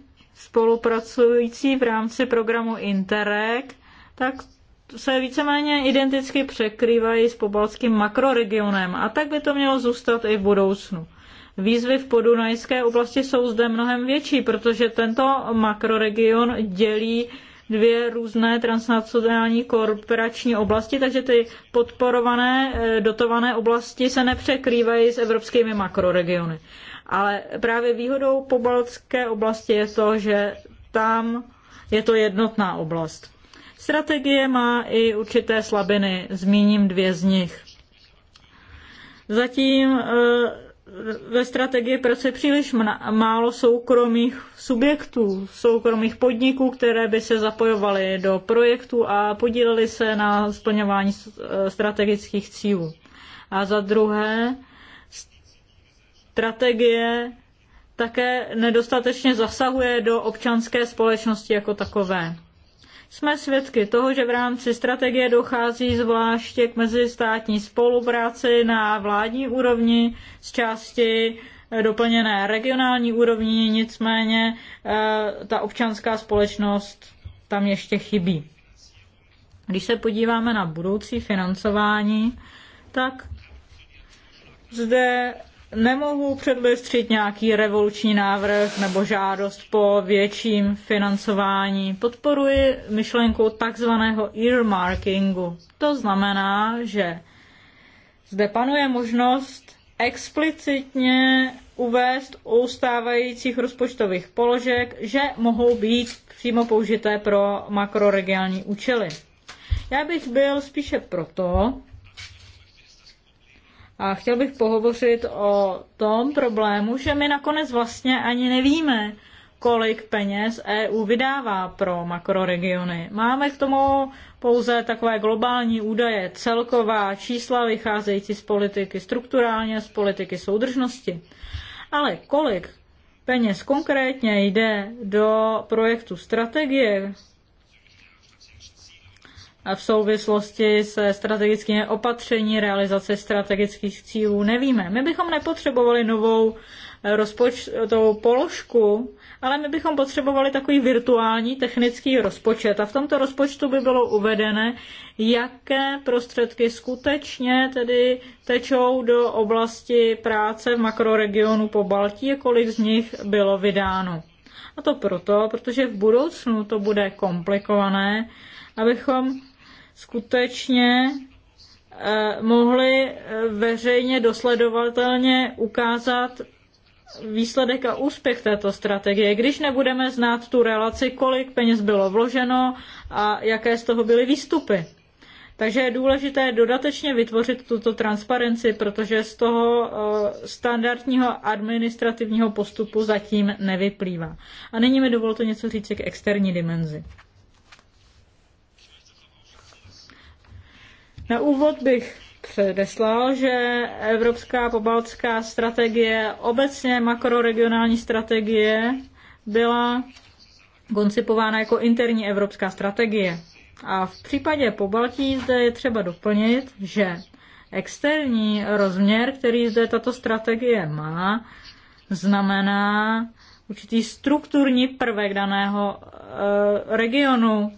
[SPEAKER 4] spolupracující v rámci programu Interreg, tak se víceméně identicky překrývají s pobalským makroregionem a tak by to mělo zůstat i v budoucnu. Výzvy v podunajské oblasti jsou zde mnohem větší, protože tento makroregion dělí dvě různé transnacionální korporační oblasti, takže ty podporované, eh, dotované oblasti se nepřekrývají s evropskými makroregiony. Ale právě výhodou pobaltské oblasti je to, že tam je to jednotná oblast. Strategie má i určité slabiny, zmíním dvě z nich. Zatím e, ve strategii pracuje příliš málo soukromých subjektů, soukromých podniků, které by se zapojovaly do projektu a podílely se na splňování e, strategických cílů. A za druhé, strategie také nedostatečně zasahuje do občanské společnosti jako takové. Jsme svědky toho, že v rámci strategie dochází zvláště k mezistátní spolupráci na vládní úrovni z části eh, doplněné regionální úrovni, nicméně eh, ta občanská společnost tam ještě chybí. Když se podíváme na budoucí financování, tak zde nemohu předlistřit nějaký revoluční návrh nebo žádost po větším financování. Podporuji myšlenku takzvaného earmarkingu. To znamená, že zde panuje možnost explicitně uvést u stávajících rozpočtových položek, že mohou být přímo použité pro makroregionální účely. Já bych byl spíše proto, a chtěl bych pohovořit o tom problému, že my nakonec vlastně ani nevíme, kolik peněz EU vydává pro makroregiony. Máme k tomu pouze takové globální údaje, celková čísla vycházející z politiky strukturálně, z politiky soudržnosti. Ale kolik peněz konkrétně jde do projektu strategie, a v souvislosti se strategickými opatření realizace strategických cílů nevíme. My bychom nepotřebovali novou eh, rozpočtovou položku, ale my bychom potřebovali takový virtuální technický rozpočet. A v tomto rozpočtu by bylo uvedené, jaké prostředky skutečně tedy tečou do oblasti práce v makroregionu po Baltí kolik z nich bylo vydáno. A to proto, protože v budoucnu to bude komplikované, abychom skutečně eh, mohli eh, veřejně dosledovatelně ukázat výsledek a úspěch této strategie, když nebudeme znát tu relaci, kolik peněz bylo vloženo a jaké z toho byly výstupy. Takže je důležité dodatečně vytvořit tuto transparenci, protože z toho eh, standardního administrativního postupu zatím nevyplývá. A nyní mi dovolte něco říct k externí dimenzi. Na úvod bych předeslal, že Evropská pobaltská strategie, obecně makroregionální strategie, byla koncipována jako interní evropská strategie. A v případě pobaltí zde je třeba doplnit, že externí rozměr, který zde tato strategie má, znamená určitý strukturní prvek daného eh, regionu,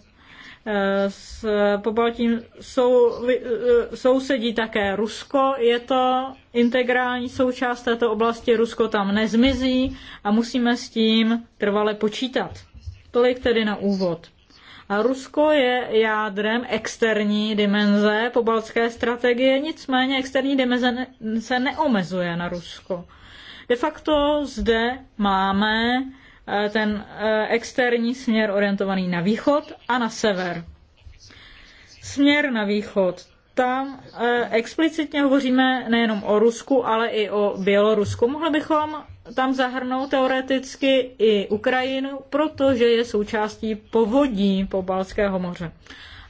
[SPEAKER 4] s pobaltím sou, eh, sousedí také Rusko. Je to integrální součást této oblasti. Rusko tam nezmizí a musíme s tím trvale počítat. Tolik tedy na úvod. A Rusko je jádrem externí dimenze pobaltské strategie, nicméně externí dimenze se neomezuje na Rusko. De facto zde máme Eh, ten eh, externí směr orientovaný na východ a na sever. Směr na východ. Tam eh, explicitně hovoříme nejenom o Rusku, ale i o Bělorusku. Mohli bychom tam zahrnout teoreticky i Ukrajinu, protože je součástí povodí po Balského moře.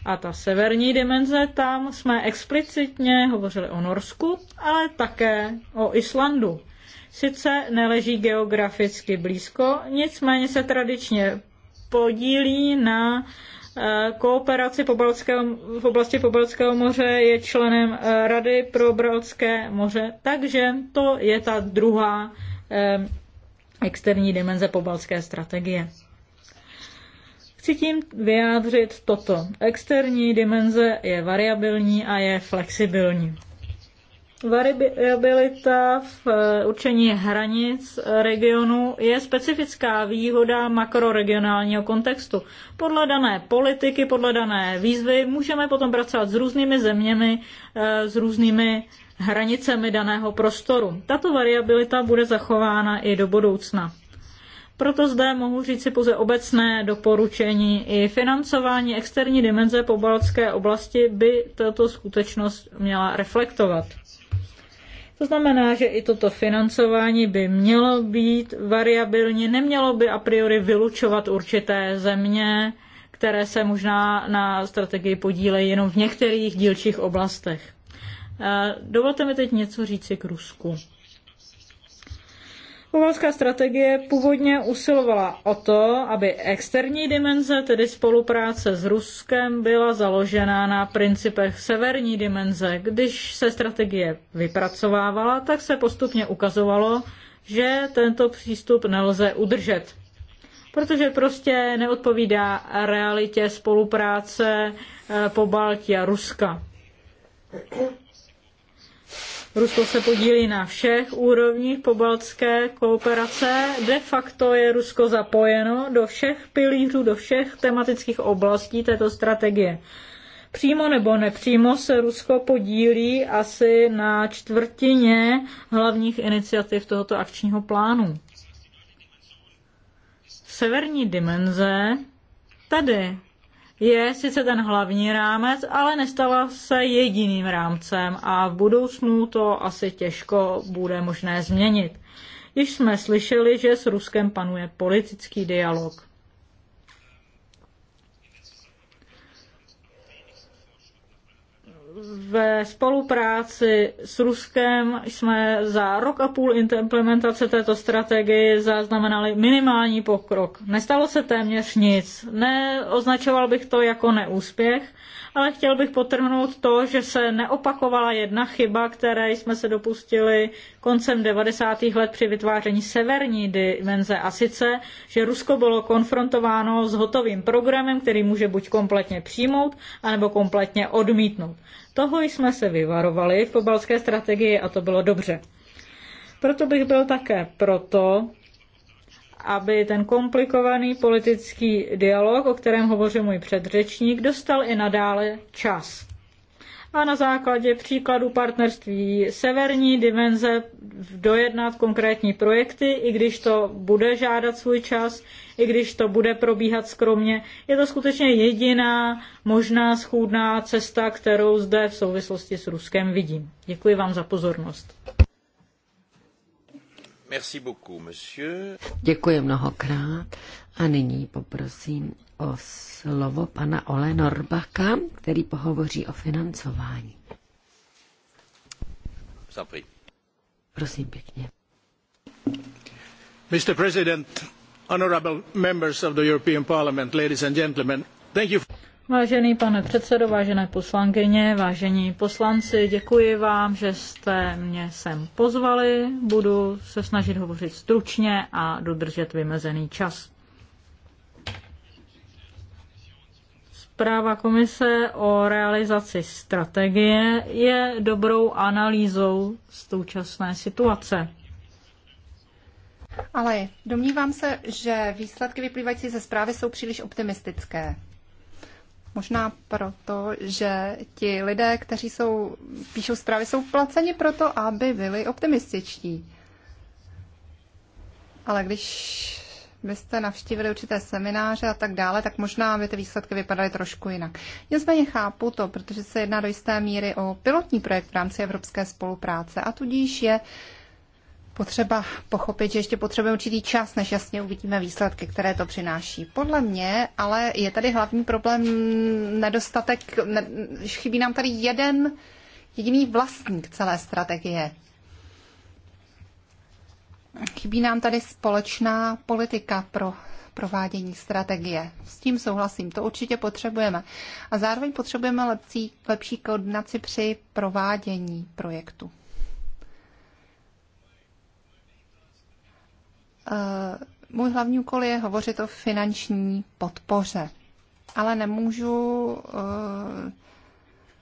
[SPEAKER 4] A ta severní dimenze, tam jsme explicitně hovořili o Norsku, ale také o Islandu. Sice neleží geograficky blízko, nicméně se tradičně podílí na eh, kooperaci pobaltského, v oblasti Pobalského moře, je členem eh, Rady pro Baltské moře, takže to je ta druhá eh, externí dimenze Pobalské strategie. Chci tím vyjádřit toto. Externí dimenze je variabilní a je flexibilní. Variabilita v eh, určení hranic regionu je specifická výhoda makroregionálního kontextu. Podle dané politiky, podle dané výzvy můžeme potom pracovat s různými zeměmi, eh, s různými hranicemi daného prostoru. Tato variabilita bude zachována i do budoucna. Proto zde mohu říci pouze obecné doporučení. I financování externí dimenze po baltské oblasti by tato skutečnost měla reflektovat znamená, že i toto financování by mělo být variabilní, nemělo by a priori vylučovat určité země, které se možná na strategii podílejí jenom v některých dílčích oblastech. Eh, dovolte mi teď něco říci k Rusku. Povalská strategie původně usilovala o to, aby externí dimenze, tedy spolupráce s Ruskem, byla založena na principech severní dimenze. Když se strategie vypracovávala, tak se postupně ukazovalo, že tento přístup nelze udržet, protože prostě neodpovídá realitě spolupráce eh, po Baltí a Ruska. Rusko se podílí na všech úrovních pobaltské kooperace. De facto je Rusko zapojeno do všech pilířů, do všech tematických oblastí této strategie. Přímo nebo nepřímo se Rusko podílí asi na čtvrtině hlavních iniciativ tohoto akčního plánu. Severní dimenze tady je sice ten hlavní rámec, ale nestala se jediným rámcem a v budoucnu to asi těžko bude možné změnit. Již jsme slyšeli, že s Ruskem panuje politický dialog. ve spolupráci s Ruskem jsme za rok a půl implementace této strategie zaznamenali minimální pokrok. Nestalo se téměř nic. Neoznačoval bych to jako neúspěch, ale chtěl bych potrhnout to, že se neopakovala jedna chyba, které jsme se dopustili koncem 90. let při vytváření severní dimenze a sice, že Rusko bylo konfrontováno s hotovým programem, který může buď kompletně přijmout, anebo kompletně odmítnout. Toho jsme se vyvarovali v pobalské strategii a to bylo dobře. Proto bych byl také proto, aby ten komplikovaný politický dialog, o kterém hovořil můj předřečník, dostal i nadále čas a na základě příkladu partnerství severní dimenze dojednat konkrétní projekty, i když to bude žádat svůj čas, i když to bude probíhat skromně. Je to skutečně jediná možná schůdná cesta, kterou zde v souvislosti s Ruskem vidím. Děkuji vám za pozornost.
[SPEAKER 1] Děkuji mnohokrát a nyní poprosím o slovo pana Ole Norbaka, který pohovoří o financování. Zapri. Prosím pěkně.
[SPEAKER 2] Mr. President, honorable members of the European Parliament, ladies and gentlemen, thank you.
[SPEAKER 4] Vážený pane předsedo, vážené poslankyně, vážení poslanci, děkuji vám, že jste mě sem pozvali. Budu se snažit hovořit stručně a dodržet vymezený čas. Zpráva komise o realizaci strategie je dobrou analýzou současné situace.
[SPEAKER 3] Ale domnívám se, že výsledky vyplývající ze zprávy jsou příliš optimistické. Možná proto, že ti lidé, kteří jsou, píšou zprávy, jsou placeni proto, aby byli optimističtí. Ale když byste navštívili určité semináře a tak dále, tak možná by ty výsledky vypadaly trošku jinak. Nicméně chápu to, protože se jedná do jisté míry o pilotní projekt v rámci evropské spolupráce a tudíž je potřeba pochopit, že ještě potřebujeme určitý čas, než jasně uvidíme výsledky, které to přináší. Podle mě, ale je tady hlavní problém nedostatek, ne, chybí nám tady jeden jediný vlastník celé strategie. Chybí nám tady společná politika pro provádění strategie. S tím souhlasím, to určitě potřebujeme. A zároveň potřebujeme lepší, lepší koordinaci při provádění projektu. Eh, můj hlavní úkol je hovořit o finanční podpoře, ale nemůžu eh,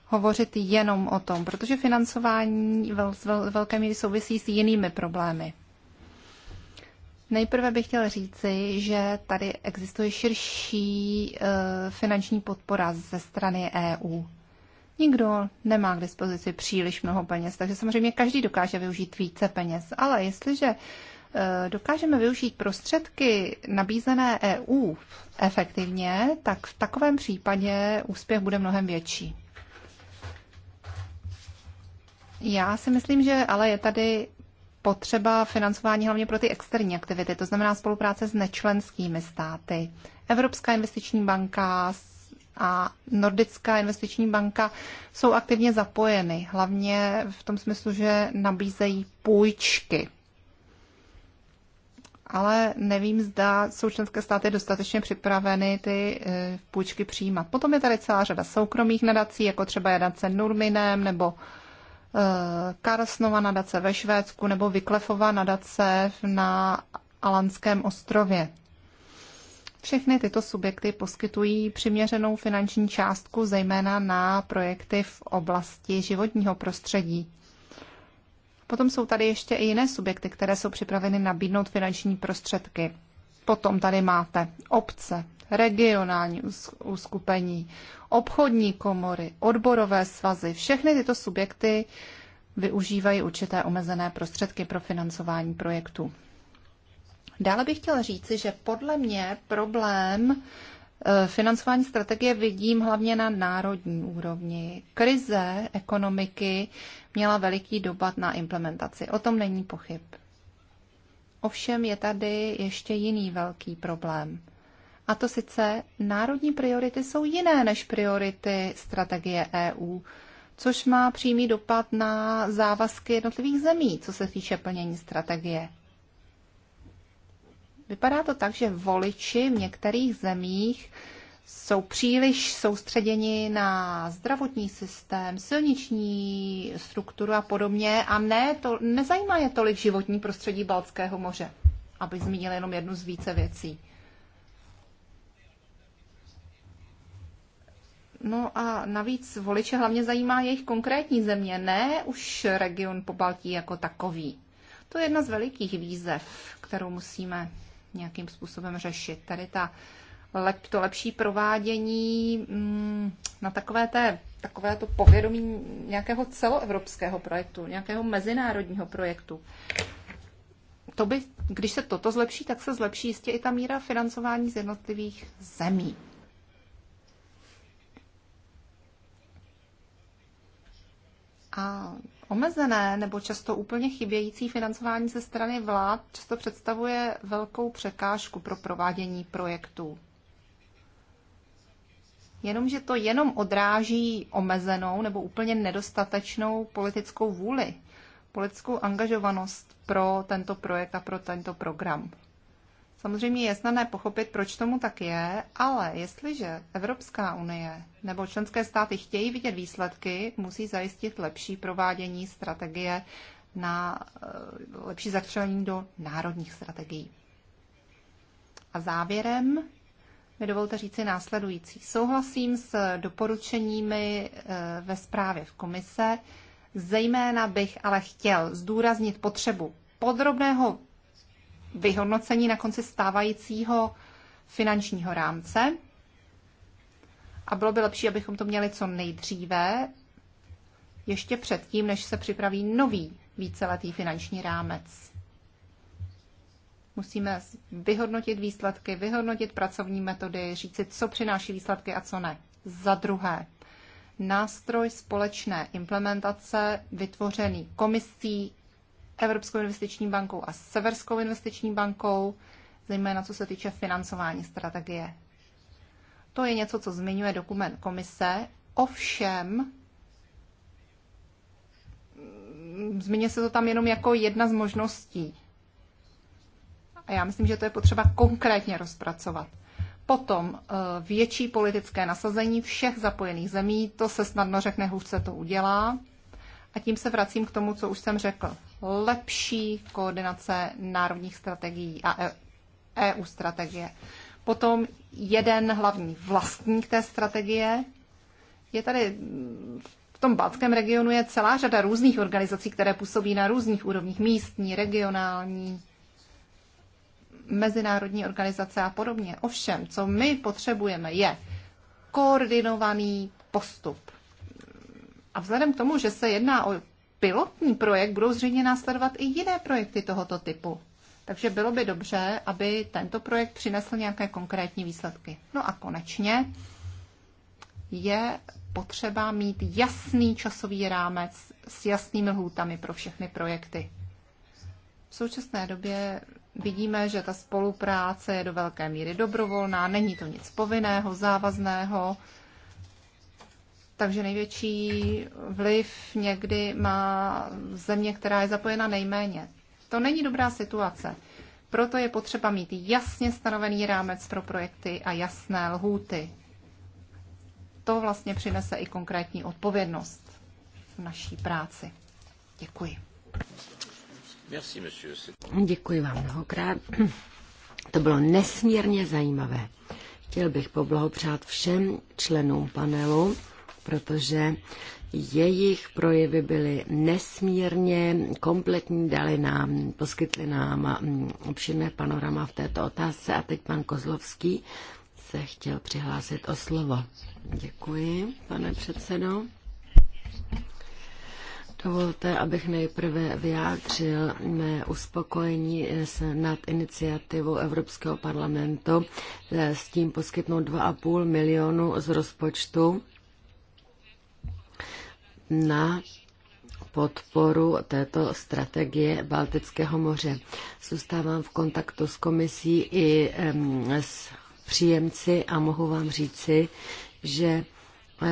[SPEAKER 3] hovořit jenom o tom, protože financování z velké míry souvisí s jinými problémy. Nejprve bych chtěla říci, že tady existuje širší eh, finanční podpora ze strany EU. Nikdo nemá k dispozici příliš mnoho peněz, takže samozřejmě každý dokáže využít více peněz. Ale jestliže eh, dokážeme využít prostředky nabízené EU efektivně, tak v takovém případě úspěch bude mnohem větší. Já si myslím, že ale je tady potřeba financování hlavně pro ty externí aktivity, to znamená spolupráce s nečlenskými státy. Evropská investiční banka a Nordická investiční banka jsou aktivně zapojeny, hlavně v tom smyslu, že nabízejí půjčky. Ale nevím, zda jsou členské státy dostatečně připraveny ty eh, půjčky přijímat. Potom je tady celá řada soukromých nadací, jako třeba jadace Nurminem nebo Karlsnova nadace ve Švédsku nebo Vyklefova nadace na Alanském ostrově. Všechny tyto subjekty poskytují přiměřenou finanční částku, zejména na projekty v oblasti životního prostředí. Potom jsou tady ještě i jiné subjekty, které jsou připraveny nabídnout finanční prostředky. Potom tady máte obce, regionální uskupení, obchodní komory, odborové svazy. Všechny tyto subjekty využívají určité omezené prostředky pro financování projektů. Dále bych chtěla říci, že podle mě problém e, financování strategie vidím hlavně na národní úrovni. Krize ekonomiky měla veliký dopad na implementaci. O tom není pochyb. Ovšem je tady ještě jiný velký problém. A to sice národní priority jsou jiné než priority strategie EU, což má přímý dopad na závazky jednotlivých zemí, co se týče plnění strategie. Vypadá to tak, že voliči v některých zemích jsou příliš soustředěni na zdravotní systém, silniční strukturu a podobně a ne, to, nezajímá je tolik životní prostředí Balckého moře, aby zmínil jenom jednu z více věcí. No a navíc voliče hlavně zajímá jejich konkrétní země, ne už region po Baltí jako takový. To je jedna z velikých výzev, kterou musíme nějakým způsobem řešit. Tady ta uh, lep, to lepší provádění mm, na takové té takové to povědomí nějakého celoevropského projektu, nějakého mezinárodního projektu. To by, když se toto zlepší, tak se zlepší jistě i ta míra financování z jednotlivých zemí. A omezené nebo často úplně chybějící financování ze strany vlád často představuje velkou překážku pro provádění projektů jenomže to jenom odráží omezenou nebo úplně nedostatečnou politickou vůli, politickou angažovanost pro tento projekt a pro tento program. Samozřejmě je snadné pochopit, proč tomu tak je, ale jestliže Evropská unie nebo členské státy chtějí vidět výsledky, musí zajistit lepší provádění strategie na eh, lepší začlenění do národních strategií. A závěrem mi dovolte říci následující. Souhlasím s doporučeními eh, ve zprávě v komise, zejména bych ale chtěl zdůraznit potřebu podrobného vyhodnocení na konci stávajícího finančního rámce. A bylo by lepší, abychom to měli co nejdříve, ještě předtím, než se připraví nový víceletý finanční rámec. Musíme vyhodnotit výsledky, vyhodnotit pracovní metody, si, co přináší výsledky a co ne. Za druhé, nástroj společné implementace vytvořený komisí, Evropskou investiční bankou a Severskou investiční bankou, zejména co se týče financování strategie. To je něco, co zmiňuje dokument komise, ovšem mm, zmiňuje se to tam jenom jako jedna z možností. A já myslím, že to je potřeba konkrétně rozpracovat. Potom eh, větší politické nasazení všech zapojených zemí, to se snadno řekne, hůř se to udělá. A tím se vracím k tomu, co už jsem řekl. Lepší koordinace národních strategií a EU e strategie. Potom jeden hlavní vlastník té strategie. Je tady v tom Balckém regionu je celá řada různých organizací, které působí na různých úrovních, místní, regionální, mezinárodní organizace a podobně. Ovšem, co my potřebujeme, je koordinovaný postup. A vzhledem k tomu, že se jedná o pilotní projekt, budou zřejmě následovat i jiné projekty tohoto typu. Takže bylo by dobře, aby tento projekt přinesl nějaké konkrétní výsledky. No a konečně je potřeba mít jasný časový rámec s jasnými lhůtami pro všechny projekty. V současné době vidíme, že ta spolupráce je do velké míry dobrovolná, není to nic povinného, závazného, takže největší vliv někdy má země, která je zapojena nejméně. To není dobrá situace. Proto je potřeba mít jasně stanovený rámec pro projekty a jasné lhůty. To vlastně přinese i konkrétní odpovědnost v naší práci. Děkuji. Děkuji vám mnohokrát.
[SPEAKER 1] To bylo nesmírně zajímavé. Chtěl bych poblahopřát všem členům panelu, protože jejich projevy byly nesmírně kompletní, dali nám, poskytli nám mm, obširné panorama v této otázce. A teď pan Kozlovský se chtěl přihlásit o slovo. Děkuji, pane předsedo. Dovolte, abych nejprve vyjádřil mé uspokojení eh, nad iniciativou Evropského parlamentu eh, s tím poskytnout 2,5 milionu z rozpočtu na podporu této strategie Baltického moře. Zůstávám v kontaktu s komisí i s příjemci a mohu vám říci, že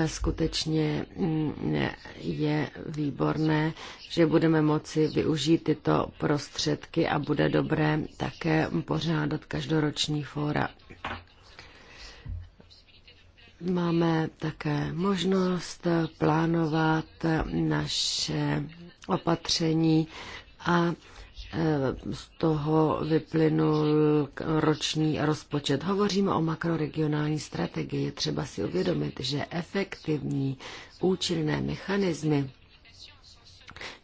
[SPEAKER 1] skutečně mm, je výborné, že budeme moci využít tyto prostředky a bude dobré také pořádat každoroční fóra. Máme také možnost plánovat naše opatření a Eh, z toho vyplynul roční rozpočet. Hovoříme o makroregionální strategii. Je třeba si uvědomit, že efektivní účinné mechanismy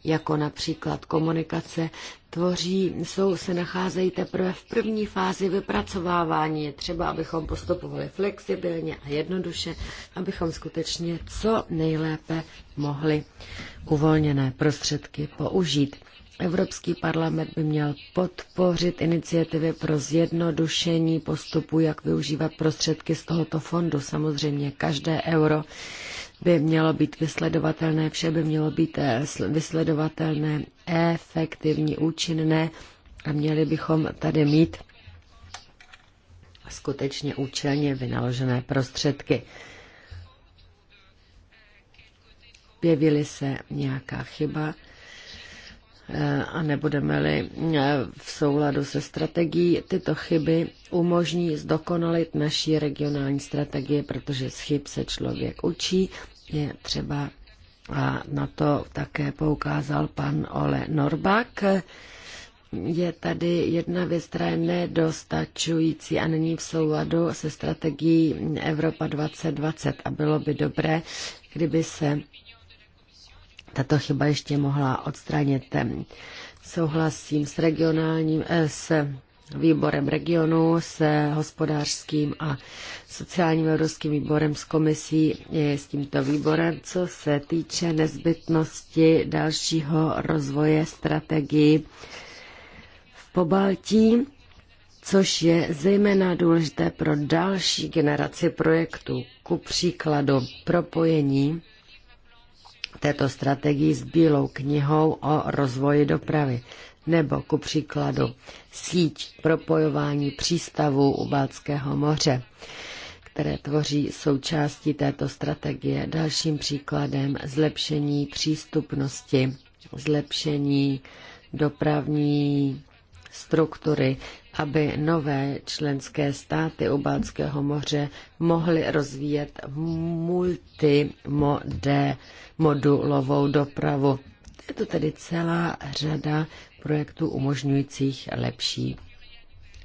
[SPEAKER 1] jako například komunikace, tvoří, jsou, se nacházejí teprve v první fázi vypracovávání. Je třeba, abychom postupovali flexibilně a jednoduše, abychom skutečně co nejlépe mohli uvolněné prostředky použít. Evropský parlament by měl podpořit iniciativy pro zjednodušení postupu, jak využívat prostředky z tohoto fondu. Samozřejmě každé euro by mělo být vysledovatelné, vše by mělo být eh, vysledovatelné, efektivní, účinné a měli bychom tady mít skutečně účelně vynaložené prostředky. Pěvili se nějaká chyba, a nebudeme-li eh, v souladu se strategií, tyto chyby umožní zdokonalit naší regionální strategie, protože z chyb se člověk učí, je třeba a na to také poukázal pan Ole Norbak. Je tady jedna věc, která je nedostačující a není v souladu se strategií Evropa 2020 a bylo by dobré, kdyby se tato chyba ještě mohla odstranit. Souhlasím s regionálním, eh, s výborem regionu, se hospodářským a sociálním evropským výborem, s komisí je s tímto výborem, co se týče nezbytnosti dalšího rozvoje strategii v Pobaltí, což je zejména důležité pro další generaci projektů, ku příkladu propojení této strategii s bílou knihou o rozvoji dopravy. Nebo ku příkladu síť propojování přístavů u Balckého moře, které tvoří součástí této strategie. Dalším příkladem zlepšení přístupnosti, zlepšení dopravní struktury, aby nové členské státy u Balckého moře mohly rozvíjet multimodulovou dopravu. Je to tedy celá řada projektů umožňujících lepší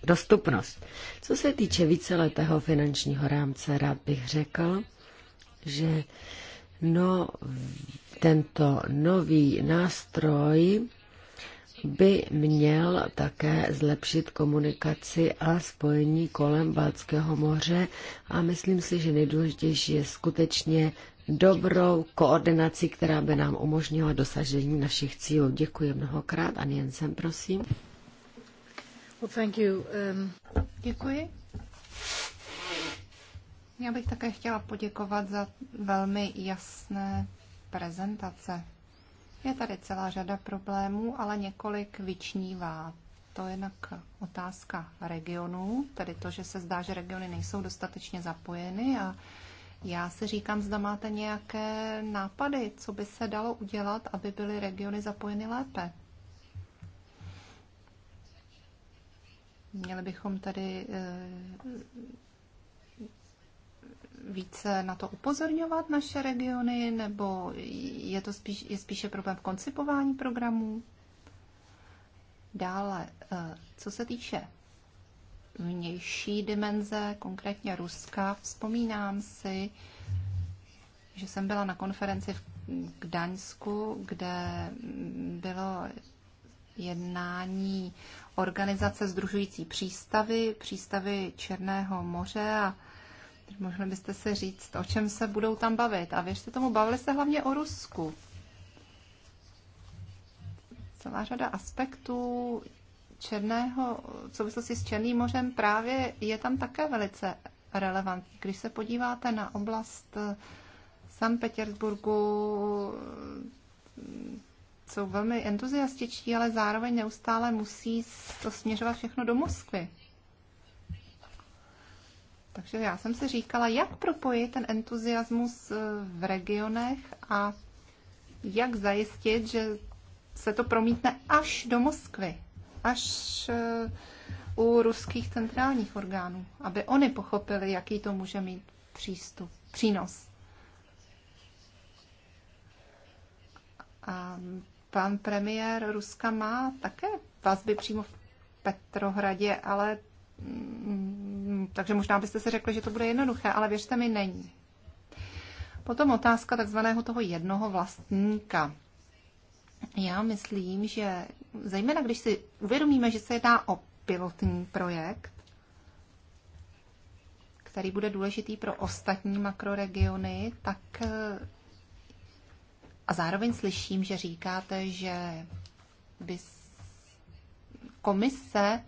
[SPEAKER 1] dostupnost. Co se týče víceletého finančního rámce, rád bych řekl, že no, tento nový nástroj by měl také zlepšit komunikaci a spojení kolem Balckého moře a myslím si, že nejdůležitější je skutečně dobrou koordinaci, která by nám umožnila dosažení našich cílů. Děkuji mnohokrát. Ani jen sem, prosím.
[SPEAKER 3] Well, thank you. Um... Děkuji. Já bych také chtěla poděkovat za velmi jasné prezentace. Je tady celá řada problémů, ale několik vyčnívá. To je jednak otázka regionů, tedy to, že se zdá, že regiony nejsou dostatečně zapojeny a já si říkám, zda máte nějaké nápady, co by se dalo udělat, aby byly regiony zapojeny lépe. Měli bychom tady eh, více na to upozorňovat naše regiony, nebo je to spíš, je spíše problém koncipování programů? Dále, eh, co se týče vnější dimenze, konkrétně Ruska, vzpomínám si, že jsem byla na konferenci v Gdaňsku, kde bylo jednání organizace združující přístavy, přístavy Černého moře a Mohli byste se říct, o čem se budou tam bavit. A věřte tomu, bavili se hlavně o Rusku. Celá řada aspektů černého, v souvislosti s Černým mořem právě je tam také velice relevantní. Když se podíváte na oblast eh, San Petersburgu, eh, jsou velmi entuziastičtí, ale zároveň neustále musí to směřovat všechno do Moskvy. Takže já jsem si říkala, jak propojit ten entuziasmus eh, v regionech a jak zajistit, že se to promítne až do Moskvy, až eh, u ruských centrálních orgánů, aby oni pochopili, jaký to může mít přístup, přínos. A pan premiér Ruska má také vazby přímo v Petrohradě, ale Mm, takže možná byste si řekli, že to bude jednoduché, ale věřte mi, není. Potom otázka takzvaného toho jednoho vlastníka. Já myslím, že zejména když si uvědomíme, že se jedná o pilotní projekt, který bude důležitý pro ostatní makroregiony, tak eh, a zároveň slyším, že říkáte, že by komise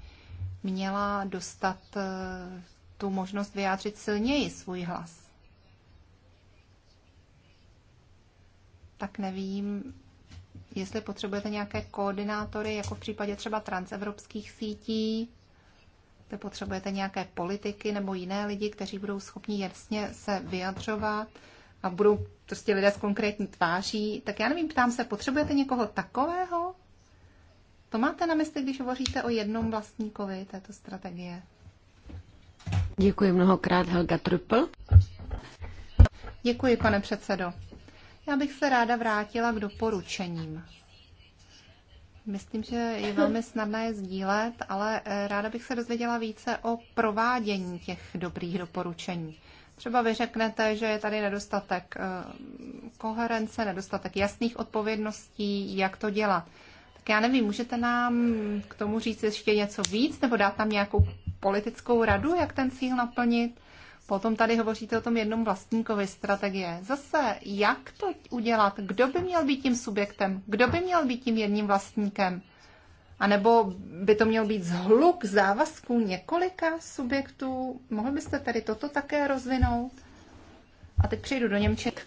[SPEAKER 3] měla dostat eh, tu možnost vyjádřit silněji svůj hlas. Tak nevím, jestli potřebujete nějaké koordinátory, jako v případě třeba transevropských sítí, kde potřebujete nějaké politiky nebo jiné lidi, kteří budou schopni jasně se vyjadřovat a budou prostě lidé s konkrétní tváří. Tak já nevím, ptám se, potřebujete někoho takového? To máte na mysli, když hovoříte o jednom vlastníkovi této strategie?
[SPEAKER 1] Děkuji mnohokrát, Helga Trupl.
[SPEAKER 3] Děkuji, pane předsedo. Já bych se ráda vrátila k doporučením. Myslím, že je velmi snadné je sdílet, ale eh, ráda bych se dozvěděla více o provádění těch dobrých doporučení. Třeba vy řeknete, že je tady nedostatek eh, koherence, nedostatek jasných odpovědností, jak to dělat. Tak já nevím, můžete nám k tomu říct ještě něco víc nebo dát tam nějakou politickou radu, jak ten cíl naplnit? Potom tady hovoříte o tom jednom vlastníkovi strategie. Zase, jak to udělat? Kdo by měl být tím subjektem? Kdo by měl být tím jedním vlastníkem? A nebo by to měl být zhluk závazků několika subjektů? Mohl byste tady toto také rozvinout? A teď přejdu do Němček.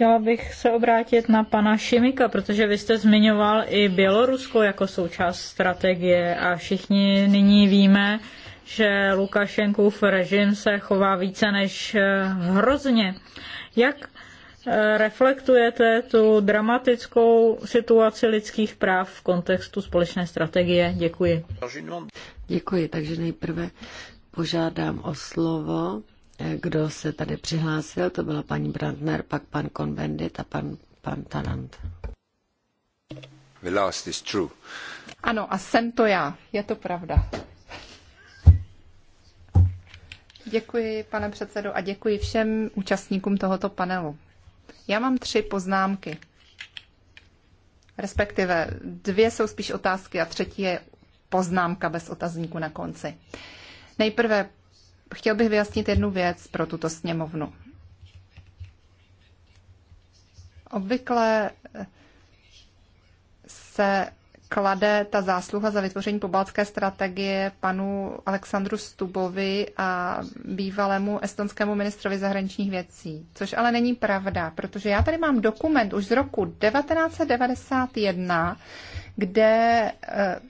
[SPEAKER 4] Chtěla bych se obrátit na pana Šimika, protože vy jste zmiňoval i Bělorusko jako součást strategie a všichni nyní víme, že Lukašenkův režim se chová více než eh, hrozně. Jak eh, reflektujete tu dramatickou situaci lidských práv v
[SPEAKER 1] kontextu společné strategie? Děkuji. Děkuji, takže nejprve požádám o slovo kdo se tady přihlásil, to byla paní Brandner, pak
[SPEAKER 3] pan Konbendit a pan, pan Tanant.
[SPEAKER 2] The last is true.
[SPEAKER 3] Ano, a jsem to já. Je to pravda. Děkuji, pane předsedo, a děkuji všem účastníkům tohoto panelu. Já mám tři poznámky. Respektive dvě jsou spíš otázky a třetí je poznámka bez otazníku na konci. Nejprve Chtěl bych vyjasnit jednu věc pro tuto sněmovnu. Obvykle se klade ta zásluha za vytvoření pobaltské strategie panu Alexandru Stubovi a bývalému estonskému ministrovi zahraničních věcí, což ale není pravda, protože já tady mám dokument už z roku 1991, kde eh,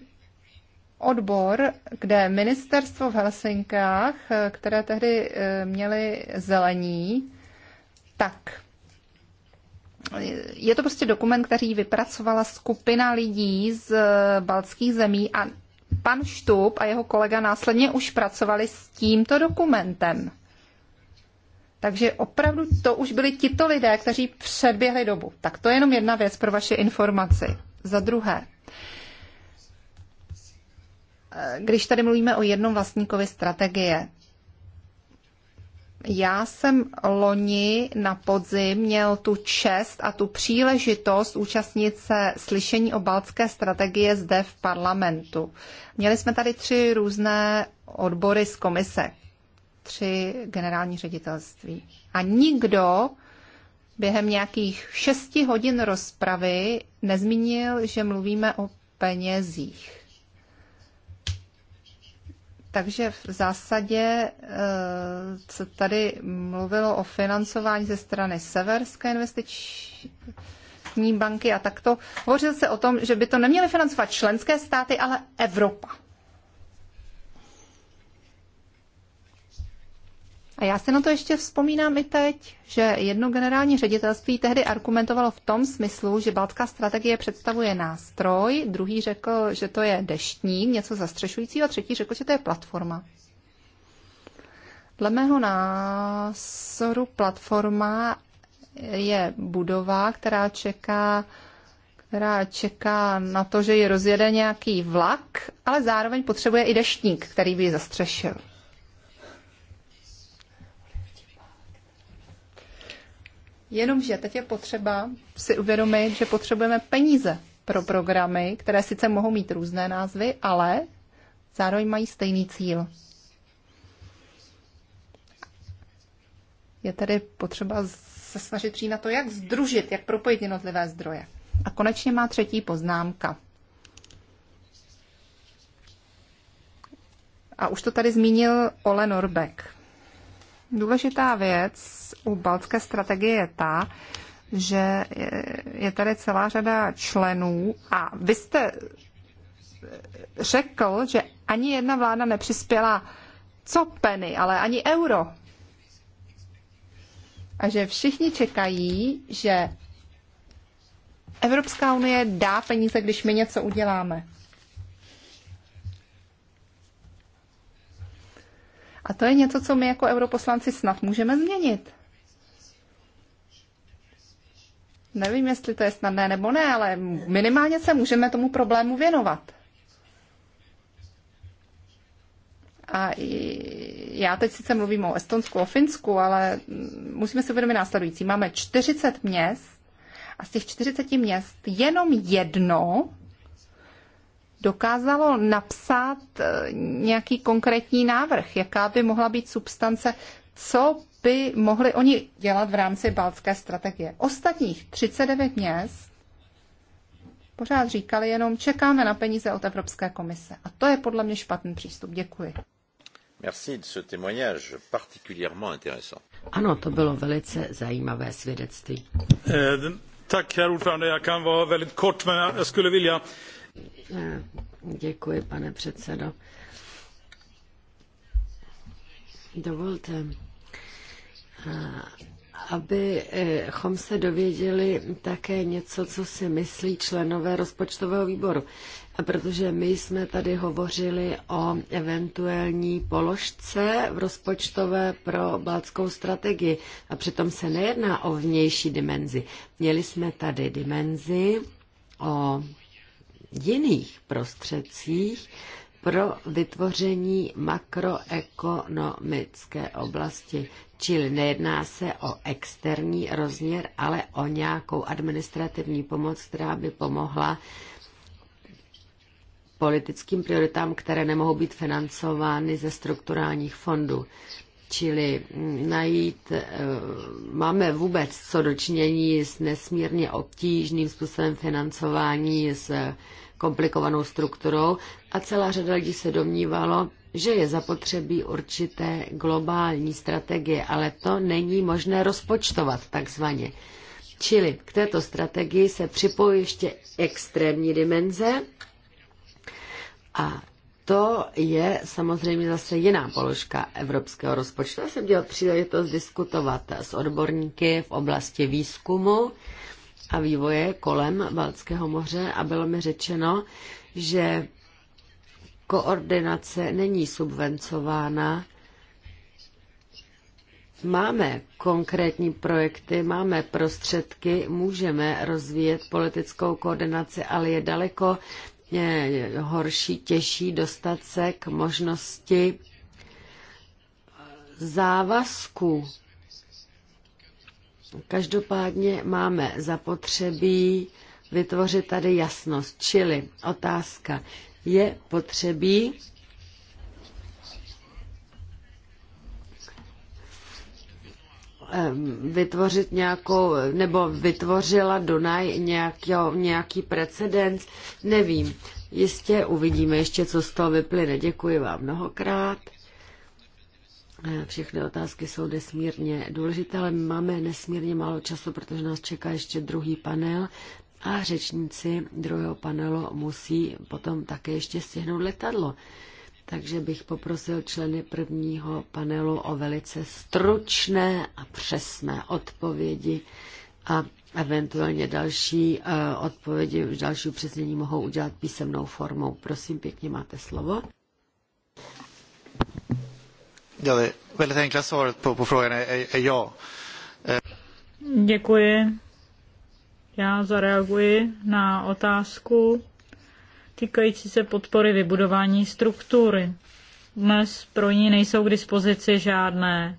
[SPEAKER 3] odbor, kde ministerstvo v Helsinkách, které tehdy eh, měli zelení, tak je to prostě dokument, který vypracovala skupina lidí z eh, baltských zemí a pan Štup a jeho kolega následně už pracovali s tímto dokumentem. Takže opravdu to už byli tito lidé, kteří předběhli dobu. Tak to je jenom jedna věc pro vaše informaci. Za druhé, Eh, když tady mluvíme o jednom vlastníkovi strategie, já jsem loni na podzim měl tu čest a tu příležitost účastnit se slyšení o baltské strategie zde v parlamentu. Měli jsme tady tři různé odbory z komise, tři generální ředitelství. A nikdo během nějakých šesti hodin rozpravy nezmínil, že mluvíme o penězích. Takže v zásadě se eh, tady mluvilo o financování ze strany Severské investiční banky a takto. Hovořil se o tom, že by to neměly financovat členské státy, ale Evropa. A já se na to ještě vzpomínám i teď, že jedno generální ředitelství tehdy argumentovalo v tom smyslu, že baltská strategie představuje nástroj, druhý řekl, že to je deštník, něco zastřešujícího, a třetí řekl, že to je platforma. Dle mého názoru platforma je budova, která čeká která čeká na to, že ji rozjede nějaký vlak, ale zároveň potřebuje i deštník, který by ji zastřešil. Jenomže teď je potřeba si uvědomit, že potřebujeme peníze pro programy, které sice mohou mít různé názvy, ale zároveň mají stejný cíl. Je tedy potřeba se snažit přijít na to, jak združit, jak propojit jednotlivé zdroje. A konečně má třetí poznámka. A už to tady zmínil Ole Norbeck. Důležitá věc u baltské strategie je ta, že je tady celá řada členů a vy jste řekl, že ani jedna vláda nepřispěla co peny, ale ani euro. A že všichni čekají, že Evropská unie dá peníze, když my něco uděláme. A to je něco, co my jako europoslanci snad můžeme změnit. Nevím, jestli to je snadné nebo ne, ale minimálně se můžeme tomu problému věnovat. A já teď sice mluvím o Estonsku, o Finsku, ale musíme si uvědomit následující. Máme 40 měst a z těch 40 měst jenom jedno dokázalo napsat eh, nějaký konkrétní návrh, jaká by mohla být substance, co by mohli oni dělat v rámci baltské strategie. Ostatních 39 měst pořád říkali jenom čekáme na peníze od Evropské komise. A to je podle mě špatný přístup. Děkuji.
[SPEAKER 2] Merci de ce témoignage particulièrement intéressant.
[SPEAKER 3] Ano, to bylo velice zajímavé svědectví.
[SPEAKER 2] Eh, tak, herr ordförande, já kan vara väldigt kort, men jag skulle vilja
[SPEAKER 1] Eh, děkuji, pane předsedo. Dovolte, eh, abychom se dověděli také něco, co si myslí členové rozpočtového výboru. A protože my jsme tady hovořili o eventuální položce v rozpočtové pro baltskou strategii. A přitom se nejedná o vnější dimenzi. Měli jsme tady dimenzi o jiných prostředcích pro vytvoření makroekonomické oblasti. Čili nejedná se o externí rozměr, ale o nějakou administrativní pomoc, která by pomohla politickým prioritám, které nemohou být financovány ze strukturálních fondů čili najít, eh, máme vůbec co dočinění s nesmírně obtížným způsobem financování, s komplikovanou strukturou a celá řada lidí se domnívalo, že je zapotřebí určité globální strategie, ale to není možné rozpočtovat takzvaně. Čili k této strategii se připojí ještě extrémní dimenze a to je samozřejmě zase jiná položka evropského rozpočtu. Já jsem měl příležitost diskutovat s odborníky v oblasti výzkumu a vývoje kolem Balckého moře a bylo mi řečeno, že koordinace není subvencována. Máme konkrétní projekty, máme prostředky, můžeme rozvíjet politickou koordinaci, ale je daleko je horší, těžší dostat se k možnosti závazku. Každopádně máme zapotřebí vytvořit tady jasnost, čili otázka je potřebí vytvořit nějakou, nebo vytvořila Dunaj nějaký, nějaký precedens, nevím. Jistě uvidíme ještě, co z toho vyplyne. Děkuji vám mnohokrát. Eh, Všechny otázky jsou nesmírně důležité, ale my máme nesmírně málo času, protože nás čeká ještě druhý panel a řečníci druhého panelu musí potom také ještě stihnout letadlo takže bych poprosil členy prvního panelu o velice stručné a přesné odpovědi a eventuálně další eh, odpovědi, další upřesnění mohou udělat písemnou formou. Prosím, pěkně máte slovo. Děkuji.
[SPEAKER 4] Já zareaguji na otázku týkající se podpory vybudování struktury. Dnes pro ní nejsou k dispozici žádné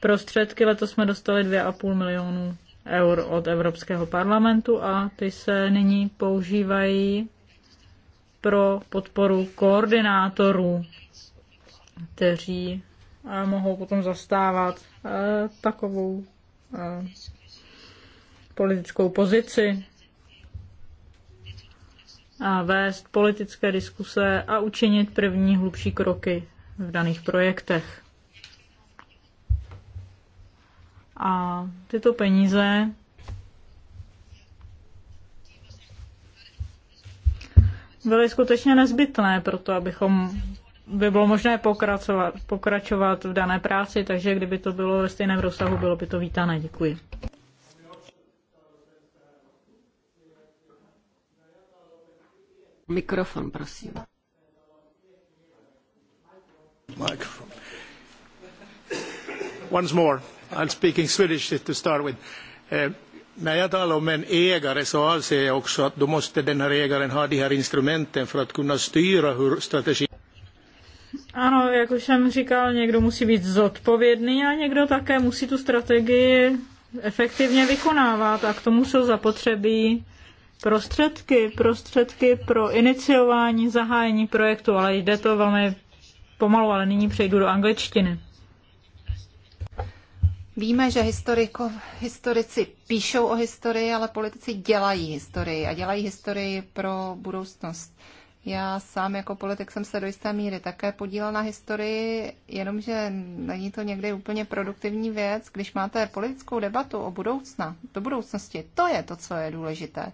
[SPEAKER 4] prostředky. Letos jsme dostali 2,5 milionů eur od Evropského parlamentu a ty se nyní používají pro podporu koordinátorů, kteří eh, mohou potom zastávat eh, takovou eh, politickou pozici, a vést politické diskuse a učinit první hlubší kroky v daných projektech. A tyto peníze byly skutečně nezbytné pro to, abychom by bylo možné pokračovat, pokračovat v dané práci, takže kdyby to bylo ve stejném rozsahu, bylo by to vítané. Děkuji.
[SPEAKER 1] Mikrofon, prosím. Mikrofon.
[SPEAKER 2] Once more, I'm speaking Swedish to start with. Eh, när jag talar om en ägare så avser jag också att då måste den här ägaren ha de här instrumenten för att kunna styra hur strategin
[SPEAKER 4] ano, jak už jsem říkal, někdo musí být zodpovědný a někdo také musí tu strategii efektivně vykonávat a k tomu jsou zapotřebí prostředky, prostředky pro iniciování, zahájení projektu, ale jde to velmi pomalu, ale nyní přejdu do angličtiny.
[SPEAKER 3] Víme, že historiko, historici píšou o historii, ale politici dělají historii a dělají historii pro budoucnost. Já sám jako politik jsem se do jisté míry také podílel na historii, jenomže není to někdy úplně produktivní věc, když máte politickou debatu o budoucna, do budoucnosti. To je to, co je důležité.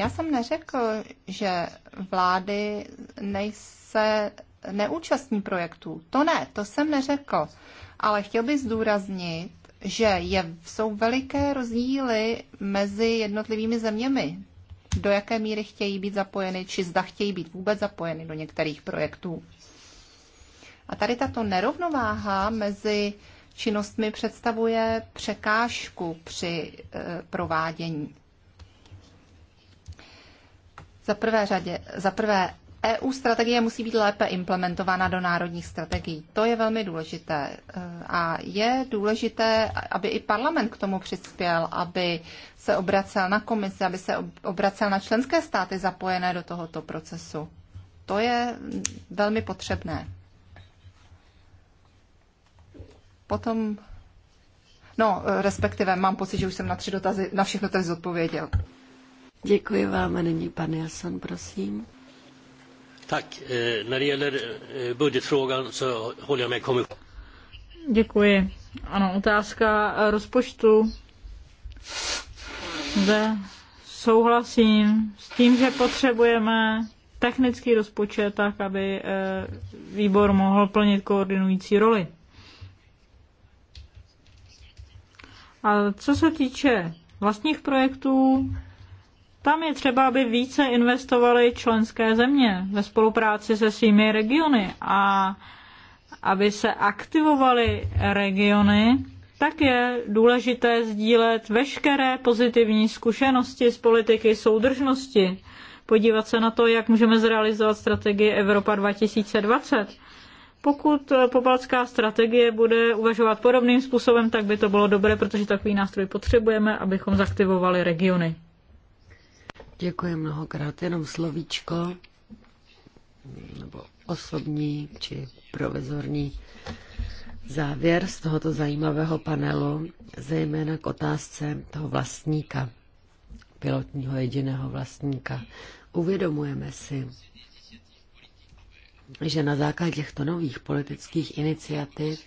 [SPEAKER 3] Já jsem neřekl, že vlády nejse neúčastní projektů. To ne, to jsem neřekl. Ale chtěl bych zdůraznit, že je, jsou veliké rozdíly mezi jednotlivými zeměmi. Do jaké míry chtějí být zapojeny, či zda chtějí být vůbec zapojeny do některých projektů. A tady tato nerovnováha mezi činnostmi představuje překážku při e, provádění. Za prvé řadě, za prvé EU strategie musí být lépe implementována do národních strategií. To je velmi důležité. E, a je důležité, aby i parlament k tomu přispěl, aby se obracel na komisi, aby se obracel na členské státy zapojené do tohoto procesu. To je velmi potřebné. Potom, no, respektive mám pocit, že už jsem na tři dotazy, na všechno tady zodpověděl. Děkuji vám a nyní pan Nilsson, prosím.
[SPEAKER 2] Tak, eh, när det gäller eh, budgetfrågan så håller jag med
[SPEAKER 4] Děkuji. Ano, otázka eh, rozpočtu. Zde souhlasím s tím, že potřebujeme technický rozpočet tak, aby výbor mohl plnit koordinující roli. A co se týče vlastních projektů, tam je třeba, aby více investovaly členské země ve spolupráci se svými regiony a aby se aktivovaly regiony, tak je důležité sdílet veškeré pozitivní zkušenosti z politiky soudržnosti, podívat se na to, jak můžeme zrealizovat strategii Evropa 2020. Pokud eh, pobaltská strategie bude uvažovat podobným způsobem, tak by to bylo dobré, protože takový nástroj potřebujeme, abychom zaktivovali regiony.
[SPEAKER 1] Děkuji mnohokrát, jenom slovíčko, nebo osobní či provizorní závěr z tohoto zajímavého panelu, zejména k otázce toho vlastníka, pilotního jediného vlastníka. Uvědomujeme si, že na základě těchto nových politických iniciativ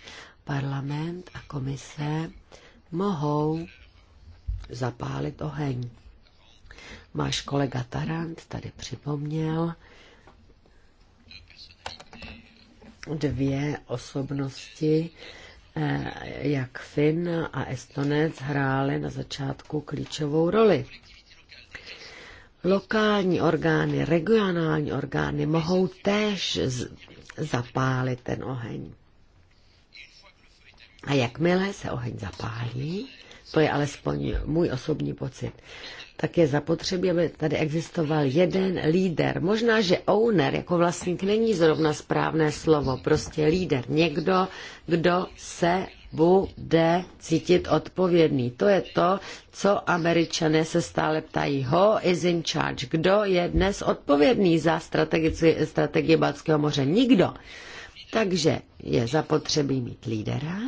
[SPEAKER 1] parlament a komise mohou zapálit oheň. Máš kolega Tarant tady připomněl dvě osobnosti, eh, jak Finn a Estonec hráli na začátku klíčovou roli. Lokální orgány, regionální orgány mohou též zapálit ten oheň. A jakmile se oheň zapálí, to je alespoň můj osobní pocit, tak je zapotřebí, aby tady existoval jeden líder. Možná, že owner jako vlastník není zrovna správné slovo, prostě líder, někdo, kdo se bude cítit odpovědný. To je to, co američané se stále ptají. Ho is in charge? Kdo je dnes odpovědný za strategii, strategii Balckého moře? Nikdo. Takže je zapotřebí mít lídera,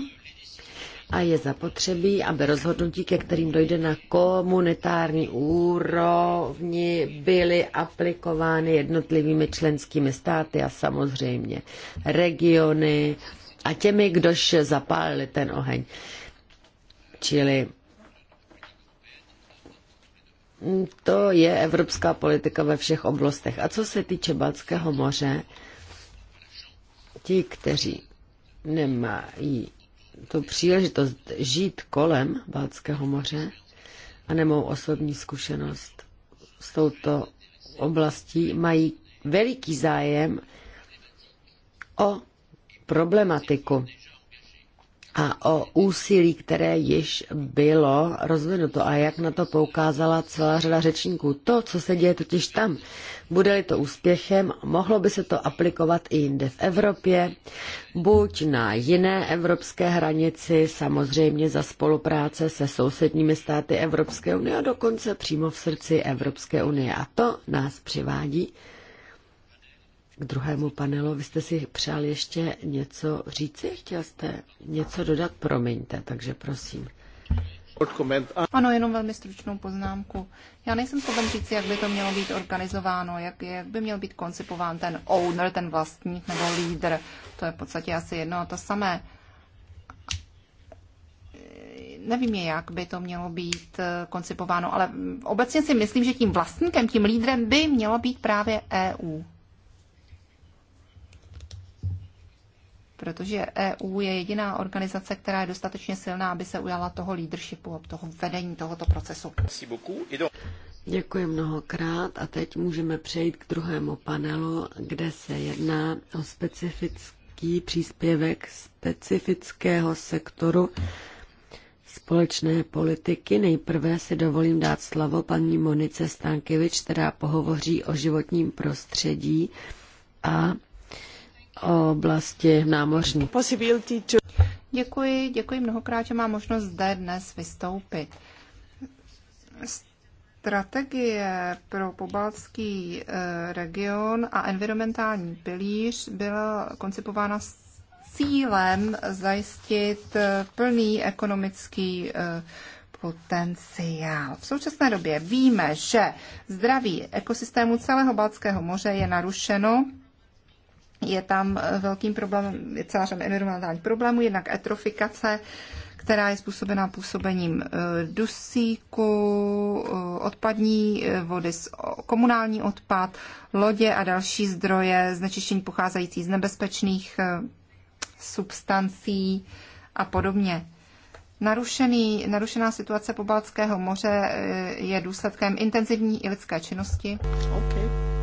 [SPEAKER 1] a je zapotřebí, aby rozhodnutí, ke kterým dojde na komunitární úrovni, byly aplikovány jednotlivými členskými státy a samozřejmě regiony a těmi, kdož zapálili ten oheň. Čili to je evropská politika ve všech oblastech. A co se týče Balckého moře, ti, kteří nemají tu příležitost žít kolem Balckého moře a nemou osobní zkušenost s touto oblastí, mají veliký zájem o problematiku a o úsilí, které již bylo rozvinuto a jak na to poukázala celá řada řečníků. To, co se děje totiž tam, bude-li to úspěchem, mohlo by se to aplikovat i jinde v Evropě, buď na jiné evropské hranici, samozřejmě za spolupráce se sousedními státy Evropské unie a dokonce přímo v srdci Evropské unie. A to nás přivádí k druhému panelu, vy jste si přál ještě něco říci? Chtěl jste něco dodat? Promiňte, takže prosím.
[SPEAKER 3] Ano, jenom velmi stručnou poznámku. Já nejsem schopen říct, jak by to mělo být organizováno, jak, jak by měl být koncipován ten owner, ten vlastník nebo lídr. To je v podstatě asi jedno a to samé. Nevím jak by to mělo být eh, koncipováno, ale mm, obecně si myslím, že tím vlastníkem, tím lídrem by mělo být právě EU. protože EU je jediná organizace, která je dostatečně silná, aby se ujala toho leadershipu, toho vedení tohoto procesu.
[SPEAKER 1] Děkuji mnohokrát a teď můžeme přejít k druhému panelu, kde se jedná o specifický příspěvek specifického sektoru společné politiky. Nejprve si dovolím dát slovo paní Monice Stankevič, která pohovoří o životním prostředí a oblasti námořní.
[SPEAKER 3] Děkuji, děkuji mnohokrát, že mám možnost zde dnes vystoupit. Strategie pro pobaltský eh, region a environmentální pilíř byla koncipována s cílem zajistit eh, plný ekonomický eh, potenciál. V současné době víme, že zdraví ekosystému celého Balckého moře je narušeno je tam eh, velkým problémem, je celá řada environmentálních problémů, jednak etrofikace, která je způsobená působením eh, dusíku, eh, odpadní vody komunální odpad, lodě a další zdroje znečištění pocházející z nebezpečných substancí a podobně. Narušený, narušená situace Pobaltského moře je důsledkem intenzivní i lidské činnosti. Okay.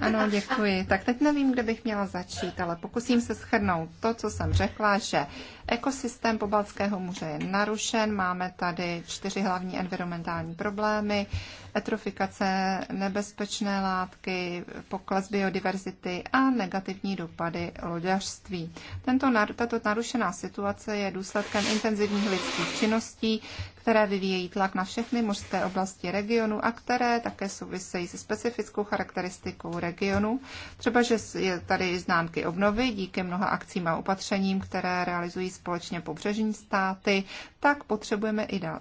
[SPEAKER 3] Ano, děkuji. Tak teď nevím, kde bych měla začít, ale pokusím se schrnout to, co jsem řekla, že ekosystém Pobaltského moře je narušen, máme tady čtyři hlavní environmentální problémy, eutrofikace, nebezpečné látky, pokles biodiverzity a negativní dopady loďařství. Tento, tato narušená situace je důsledkem intenzivních lidských činností, které vyvíjejí tlak na všechny mořské oblasti regionu a které také souvisejí se specifickou charakteristikou regionu. Třeba, že je tady známky obnovy díky mnoha akcím a opatřením, které realizují společně pobřežní státy, tak potřebujeme i dále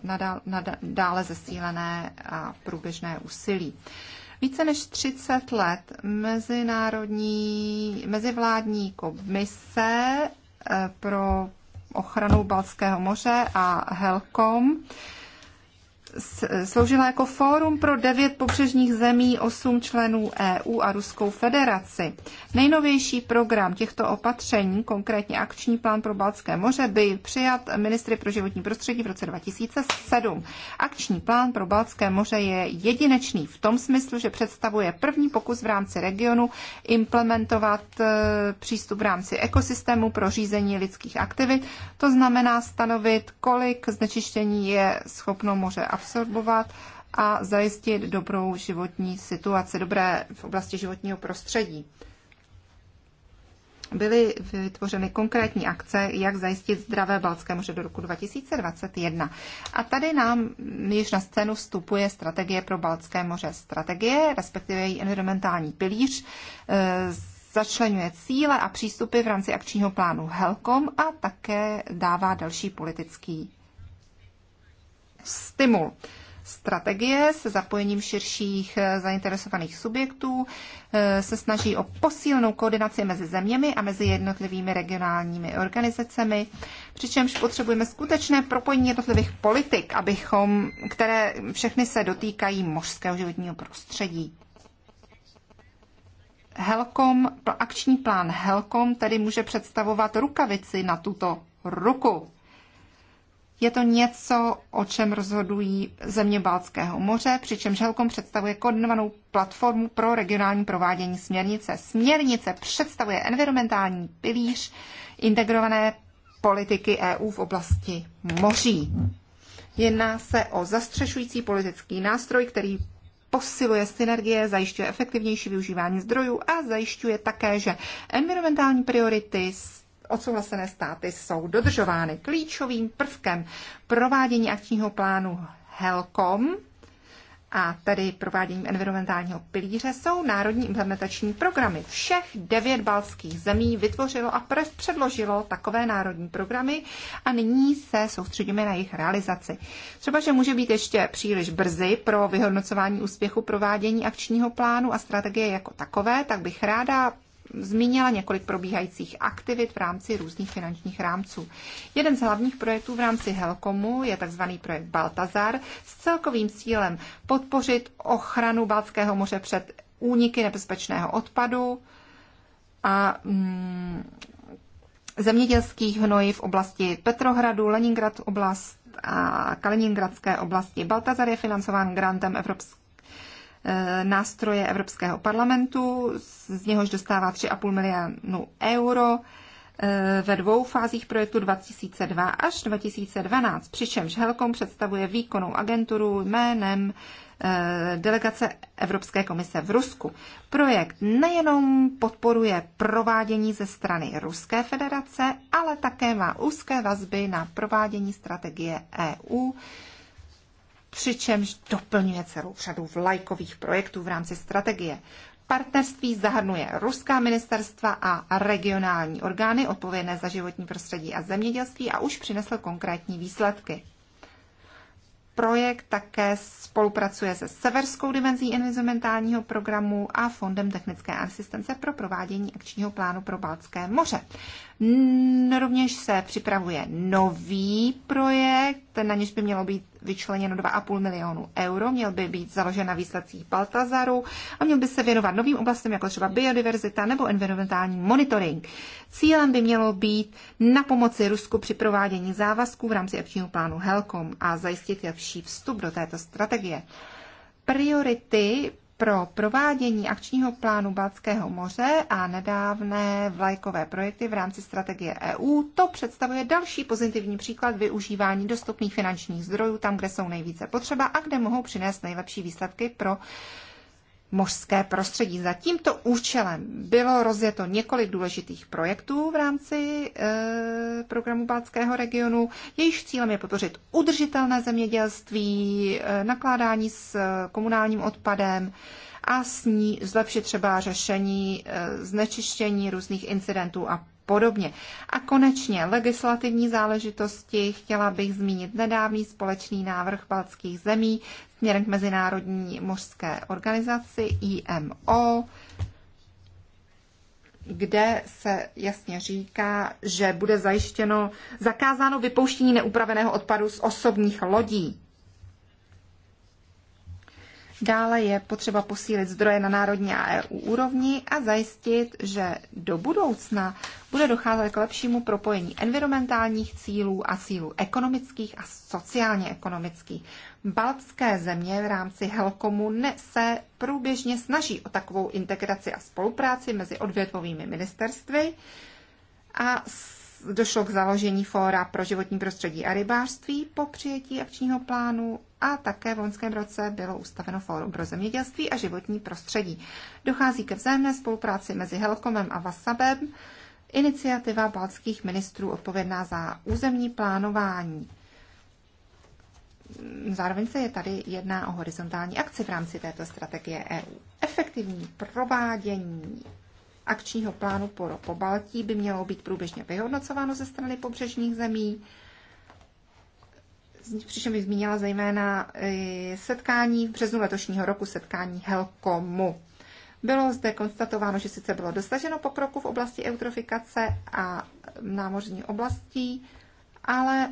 [SPEAKER 3] nadále zesílené a prů, souběžné úsilí. Více než 30 let mezinárodní, mezivládní komise eh, pro ochranu Balského moře a Helcom sloužila jako fórum pro devět pobřežních zemí, osm členů EU a Ruskou federaci. Nejnovější program těchto opatření, konkrétně akční plán pro Balcké moře, by přijat ministry pro životní prostředí v roce 2007. Akční plán pro Balcké moře je jedinečný v tom smyslu, že představuje první pokus v rámci regionu implementovat e, přístup v rámci ekosystému pro řízení lidských aktivit. To znamená stanovit, kolik znečištění je schopno moře a absorbovat a zajistit dobrou životní situaci, dobré v oblasti životního prostředí. Byly vytvořeny konkrétní akce, jak zajistit zdravé Balcké moře do roku 2021. A tady nám již na scénu vstupuje strategie pro Balcké moře. Strategie, respektive její environmentální pilíř, eh, začlenuje cíle a přístupy v rámci akčního plánu HELCOM a také dává další politický stimul. Strategie se zapojením širších eh, zainteresovaných subjektů eh, se snaží o posílnou koordinaci mezi zeměmi a mezi jednotlivými regionálními organizacemi, přičemž potřebujeme skutečné propojení jednotlivých politik, abychom, které všechny se dotýkají mořského životního prostředí. HELCOM, akční plán HELCOM tedy může představovat rukavici na tuto ruku. Je to něco, o čem rozhodují země Balckého moře, přičemž Helkom představuje koordinovanou platformu pro regionální provádění směrnice. Směrnice představuje environmentální pilíř integrované politiky EU v oblasti moří. Jedná se o zastřešující politický nástroj, který posiluje synergie, zajišťuje efektivnější využívání zdrojů a zajišťuje také, že environmentální priority odsouhlasené státy jsou dodržovány. Klíčovým prvkem provádění akčního plánu HELCOM a tedy prováděním environmentálního pilíře jsou národní implementační programy. Všech devět balských zemí vytvořilo a předložilo takové národní programy a nyní se soustředíme na jejich realizaci. Třeba, že může být ještě příliš brzy pro vyhodnocování úspěchu provádění akčního plánu a strategie jako takové, tak bych ráda zmínila několik probíhajících aktivit v rámci různých finančních rámců. Jeden z hlavních projektů v rámci Helkomu je tzv. projekt Baltazar s celkovým cílem podpořit ochranu Baltského moře před úniky nebezpečného odpadu a mm, zemědělských hnojiv v oblasti Petrohradu, Leningrad oblast a Kaliningradské oblasti. Baltazar je financován grantem Evropské Eh, nástroje Evropského parlamentu, z něhož dostává 3,5 milionu euro eh, ve dvou fázích projektu 2002 až 2012, přičemž Helkom představuje výkonnou agenturu jménem eh, delegace Evropské komise v Rusku. Projekt nejenom podporuje provádění ze strany Ruské federace, ale také má úzké vazby na provádění strategie EU přičemž doplňuje celou řadu vlajkových projektů v rámci strategie. Partnerství zahrnuje ruská ministerstva a regionální orgány odpovědné za životní prostředí a zemědělství a už přinesl konkrétní výsledky. Projekt také spolupracuje se severskou dimenzí environmentálního programu a Fondem technické asistence pro provádění akčního plánu pro Baltské moře. Rovněž se připravuje nový projekt ten na něž by mělo být vyčleněno 2,5 milionu euro, měl by být založen na výsledcích Baltazaru a měl by se věnovat novým oblastem, jako třeba biodiverzita nebo environmentální monitoring. Cílem by mělo být na pomoci Rusku při provádění závazků v rámci akčního plánu Helcom a zajistit lepší vstup do této strategie. Priority pro provádění akčního plánu Balckého moře a nedávné vlajkové projekty v rámci strategie EU. To představuje další pozitivní příklad využívání dostupných finančních zdrojů tam, kde jsou nejvíce potřeba a kde mohou přinést nejlepší výsledky pro mořské prostředí. Za tímto účelem bylo rozjeto několik důležitých projektů v rámci e, programu Báckého regionu. Jejich cílem je podpořit udržitelné zemědělství, e, nakládání s e, komunálním odpadem a ní zlepšit třeba řešení e, znečištění různých incidentů a podobně. A konečně legislativní záležitosti chtěla bych zmínit nedávný společný návrh baltských zemí směrem k Mezinárodní mořské organizaci IMO, kde se jasně říká, že bude zajištěno zakázáno vypouštění neupraveného odpadu z osobních lodí. Dále je potřeba posílit zdroje na národní a EU úrovni a zajistit, že do budoucna bude docházet k lepšímu propojení environmentálních cílů a cílů ekonomických a sociálně-ekonomických. Baltské země v rámci Helkomu se průběžně snaží o takovou integraci a spolupráci mezi odvětvovými ministerstvy a došlo k založení Fóra pro životní prostředí a rybářství po přijetí akčního plánu a také v loňském roce bylo ustaveno Fórum pro zemědělství a životní prostředí. Dochází ke vzájemné spolupráci mezi Helkomem a Vasabem, iniciativa baltských ministrů odpovědná za územní plánování. Zároveň se je tady jedná o horizontální akci v rámci této strategie EU. Efektivní provádění akčního plánu pro pobaltí by mělo být průběžně vyhodnocováno ze strany pobřežních zemí přičem bych zmínila zejména eh, setkání v březnu letošního roku, setkání Helkomu. Bylo zde konstatováno, že sice bylo dosaženo pokroku v oblasti eutrofikace a námořní oblastí, ale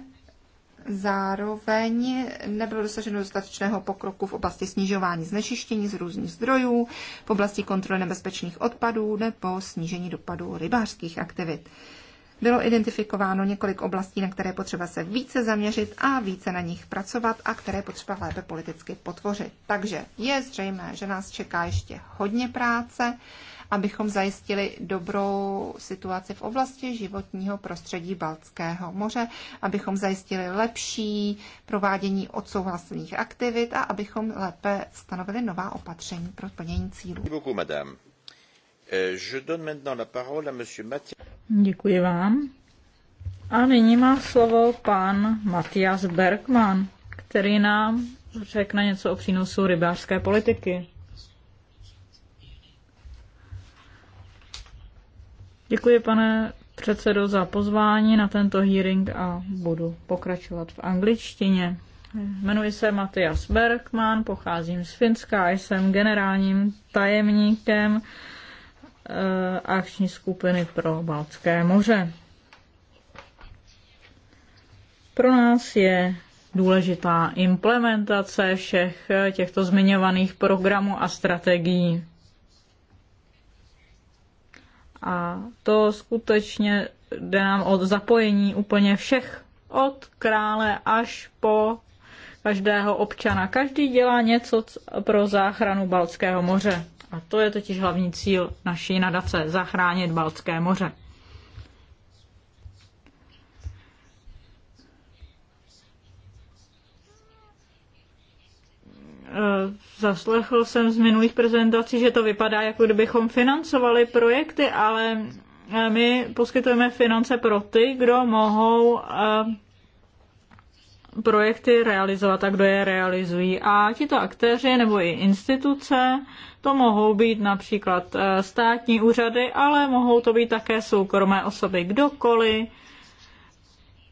[SPEAKER 3] zároveň nebylo dosaženo dostatečného pokroku v oblasti snižování znečištění z různých zdrojů, v oblasti kontroly nebezpečných odpadů nebo snížení dopadů rybářských aktivit bylo identifikováno několik oblastí, na které potřeba se více zaměřit a více na nich pracovat a které potřeba lépe politicky potvořit. Takže je zřejmé, že nás čeká ještě hodně práce, abychom zajistili dobrou situaci v oblasti životního prostředí Baltského moře, abychom zajistili lepší provádění odsouhlasených aktivit a abychom lépe stanovili nová opatření pro plnění cílů.
[SPEAKER 2] Děkuji, madame. Eh, je donne maintenant la parole à monsieur
[SPEAKER 3] Děkuji vám.
[SPEAKER 4] A nyní má slovo pan Matias Bergman, který nám řekne něco o přínosu rybářské politiky. Děkuji, pane předsedo, za pozvání na tento hearing a budu pokračovat v angličtině. Jmenuji se Matias Bergman, pocházím z Finska a jsem generálním tajemníkem Eh, akční skupiny pro Baltské moře. Pro nás je důležitá implementace všech těchto zmiňovaných programů a strategií. A to skutečně jde nám od zapojení úplně všech, od krále až po každého občana. Každý dělá něco pro záchranu Baltského moře. A to je totiž hlavní cíl naší nadace zachránit Baltské moře. Eh, zaslechl jsem z minulých prezentací, že to vypadá, jako kdybychom financovali projekty, ale eh, my poskytujeme finance pro ty, kdo mohou eh, projekty realizovat a kdo je realizují. A tito aktéři nebo i instituce to mohou být například eh, státní úřady, ale mohou to být také soukromé osoby, kdokoliv,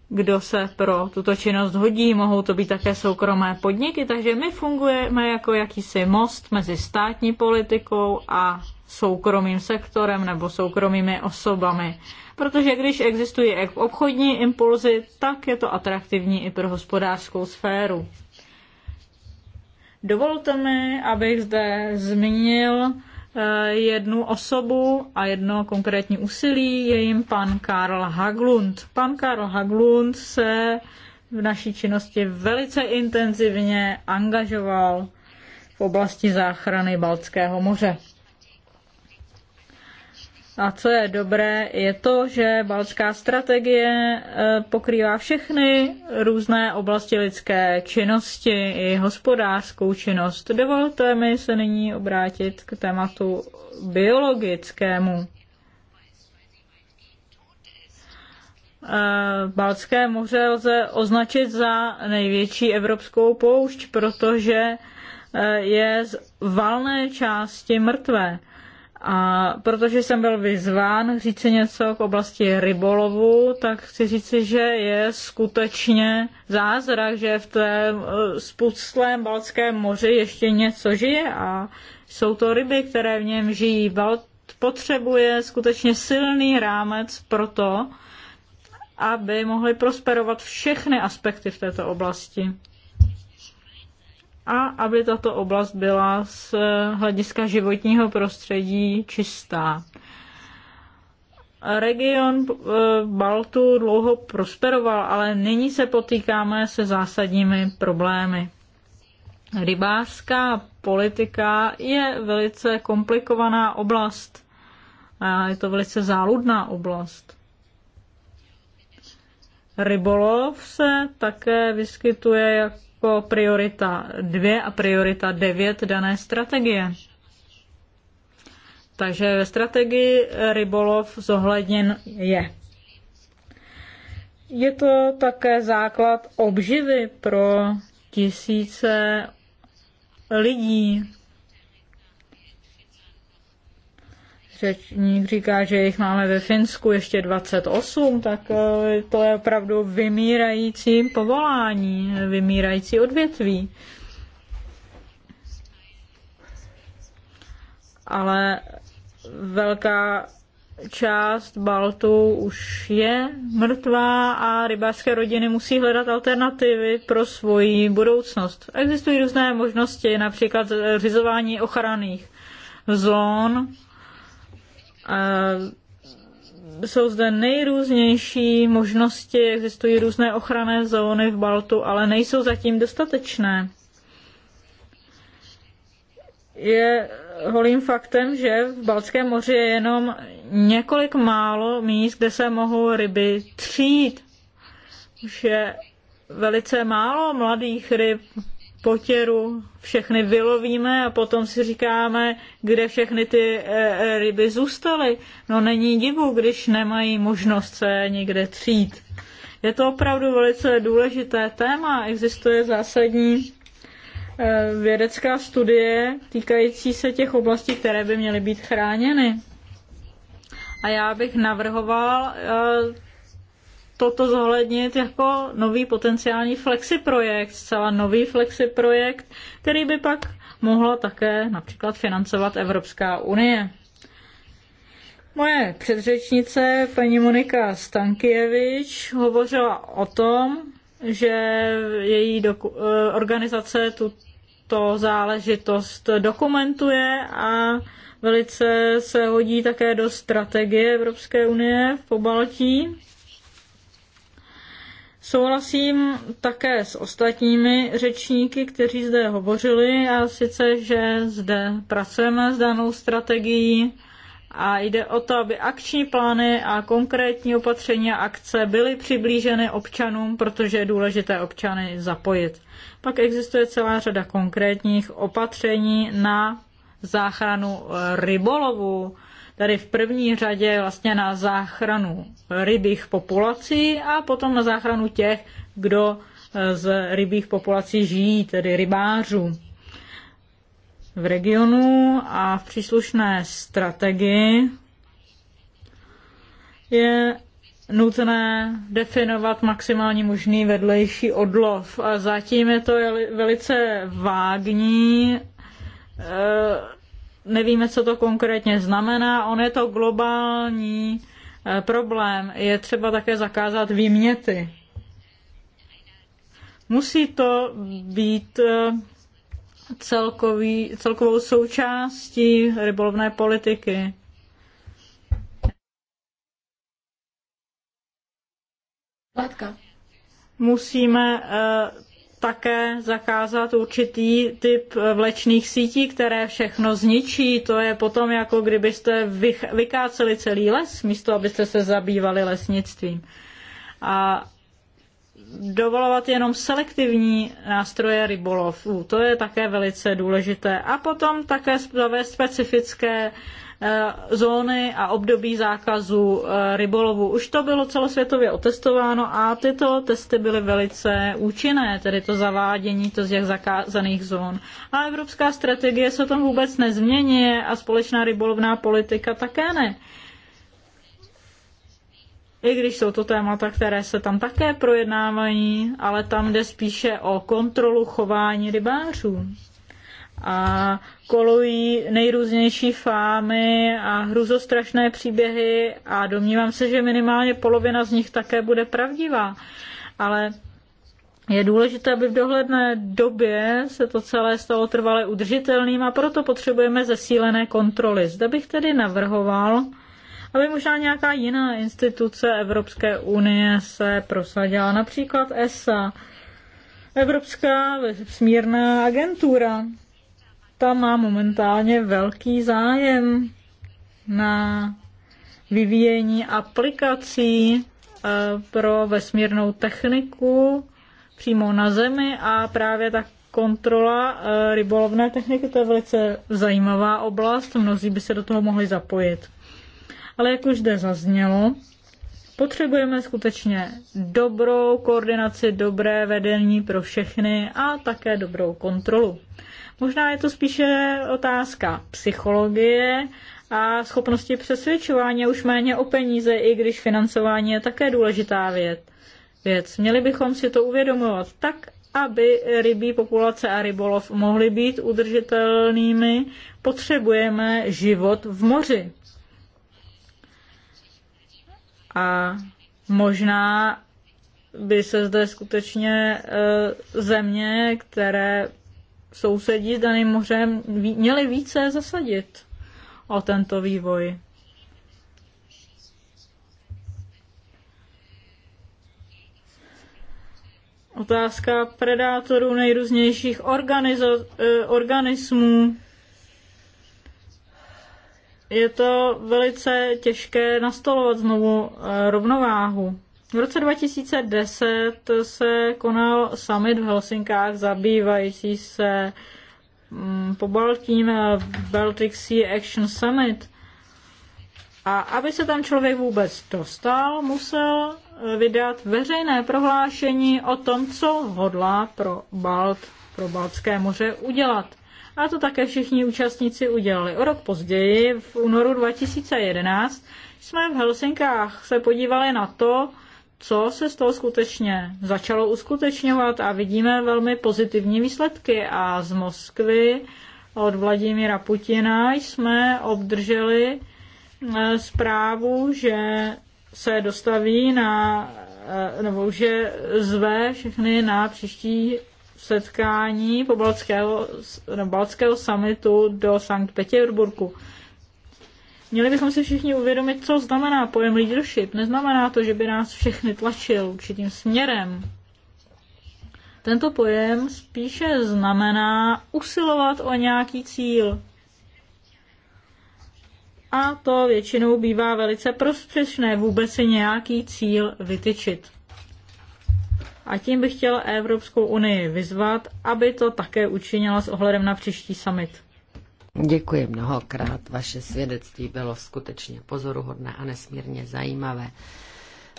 [SPEAKER 4] kdo se pro tuto činnost hodí, mohou to být také soukromé podniky, takže my fungujeme jako jakýsi most mezi státní politikou a soukromým sektorem nebo soukromými osobami. Protože když existují obchodní impulzy, tak je to atraktivní i pro hospodářskou sféru. Dovolte mi, abych zde zmínil eh, jednu osobu a jedno konkrétní úsilí, je jim pan Karl Haglund. Pan Karl Haglund se v naší činnosti velice intenzivně angažoval v oblasti záchrany Baltského moře. A co je dobré, je to, že baltská strategie eh, pokrývá všechny různé oblasti lidské činnosti i hospodářskou činnost. Dovolte mi se nyní obrátit k tématu biologickému. Eh, Baltské moře lze označit za největší evropskou poušť, protože eh, je z valné části mrtvé. A protože jsem byl vyzván říci něco k oblasti rybolovu, tak chci říci, že je skutečně zázrak, že v té eh, spustlém Balckém moři ještě něco žije a jsou to ryby, které v něm žijí. Balt potřebuje skutečně silný rámec pro to, aby mohly prosperovat všechny aspekty v této oblasti a aby tato oblast byla z hlediska životního prostředí čistá. Region eh, Baltu dlouho prosperoval, ale nyní se potýkáme se zásadními problémy. Rybářská politika je velice komplikovaná oblast. je to velice záludná oblast. Rybolov se také vyskytuje jako po priorita 2 a priorita 9 dané strategie. Takže ve strategii rybolov zohledněn je. Je to také základ obživy pro tisíce lidí, Řečník říká, že jich máme ve Finsku ještě 28, tak eh, to je opravdu vymírající povolání, vymírající odvětví. Ale velká část Baltu už je mrtvá a rybářské rodiny musí hledat alternativy pro svoji budoucnost. Existují různé možnosti, například zřizování ochranných zón, jsou zde nejrůznější možnosti, existují různé ochranné zóny v Baltu, ale nejsou zatím dostatečné. Je holým faktem, že v Baltském moři je jenom několik málo míst, kde se mohou ryby třít. Už je velice málo mladých ryb potěru všechny vylovíme a potom si říkáme, kde všechny ty eh, eh, ryby zůstaly. No není divu, když nemají možnost se někde třít. Je to opravdu velice důležité téma. Existuje zásadní eh, vědecká studie týkající se těch oblastí, které by měly být chráněny. A já bych navrhoval toto zohlednit jako nový potenciální flexiprojekt, zcela nový flexiprojekt, který by pak mohla také například financovat Evropská unie. Moje předřečnice, paní Monika Stankievič, hovořila o tom, že její eh, organizace tuto záležitost dokumentuje a velice se hodí také do strategie Evropské unie v Pobaltí Souhlasím také s ostatními řečníky, kteří zde hovořili, a sice, že zde pracujeme s danou strategií a jde o to, aby akční plány a konkrétní opatření a akce byly přiblíženy občanům, protože je důležité občany zapojit. Pak existuje celá řada konkrétních opatření na záchranu rybolovu, Tady v první řadě vlastně na záchranu rybích populací a potom na záchranu těch, kdo e, z rybích populací žijí, tedy rybářů. V regionu a v příslušné strategii je nutné definovat maximální možný vedlejší odlov. A zatím je to velice vágní. E nevíme, co to konkrétně znamená. On je to globální eh, problém. Je třeba také zakázat výměty. Musí to být eh, celkový, celkovou součástí rybolovné politiky. Látka. Musíme eh, také zakázat určitý typ vlečných sítí, které všechno zničí. To je potom jako kdybyste vykáceli celý les, místo abyste se zabývali lesnictvím. A dovolovat jenom selektivní nástroje rybolovů. To je také velice důležité. A potom také zavést specifické Eh, zóny a období zákazu eh, rybolovu. Už to bylo celosvětově otestováno a tyto testy byly velice účinné, tedy to zavádění to z těch zakázaných zón. A evropská strategie se tam vůbec nezmění a společná rybolovná politika také ne. I když jsou to témata, které se tam také projednávají, ale tam jde spíše o kontrolu chování rybářů a kolují nejrůznější fámy a hruzostrašné příběhy a domnívám se, že minimálně polovina z nich také bude pravdivá. Ale je důležité, aby v dohledné době se to celé stalo trvale udržitelným a proto potřebujeme zesílené kontroly. Zde bych tedy navrhoval, aby možná nějaká jiná instituce Evropské unie se prosadila, například ESA, Evropská smírná agentura, ta má momentálně velký zájem na vyvíjení aplikací eh, pro vesmírnou techniku přímo na Zemi a právě tak kontrola eh, rybolovné techniky, to je velice zajímavá oblast, mnozí by se do toho mohli zapojit. Ale jak už zde zaznělo, potřebujeme skutečně dobrou koordinaci, dobré vedení pro všechny a také dobrou kontrolu. Možná je to spíše otázka psychologie a schopnosti přesvědčování už méně o peníze, i když financování je také důležitá věc. věc. Měli bychom si to uvědomovat tak, aby rybí populace a rybolov mohly být udržitelnými, potřebujeme život v moři. A možná by se zde skutečně eh, země, které sousedí s daným mořem měli více zasadit o tento vývoj. Otázka predátorů nejrůznějších organizo- eh, organismů. Je to velice těžké nastolovat znovu eh, rovnováhu. V roce 2010 se konal summit v Helsinkách zabývající se mm, po Baltím eh, Baltic Sea Action Summit. A aby se tam člověk vůbec dostal, musel eh, vydat veřejné prohlášení o tom, co hodlá pro Balt, pro Baltské moře udělat. A to také všichni účastníci udělali. O rok později, v únoru 2011, jsme v Helsinkách se podívali na to, co se z toho skutečně začalo uskutečňovat a vidíme velmi pozitivní výsledky. A z Moskvy od Vladimíra Putina jsme obdrželi eh, zprávu, že se dostaví na, eh, nebo že zve všechny na příští setkání po Balckého, Balckého samitu do Sankt Petersburgu. Měli bychom si všichni uvědomit, co znamená pojem leadership. Neznamená to, že by nás všechny tlačil určitým směrem. Tento pojem spíše znamená usilovat o nějaký cíl. A to většinou bývá velice prospěšné vůbec si nějaký cíl vytyčit. A tím bych chtěla Evropskou unii vyzvat, aby to také učinila s ohledem na příští summit.
[SPEAKER 1] Děkuji mnohokrát. Vaše svědectví bylo skutečně pozoruhodné a nesmírně zajímavé.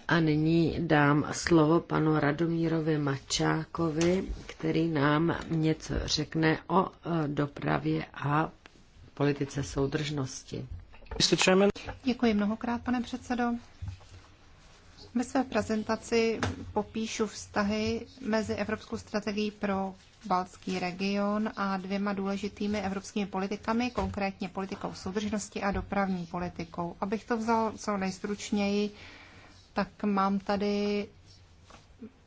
[SPEAKER 1] A nyní dám slovo panu Radomírovi Mačákovi, který nám něco řekne o e, dopravě a politice soudržnosti.
[SPEAKER 3] Děkuji mnohokrát, pane předsedo. Ve své prezentaci popíšu vztahy mezi Evropskou strategií pro Baltský region a dvěma důležitými evropskými politikami, konkrétně politikou soudržnosti a dopravní politikou. Abych to vzal co nejstručněji, tak mám tady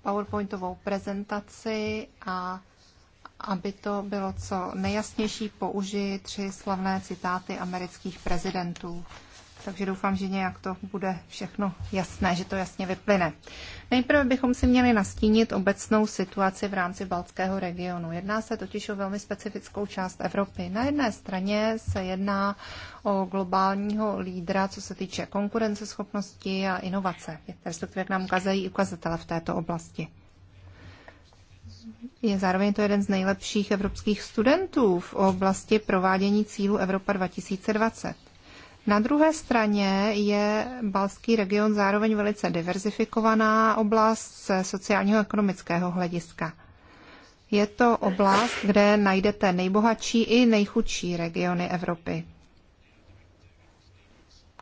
[SPEAKER 3] PowerPointovou prezentaci a aby to bylo co nejjasnější, použiji tři slavné citáty amerických prezidentů takže doufám, že nějak to bude všechno jasné, že to jasně vyplyne. Nejprve bychom si měli nastínit obecnou situaci v rámci Baltského regionu. Jedná se totiž o velmi specifickou část Evropy. Na jedné straně se jedná o globálního lídra, co se týče konkurenceschopnosti a inovace, respektive jak nám ukazují ukazatele v této oblasti. Je zároveň to jeden z nejlepších evropských studentů v oblasti provádění cílu Evropa 2020. Na druhé straně je Balský region zároveň velice diverzifikovaná oblast ze sociálního ekonomického hlediska. Je to oblast, kde najdete nejbohatší i nejchudší regiony Evropy,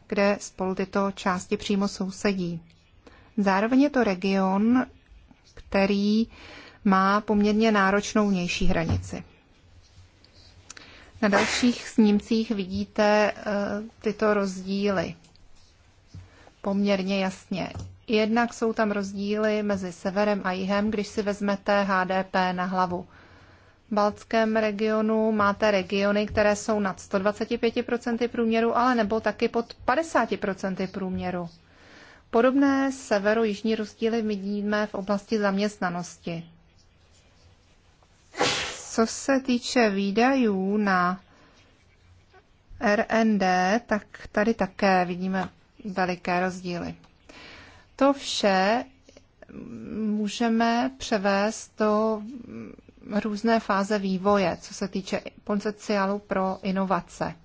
[SPEAKER 3] kde spolu tyto části přímo sousedí. Zároveň je to region, který má poměrně náročnou vnější hranici. Na dalších snímcích vidíte eh, tyto rozdíly poměrně jasně. Jednak jsou tam rozdíly mezi severem a jihem, když si vezmete HDP na hlavu. V Balckém regionu máte regiony, které jsou nad 125% průměru, ale nebo taky pod 50% průměru. Podobné severo-jižní rozdíly vidíme v oblasti zaměstnanosti. Co se týče výdajů na RND, tak tady také vidíme veliké rozdíly. To vše můžeme převést do různé fáze vývoje, co se týče potenciálu pro inovace.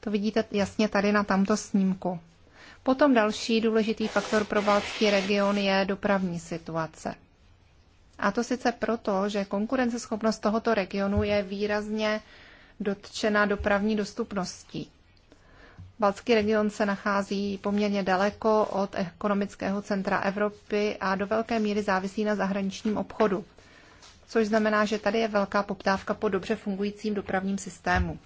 [SPEAKER 3] To vidíte jasně tady na tamto snímku. Potom další důležitý faktor pro baltský region je dopravní situace. A to sice proto, že konkurenceschopnost tohoto regionu je výrazně dotčena dopravní dostupností. Balcký region se nachází poměrně daleko od ekonomického centra Evropy a do velké míry závisí na zahraničním obchodu, což znamená, že tady je velká poptávka po dobře fungujícím dopravním systému.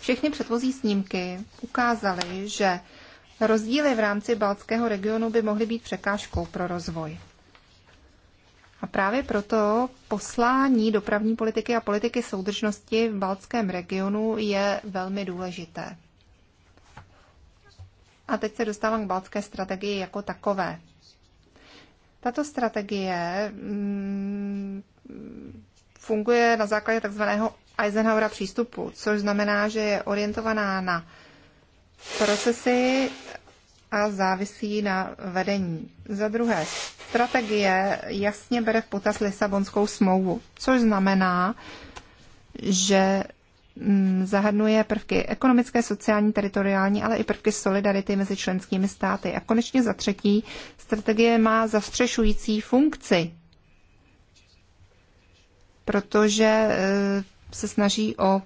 [SPEAKER 3] Všechny předchozí snímky ukázaly, že rozdíly v rámci Balckého regionu by mohly být překážkou pro rozvoj. A právě proto poslání dopravní politiky a politiky soudržnosti v Baltském regionu je velmi důležité. A teď se dostávám k baltské strategii jako takové. Tato strategie mm, funguje na základě takzvaného Eisenhowera přístupu, což znamená, že je orientovaná na procesy a závisí na vedení. Za druhé, strategie jasně bere v potaz Lisabonskou smlouvu, což znamená, že mm, zahrnuje prvky ekonomické, sociální, teritoriální, ale i prvky solidarity mezi členskými státy. A konečně za třetí, strategie má zastřešující funkci, protože eh, se snaží o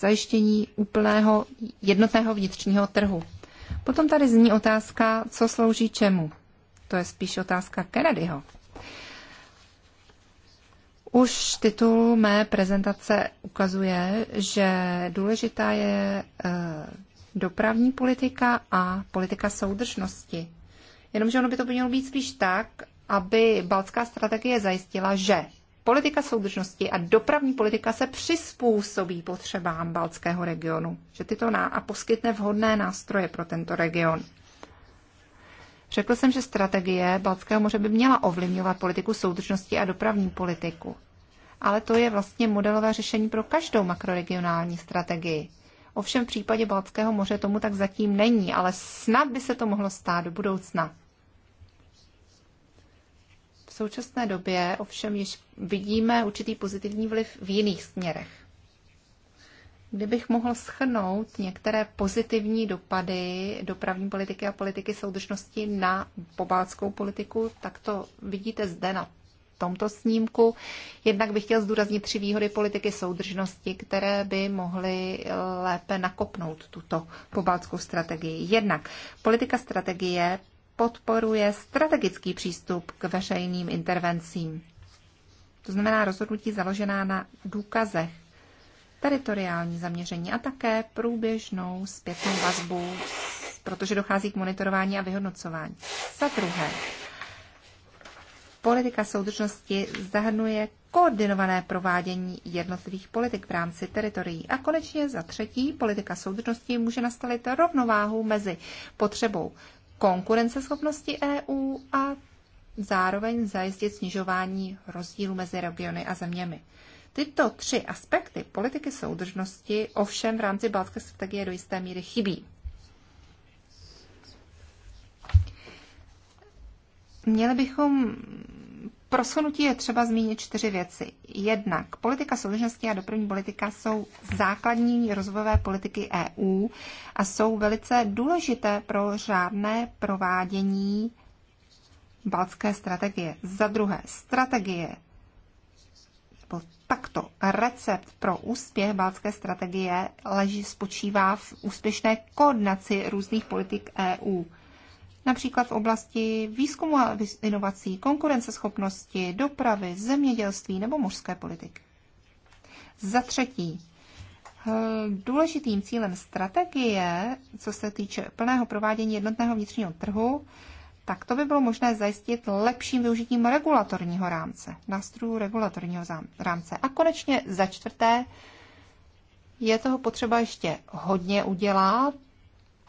[SPEAKER 3] zajištění úplného jednotného vnitřního trhu. Potom tady zní otázka, co slouží čemu. To je spíš otázka Kennedyho. Už titul mé prezentace ukazuje, že důležitá je e, dopravní politika a politika soudržnosti. Jenomže ono by to mělo být spíš tak, aby baltská strategie zajistila, že politika soudržnosti a dopravní politika se přizpůsobí potřebám Baltského regionu, že tyto ná a poskytne vhodné nástroje pro tento region. Řekl jsem, že strategie Baltského moře by měla ovlivňovat politiku soudržnosti a dopravní politiku. Ale to je vlastně modelové řešení pro každou makroregionální strategii. Ovšem v případě Baltského moře tomu tak zatím není, ale snad by se to mohlo stát do budoucna současné době ovšem již vidíme určitý pozitivní vliv v jiných směrech. Kdybych mohl schrnout některé pozitivní dopady dopravní politiky a politiky soudržnosti na pobaltskou politiku, tak to vidíte zde na tomto snímku. Jednak bych chtěl zdůraznit tři výhody politiky soudržnosti, které by mohly eh, lépe nakopnout tuto pobaltskou strategii. Jednak politika strategie podporuje strategický přístup k veřejným intervencím. To znamená rozhodnutí založená na důkazech, teritoriální zaměření a také průběžnou zpětnou vazbu, protože dochází k monitorování a vyhodnocování. Za druhé, politika soudržnosti zahrnuje koordinované provádění jednotlivých politik v rámci teritorií. A konečně za třetí, politika soudržnosti může nastavit rovnováhu mezi potřebou konkurenceschopnosti EU a zároveň zajistit snižování rozdílu mezi regiony a zeměmi. Tyto tři aspekty politiky soudržnosti ovšem v rámci balské strategie do jisté míry chybí. Měli bychom pro je třeba zmínit čtyři věci. Jednak politika soudržnosti a dopravní politika jsou základní rozvojové politiky EU a jsou velice důležité pro řádné provádění balcké strategie. Za druhé, strategie nebo takto recept pro úspěch balcké strategie leží spočívá v úspěšné koordinaci různých politik EU například v oblasti výzkumu a inovací, konkurenceschopnosti, dopravy, zemědělství nebo mořské politiky. Za třetí, důležitým cílem strategie, co se týče plného provádění jednotného vnitřního trhu, tak to by bylo možné zajistit lepším využitím regulatorního rámce, nástrojů regulatorního rámce. A konečně za čtvrté, je toho potřeba ještě hodně udělat,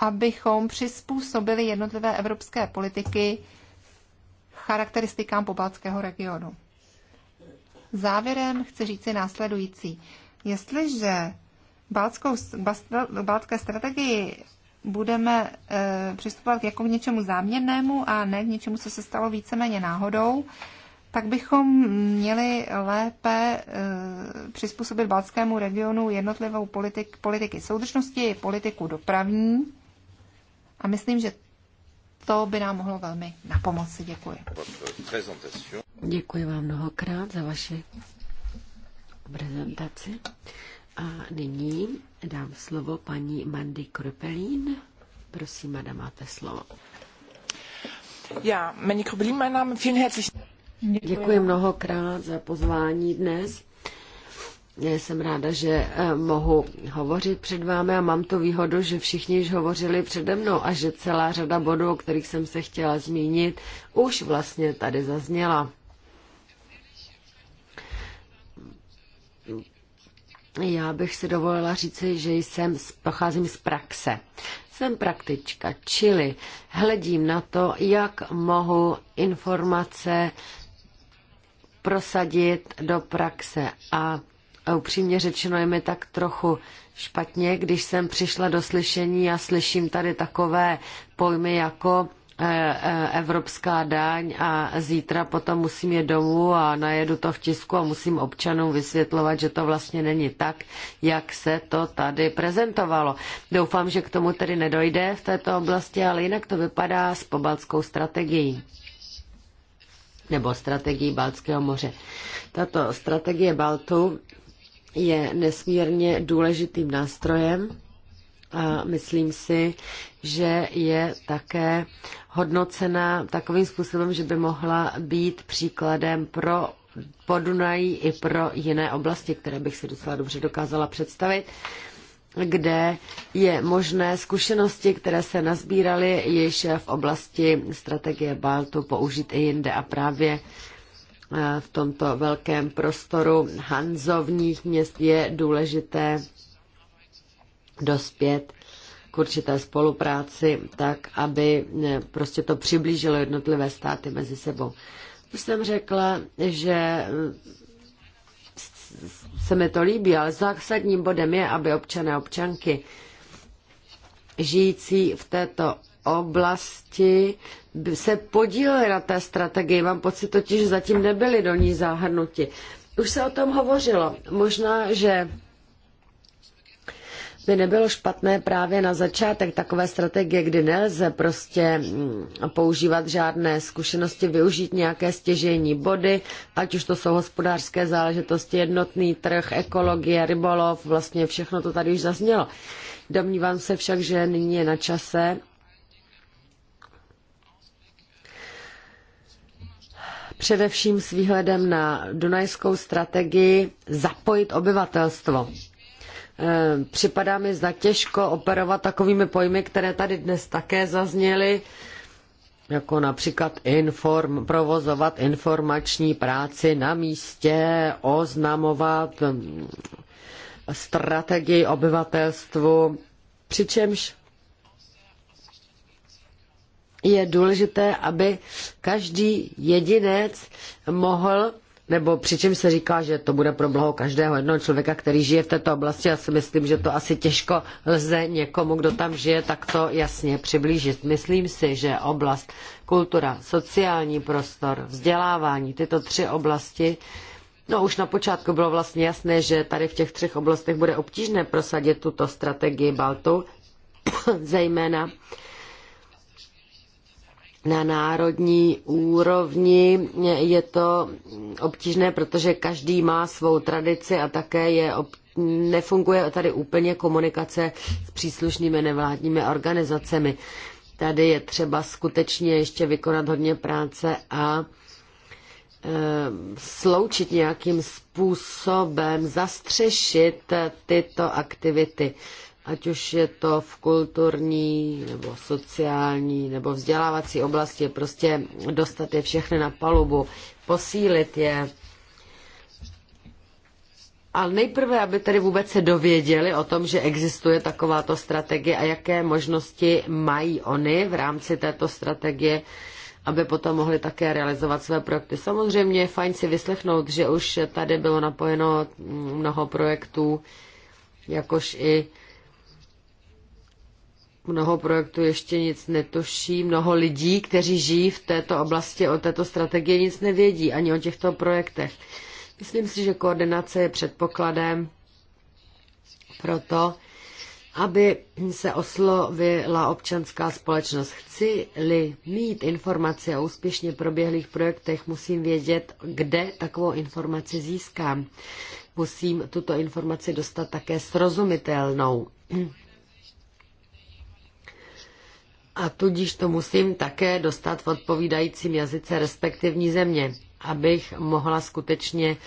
[SPEAKER 3] abychom přizpůsobili jednotlivé evropské politiky charakteristikám pobaltského regionu. Závěrem chci říci následující. Jestliže baltskou, baltské strategii budeme e, přistupovat jako k něčemu záměrnému a ne k něčemu, co se stalo víceméně náhodou, tak bychom měli lépe e, přizpůsobit baltskému regionu jednotlivou politik, politiky soudržnosti, politiku dopravní a myslím, že to by nám mohlo velmi napomoci. Děkuji. Děkuji vám mnohokrát za vaši
[SPEAKER 1] prezentaci. A nyní dám slovo paní Mandy Krupelín. Prosím, madam, máte slovo. Já, Mandy Krupelín, mein Name, vielen herzlichen Děkuji mnohokrát za pozvání dnes. Eh, jsem ráda, že eh, mohu hovořit před vámi a mám tu výhodu, že všichni již hovořili přede mnou a že celá řada bodů, o kterých jsem se chtěla zmínit, už vlastně tady zazněla. Já bych si dovolila říci, že jsem, pocházím z praxe. Jsem praktička, čili hledím na to, jak mohu informace prosadit do praxe a a upřímně řečeno je mi tak trochu špatně, když jsem přišla do slyšení a slyším tady takové pojmy jako eh, eh, evropská daň a zítra potom musím jít domů a najedu to v tisku a musím občanům vysvětlovat, že to vlastně není tak, jak se to tady prezentovalo. Doufám, že k tomu tedy nedojde v této oblasti, ale jinak to vypadá s pobaltskou strategií nebo strategií Baltského moře. Tato strategie Baltu je nesmírně důležitým nástrojem a myslím si, že je také hodnocena takovým způsobem, že by mohla být příkladem pro Podunají i pro jiné oblasti, které bych si docela dobře dokázala představit kde je možné zkušenosti, které se nazbíraly již v oblasti strategie Baltu, použít i jinde a právě v tomto velkém prostoru hanzovních měst je důležité dospět k určité spolupráci, tak aby e, prostě to přiblížilo jednotlivé státy mezi sebou. Už jsem řekla, že e, se mi to líbí, ale zásadním bodem je, aby občané občanky žijící v této oblasti se podílely na té strategii. Mám pocit totiž, že zatím nebyly do ní zahrnuti. Už se o tom hovořilo. Možná, že by nebylo špatné právě na začátek takové strategie, kdy nelze prostě mm, používat žádné zkušenosti, využít nějaké stěžejní body, ať už to jsou hospodářské záležitosti, jednotný trh, ekologie, rybolov, vlastně všechno to tady už zaznělo. Domnívám se však, že nyní je na čase, především s výhledem na dunajskou strategii zapojit obyvatelstvo. E, připadá mi zda těžko operovat takovými pojmy, které tady dnes také zazněly, jako například inform, provozovat informační práci na místě, oznamovat mm, strategii obyvatelstvu, přičemž je důležité, aby každý jedinec mohl nebo přičem se říká, že to bude pro blaho každého jednoho člověka, který žije v této oblasti. Já si myslím, že to asi těžko lze někomu, kdo tam žije, takto jasně přiblížit. Myslím si, že oblast kultura, sociální prostor, vzdělávání, tyto tři oblasti, no už na počátku bylo vlastně jasné, že tady v těch třech oblastech bude obtížné prosadit tuto strategii Baltu, zejména na národní úrovni je to obtížné, protože každý má svou tradici a také je ob... nefunguje tady úplně komunikace s příslušnými nevládními organizacemi. Tady je třeba skutečně ještě vykonat hodně práce a e, sloučit nějakým způsobem, zastřešit tyto aktivity ať už je to v kulturní nebo sociální nebo vzdělávací oblasti, prostě dostat je všechny na palubu, posílit je. Ale nejprve, aby tedy vůbec se dověděli o tom, že existuje takováto strategie a jaké možnosti mají oni v rámci této strategie, aby potom mohli také realizovat své projekty. Samozřejmě je fajn si vyslechnout, že už tady bylo napojeno mnoho projektů, jakož i mnoho projektů ještě nic netuší, mnoho lidí, kteří žijí v této oblasti, o této strategii nic nevědí, ani o těchto projektech. Myslím si, že koordinace je předpokladem pro to, aby se oslovila občanská společnost. Chci-li mít informace o úspěšně proběhlých projektech, musím vědět, kde takovou informaci získám. Musím tuto informaci dostat také srozumitelnou a tudíž to musím také dostat v odpovídajícím jazyce respektivní země, abych mohla skutečně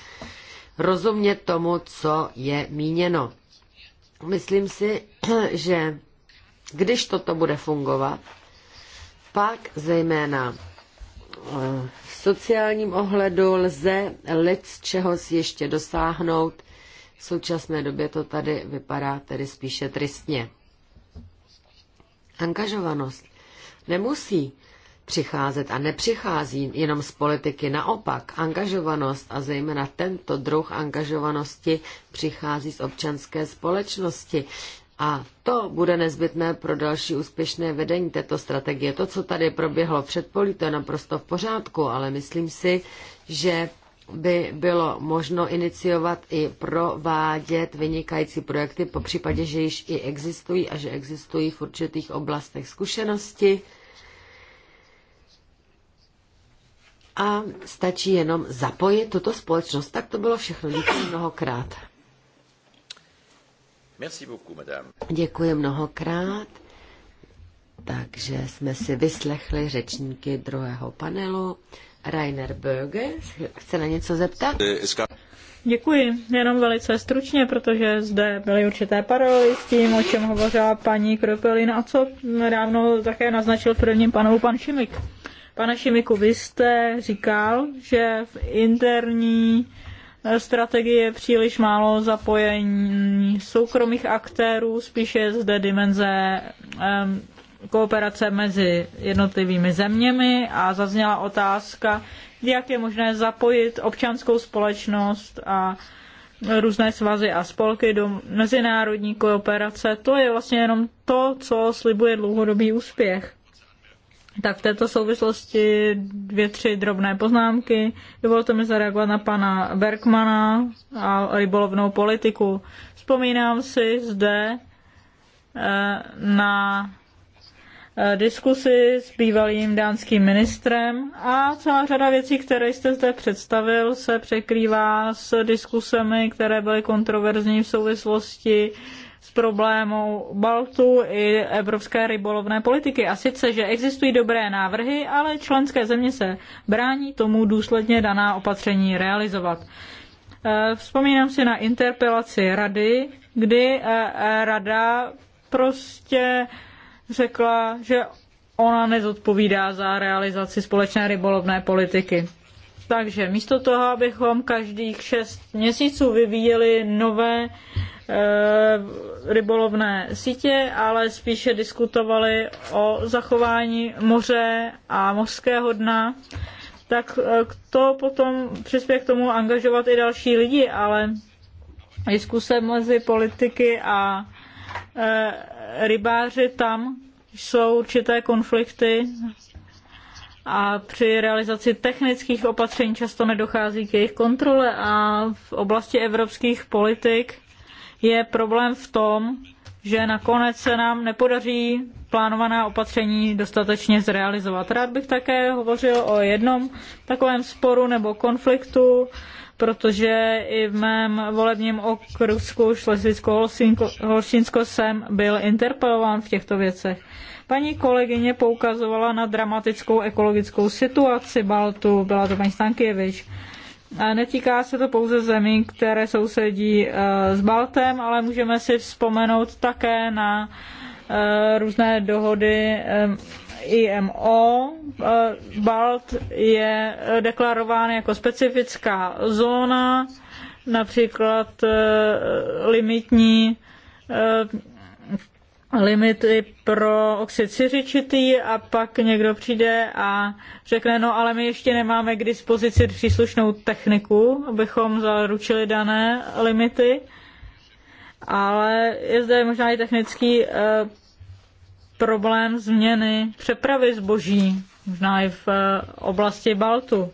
[SPEAKER 1] rozumět tomu, co je míněno. Myslím si, že když toto bude fungovat, pak zejména eh, v sociálním ohledu lze lid z čeho si ještě dosáhnout. V současné době to tady vypadá tedy spíše tristně. Angažovanost nemusí přicházet a nepřichází jenom z politiky. Naopak, angažovanost a zejména tento druh angažovanosti přichází z občanské společnosti. A to bude nezbytné pro další úspěšné vedení této strategie. To, co tady proběhlo před polí, to je naprosto v pořádku, ale myslím si, že by bylo možno iniciovat i provádět vynikající projekty, po případě, že již i existují a že existují v určitých oblastech zkušenosti. A stačí jenom zapojit tuto společnost. Tak to bylo všechno. Děkuji mnohokrát.
[SPEAKER 2] Merci beaucoup, madame.
[SPEAKER 1] Děkuji mnohokrát. Takže jsme si vyslechli řečníky druhého panelu. Rainer Böge chce na něco zeptat?
[SPEAKER 4] Děkuji, jenom velice stručně, protože zde byly určité paralely s tím, o čem hovořila paní Kropelin a co nedávno také naznačil v prvním panelu pan Šimik. Pane Šimiku, vy jste říkal, že v interní strategii je příliš málo zapojení soukromých aktérů, spíše je zde dimenze um, kooperace mezi jednotlivými zeměmi a zazněla otázka, jak je možné zapojit občanskou společnost a různé svazy a spolky do mezinárodní kooperace. To je vlastně jenom to, co slibuje dlouhodobý úspěch. Tak v této souvislosti dvě, tři drobné poznámky. Dovolte mi zareagovat na pana Bergmana a rybolovnou politiku. Vzpomínám si zde eh, na Eh, diskusi s bývalým dánským ministrem a celá řada věcí, které jste zde představil, se překrývá s diskusemi, které byly kontroverzní v souvislosti s problémou Baltu i evropské rybolovné politiky. A sice, že existují dobré návrhy, ale členské země se brání tomu důsledně daná opatření realizovat. Eh, vzpomínám si na interpelaci rady, kdy eh, rada prostě řekla, že ona nezodpovídá za realizaci společné rybolovné politiky. Takže místo toho, abychom každých šest měsíců vyvíjeli nové e, rybolovné sítě, ale spíše diskutovali o zachování moře a mořského dna, tak e, to potom přispěje k tomu angažovat i další lidi, ale diskuse mezi politiky a e, rybáři tam jsou určité konflikty a při realizaci technických opatření často nedochází k jejich kontrole a v oblasti evropských politik je problém v tom, že nakonec se nám nepodaří plánovaná opatření dostatečně zrealizovat. Rád bych také hovořil o jednom takovém sporu nebo konfliktu protože i v mém volebním okrsku Šlesvicko-Holštinsko jsem byl interpelován v těchto věcech. Paní kolegyně poukazovala na dramatickou ekologickou situaci Baltu, byla to paní Stankěvič. A netýká se to pouze zemí, které sousedí eh, s Baltem, ale můžeme si vzpomenout také na eh, různé dohody eh, IMO. Eh, Balt je deklarován jako specifická zóna, například eh, limitní eh, limity pro oxid siřičitý a pak někdo přijde a řekne, no ale my ještě nemáme k dispozici příslušnou techniku, abychom zaručili dané limity, ale je zde možná i technický problém změny přepravy zboží, možná i v eh, oblasti Baltu.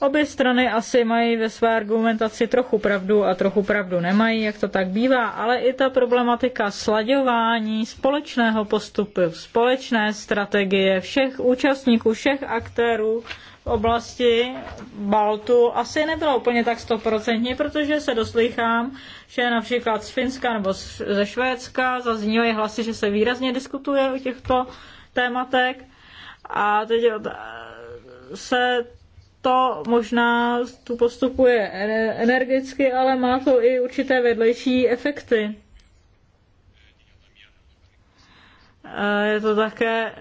[SPEAKER 4] Obě strany asi mají ve své argumentaci trochu pravdu a trochu pravdu nemají, jak to tak bývá, ale i ta problematika slaďování společného postupu, společné strategie všech účastníků, všech aktérů v oblasti Baltu asi nebylo úplně tak stoprocentní, protože se doslýchám, že například z Finska nebo ze Švédska zaznívají hlasy, že se výrazně diskutuje o těchto tématech a teď eh, se to možná tu postupuje energicky, ale má to i určité vedlejší efekty. Eh, je to také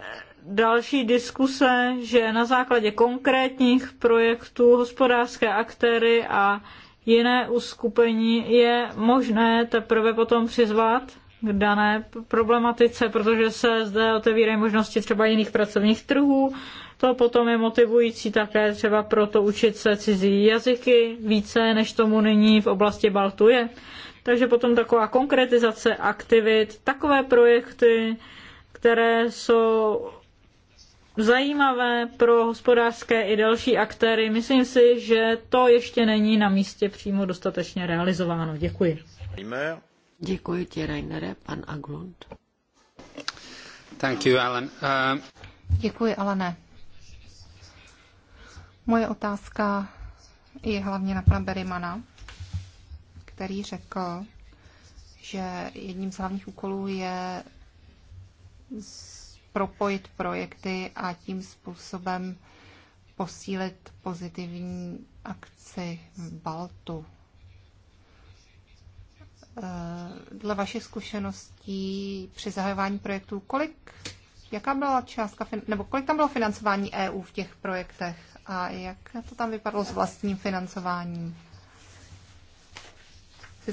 [SPEAKER 4] další diskuse, že na základě konkrétních projektů hospodářské aktéry a jiné uskupení je možné teprve potom přizvat k dané problematice, protože se zde otevírají možnosti třeba jiných pracovních trhů. To potom je motivující také třeba proto učit se cizí jazyky více, než tomu nyní v oblasti Baltu je. Takže potom taková konkretizace aktivit, takové projekty, které jsou zajímavé pro hospodářské i další aktéry. Myslím si, že to ještě není na místě přímo dostatečně realizováno. Děkuji. Děkuji ti, Rainere, pan Aglund. Thank you, Alan. Uh...
[SPEAKER 3] Děkuji, Alane. Moje otázka je hlavně na pana Berimana, který řekl, že jedním z hlavních úkolů je propojit projekty a tím způsobem posílit pozitivní akci v Baltu. Eh, dle vašich zkušeností při zahajování projektů, kolik, jaká byla částka, nebo kolik tam bylo financování EU v těch projektech a jak to tam vypadalo s vlastním financováním?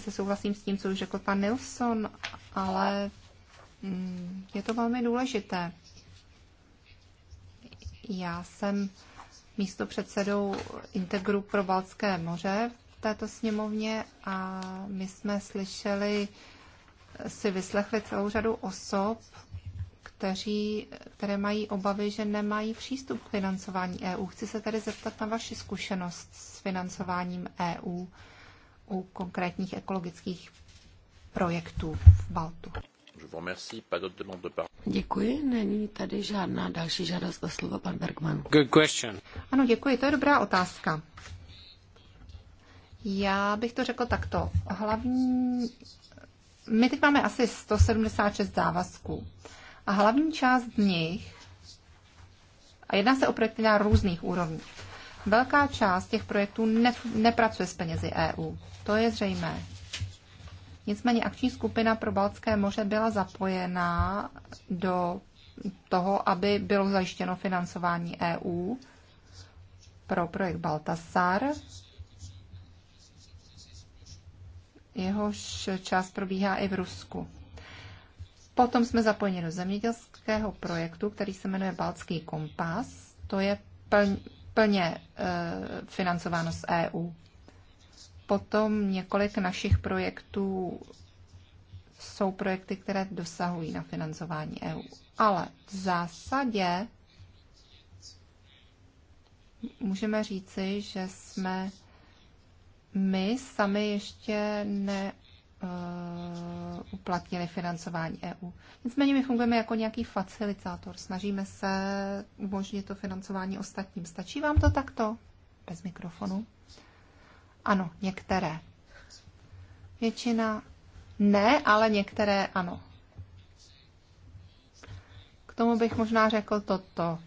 [SPEAKER 3] se souhlasím s tím, co už řekl pan Nilsson, ale Mm, je to velmi důležité. Já jsem místo předsedou Integru pro Balcké moře v této sněmovně a my jsme slyšeli, si vyslechli celou řadu osob, kteří, které mají obavy, že nemají přístup k financování EU. Chci se tedy zeptat na vaši zkušenost s financováním EU u konkrétních ekologických projektů v Baltu. Děkuji, není tady žádná další žádost o slovo, pan Bergman.
[SPEAKER 2] Good question.
[SPEAKER 3] Ano, děkuji, to je dobrá otázka. Já bych to řekl takto. Hlavní... My teď máme asi 176 závazků a hlavní část z nich, a jedná se o projekty na různých úrovních, velká část těch projektů ne, nepracuje s penězi EU. To je zřejmé. Nicméně akční skupina pro Baltské moře byla zapojená do toho, aby bylo zajištěno financování EU pro projekt Baltasar. Jehož část probíhá i v Rusku. Potom jsme zapojeni do zemědělského projektu, který se jmenuje Baltský kompas. To je plně, plně e, financováno z EU. Potom několik našich projektů jsou projekty, které dosahují na financování EU. Ale v zásadě můžeme říci, že jsme my sami ještě ne uh, uplatnili financování EU. Nicméně my fungujeme jako nějaký facilitátor. Snažíme se umožnit to financování ostatním. Stačí vám to takto? Bez mikrofonu. Ano, některé. Většina ne, ale některé ano. K tomu bych možná řekl toto.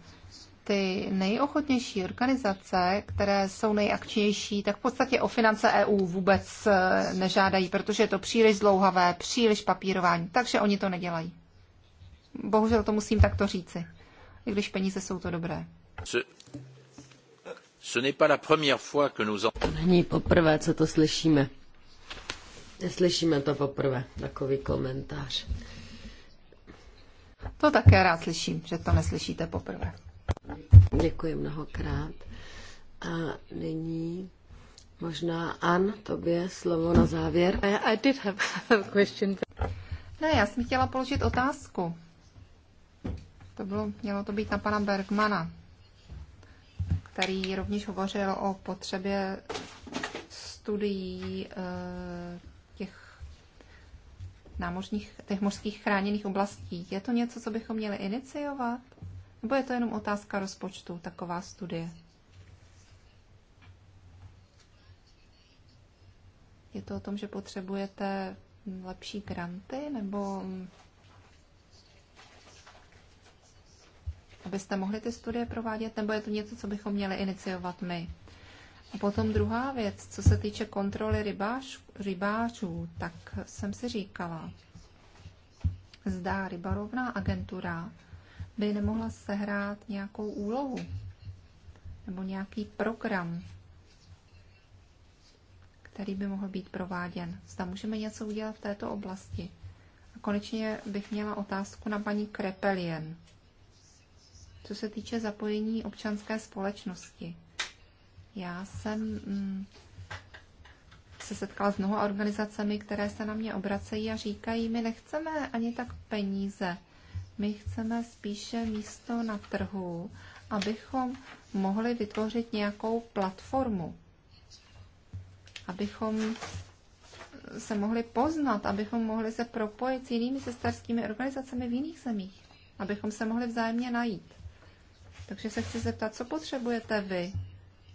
[SPEAKER 3] Ty nejochotnější organizace, které jsou nejakčnější, tak v podstatě o finance EU vůbec eh, nežádají, protože je to příliš zlouhavé, příliš papírování, takže oni to nedělají. Bohužel to musím takto říci, i když peníze jsou to dobré. To není poprvé, co to
[SPEAKER 1] slyšíme. Neslyšíme to poprvé, takový komentář.
[SPEAKER 3] To také rád slyším, že to neslyšíte poprvé.
[SPEAKER 1] Děkuji mnohokrát. A nyní možná An, tobě slovo na závěr. I did have a question.
[SPEAKER 3] Ne, já jsem chtěla položit otázku. To bylo, mělo to být na pana Bergmana který rovněž hovořil o potřebě studií eh, těch námořních, těch mořských chráněných oblastí. Je to něco, co bychom měli iniciovat? Nebo je to jenom otázka rozpočtu, taková studie? Je to o tom, že potřebujete lepší granty, nebo abyste mohli ty studie provádět, nebo je to něco, co bychom měli iniciovat my? A potom druhá věc, co se týče kontroly rybář, rybářů, tak jsem si říkala, zdá rybarovná agentura by nemohla sehrát nějakou úlohu nebo nějaký program, který by mohl být prováděn. Zda můžeme něco udělat v této oblasti. A konečně bych měla otázku na paní Krepelien co se týče zapojení občanské společnosti. Já jsem mm, se setkala s mnoha organizacemi, které se na mě obracejí a říkají, my nechceme ani tak peníze, my chceme spíše místo na trhu, abychom mohli vytvořit nějakou platformu, abychom se mohli poznat, abychom mohli se propojit s jinými sesterskými organizacemi v jiných zemích, abychom se mohli vzájemně najít. Takže se chci zeptat, co potřebujete vy?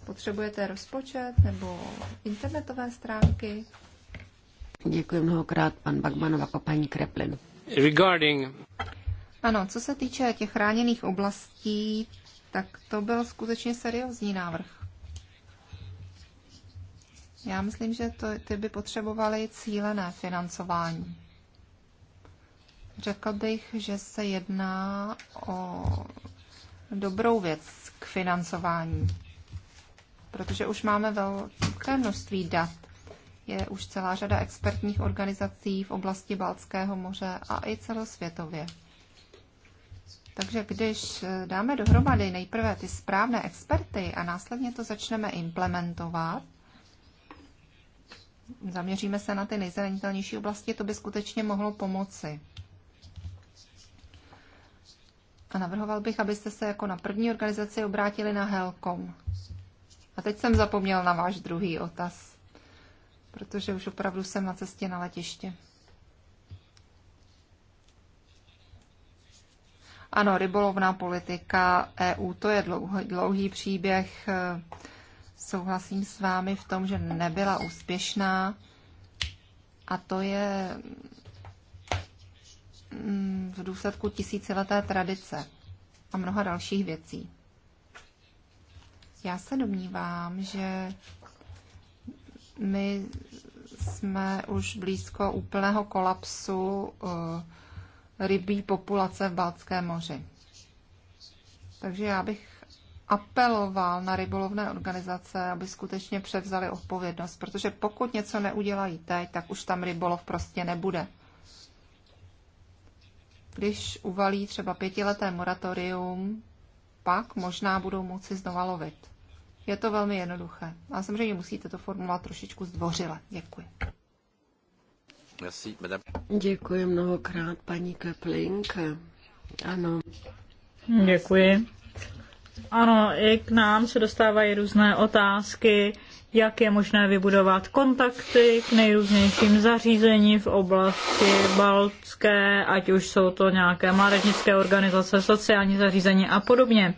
[SPEAKER 3] Potřebujete rozpočet nebo internetové stránky?
[SPEAKER 1] Děkuji mnohokrát, pan Bagmanová, a jako paní Kreplin.
[SPEAKER 4] Regarding...
[SPEAKER 3] Ano, co se týče těch chráněných oblastí, tak to byl skutečně seriózní návrh. Já myslím, že to, ty by potřebovaly cílené financování. Řekl bych, že se jedná o dobrou věc k financování, protože už máme velké množství dat. Je už celá řada expertních organizací v oblasti Baltského moře a i celosvětově. Takže když eh, dáme dohromady nejprve ty správné experty a následně to začneme implementovat, zaměříme se na ty nejzranitelnější oblasti, to by skutečně mohlo pomoci. A navrhoval bych, abyste se jako na první organizaci obrátili na Helcom. A teď jsem zapomněl na váš druhý otaz, protože už opravdu jsem na cestě na letiště. Ano, rybolovná politika EU, to je dlouhý, dlouhý příběh. Souhlasím s vámi v tom, že nebyla úspěšná. A to je Mm, v důsledku tisícileté tradice a mnoha dalších věcí. Já se domnívám, že my jsme už blízko úplného kolapsu eh, rybí populace v Baltském moři. Takže já bych apeloval na rybolovné organizace, aby skutečně převzali odpovědnost, protože pokud něco neudělají teď, tak už tam rybolov prostě nebude. Když uvalí třeba pětileté moratorium, pak možná budou moci znova lovit. Je to velmi jednoduché. A samozřejmě musíte to formulovat trošičku zdvořile. Děkuji.
[SPEAKER 2] Merci, madame.
[SPEAKER 3] Děkuji mnohokrát, paní
[SPEAKER 1] Keplink. Ano. Děkuji. Ano,
[SPEAKER 4] i k nám se dostávají různé otázky jak je možné vybudovat kontakty k nejrůznějším zařízením v oblasti baltské, ať už jsou to nějaké mládežnické organizace, sociální zařízení a podobně.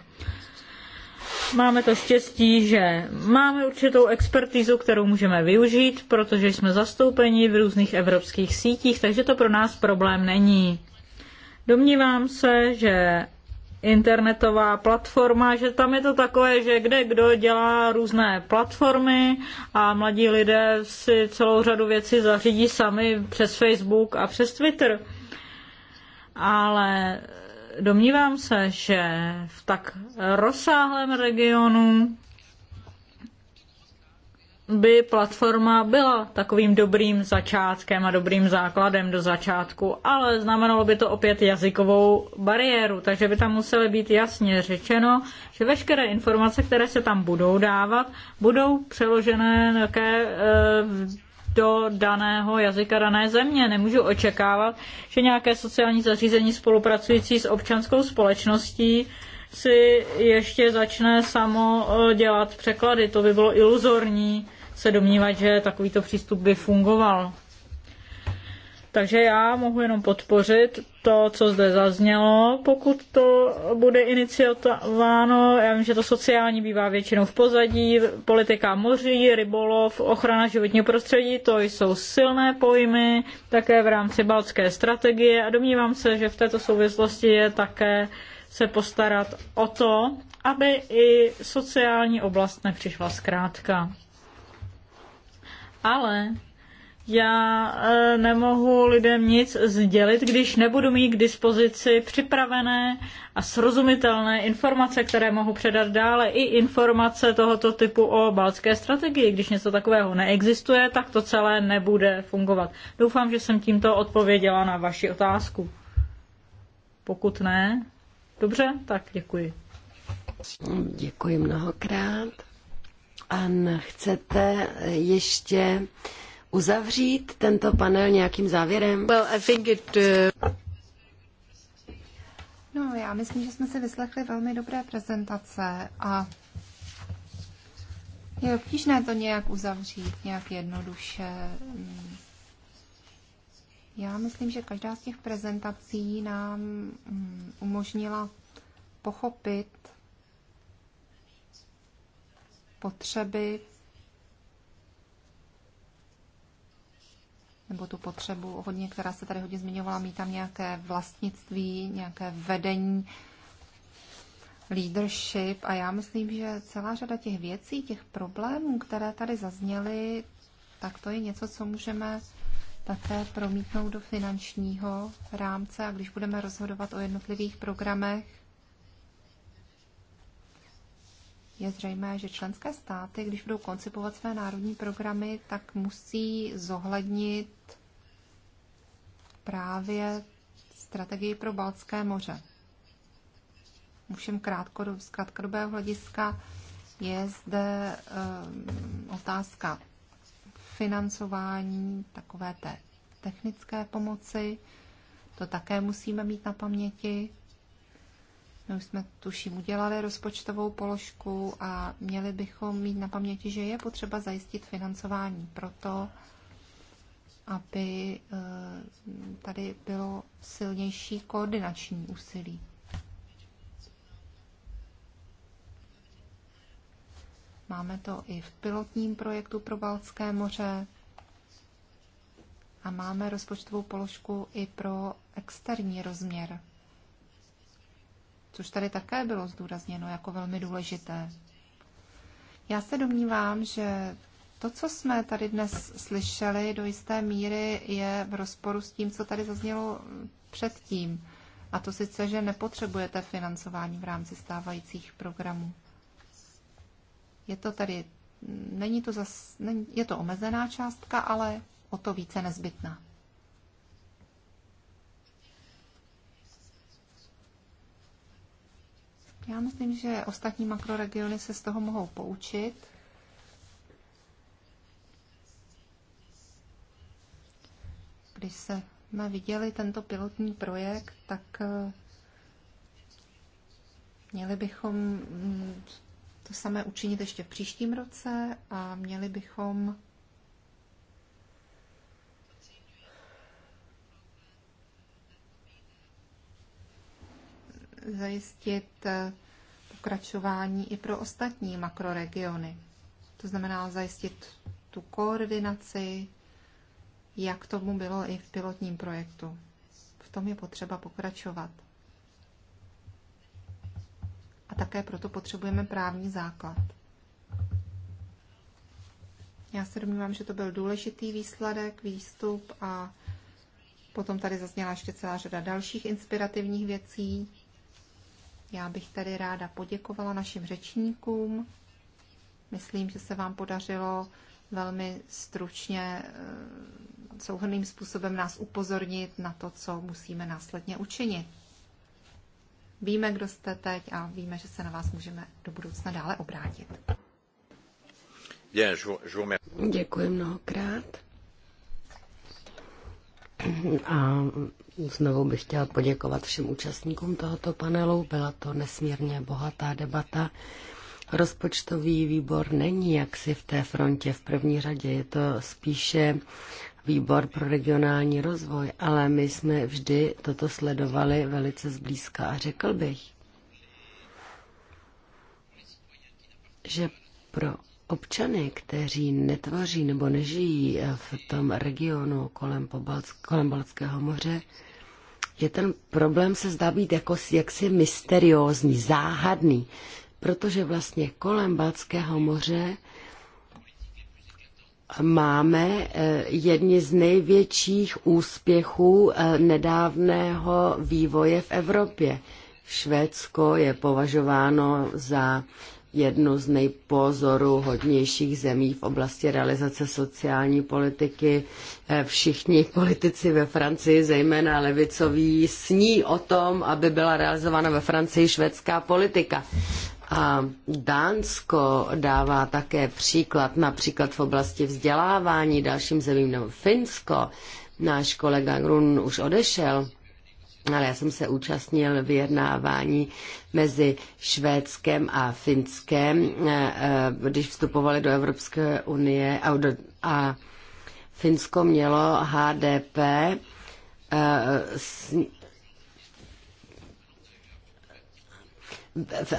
[SPEAKER 4] Máme to štěstí, že máme určitou expertizu, kterou můžeme využít, protože jsme zastoupeni v různých evropských sítích, takže to pro nás problém není. Domnívám se, že internetová platforma, že tam je to takové, že kde kdo dělá různé platformy a mladí lidé si celou řadu věcí zařídí sami přes Facebook a přes Twitter. Ale domnívám se, že v tak rozsáhlém regionu by platforma byla takovým dobrým začátkem a dobrým základem do začátku, ale znamenalo by to opět jazykovou bariéru, takže by tam muselo být jasně řečeno, že veškeré informace, které se tam budou dávat, budou přeložené nějaké, e, do daného jazyka dané země. Nemůžu očekávat, že nějaké sociální zařízení spolupracující s občanskou společností si ještě začne samo e, dělat překlady. To by bylo iluzorní se domnívat, že takovýto přístup by fungoval. Takže já mohu jenom podpořit to, co zde zaznělo, pokud to bude iniciováno. Já vím, že to sociální bývá většinou v pozadí, politika moří, rybolov, ochrana životního prostředí, to jsou silné pojmy, také v rámci baltské strategie a domnívám se, že v této souvislosti je také se postarat o to, aby i sociální oblast nepřišla zkrátka ale já e, nemohu lidem nic sdělit, když nebudu mít k dispozici připravené a srozumitelné informace, které mohu předat dále, i informace tohoto typu o balcké strategii. Když něco takového neexistuje, tak to celé nebude fungovat. Doufám, že jsem tímto odpověděla na vaši otázku.
[SPEAKER 1] Pokud ne, dobře, tak děkuji. Děkuji mnohokrát. An, chcete ještě uzavřít tento panel nějakým závěrem? Well, I think it, uh...
[SPEAKER 3] No, já myslím, že jsme si vyslechli velmi dobré prezentace a je obtížné to nějak uzavřít, nějak jednoduše. Já myslím, že každá z těch prezentací nám mm, umožnila pochopit potřeby nebo tu potřebu hodně, která se tady hodně zmiňovala, mít tam nějaké vlastnictví, nějaké vedení, leadership a já myslím, že celá řada těch věcí, těch problémů, které tady zazněly, tak to je něco, co můžeme také promítnout do finančního rámce a když budeme rozhodovat o jednotlivých programech, je zřejmé, že členské státy, když budou koncipovat své národní programy, tak musí zohlednit právě strategii pro Baltské moře. Ovšem z krátkodobého hlediska je zde um, otázka financování takové té technické pomoci. To také musíme mít na paměti. My už jsme, tuším, udělali rozpočtovou položku a měli bychom mít na paměti, že je potřeba zajistit financování proto, aby eh, tady bylo silnější koordinační úsilí. Máme to i v pilotním projektu pro Baltské moře a máme rozpočtovou položku i pro externí rozměr což tady také bylo zdůrazněno jako velmi důležité. Já se domnívám, že to, co jsme tady dnes slyšeli, do jisté míry je v rozporu s tím, co tady zaznělo předtím. A to sice, že nepotřebujete financování v rámci stávajících programů. Je to tady, není to zas, není, je to omezená částka, ale o to více nezbytná. Já myslím, že ostatní makroregiony se z toho mohou poučit. Když jsme viděli tento pilotní projekt, tak eh, měli bychom mm, to samé učinit ještě v příštím roce a měli bychom zajistit eh, pokračování i pro ostatní makroregiony. To znamená zajistit tu koordinaci, jak tomu bylo i v pilotním projektu. V tom je potřeba pokračovat. A také proto potřebujeme právní základ. Já se domnívám, že to byl důležitý výsledek, výstup a potom tady zazněla ještě celá řada dalších inspirativních věcí. Já bych tady ráda poděkovala našim řečníkům. Myslím, že se vám podařilo velmi stručně, eh, souhrným způsobem nás upozornit na to, co musíme následně učinit. Víme, kdo jste teď a víme, že se na vás můžeme do budoucna dále obrátit. Děkuji mnohokrát.
[SPEAKER 1] A znovu bych chtěla poděkovat všem účastníkům tohoto panelu. Byla to nesmírně bohatá debata. Rozpočtový výbor není jaksi v té frontě v první řadě, je to spíše výbor pro regionální rozvoj, ale my jsme vždy toto sledovali velice zblízka a řekl bych, že pro Občany, kteří netvoří nebo nežijí v tom regionu kolem, Pobalc, kolem Balckého moře, je ten problém se zdá být jako jaksi mysteriózní, záhadný, protože vlastně kolem Balckého moře máme eh, jedni z největších úspěchů eh, nedávného vývoje v Evropě. Švédsko je považováno za jednu z hodnějších zemí v oblasti realizace sociální politiky. Eh, všichni politici ve Francii, zejména levicoví, sní o tom, aby byla realizována ve Francii švédská politika. A Dánsko dává také příklad, například v oblasti vzdělávání dalším zemím, nebo Finsko. Náš kolega Grun už odešel, ale já jsem se účastnil vyjednávání mezi Švédskem a Finskem, eh, eh, když vstupovali do Evropské unie a, do, a Finsko mělo HDP eh,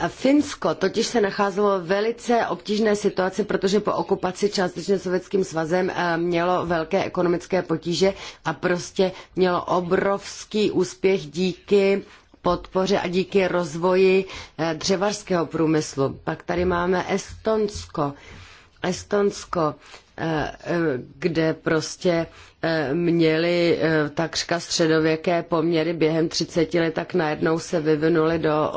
[SPEAKER 1] Finsko totiž se nacházelo v velice obtížné situaci, protože po okupaci částečně sovětským svazem eh, mělo velké ekonomické potíže a prostě mělo obrovský úspěch díky podpoře a díky rozvoji eh, dřevařského průmyslu. Pak tady máme Estonsko. Estonsko Eh, eh, kde prostě eh, měli takřka středověké poměry během 30 let, tak najednou se vyvinuli do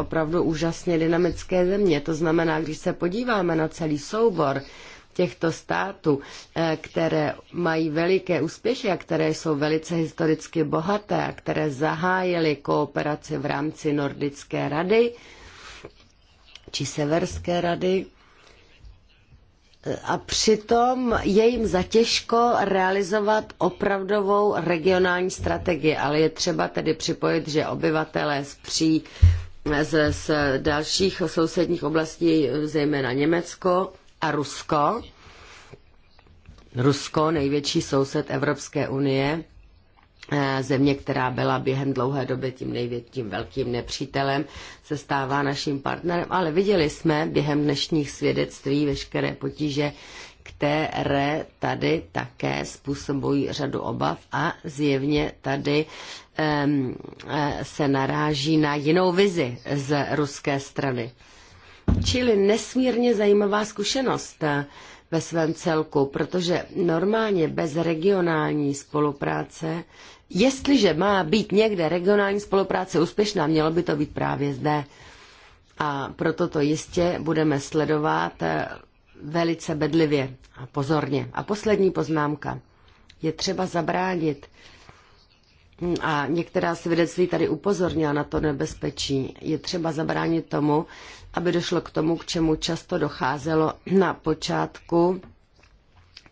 [SPEAKER 1] opravdu úžasně dynamické země. To znamená, když se podíváme na celý soubor těchto států, které mají veliké úspěchy a které jsou velice historicky bohaté a které zahájily kooperaci v rámci Nordické rady či Severské rady, a přitom je jim zatěžko realizovat opravdovou regionální strategii, ale je třeba tedy připojit, že obyvatelé z pří z, z dalších sousedních oblastí, zejména Německo a Rusko, Rusko, největší soused Evropské unie, Eh, země, která byla během dlouhé doby tím největším velkým nepřítelem, se stává naším partnerem. Ale viděli jsme během dnešních svědectví veškeré potíže, které tady také způsobují řadu obav a zjevně tady um, se naráží na jinou vizi z ruské strany. Čili nesmírně zajímavá zkušenost eh, ve svém celku, protože normálně bez regionální spolupráce Jestliže má být někde regionální spolupráce úspěšná, mělo by to být právě zde. A proto to jistě budeme sledovat eh, velice bedlivě a pozorně. A poslední poznámka. Je třeba zabránit mm, a některá svědectví tady upozornila na to nebezpečí. Je třeba zabránit tomu, aby došlo k tomu, k čemu často docházelo na počátku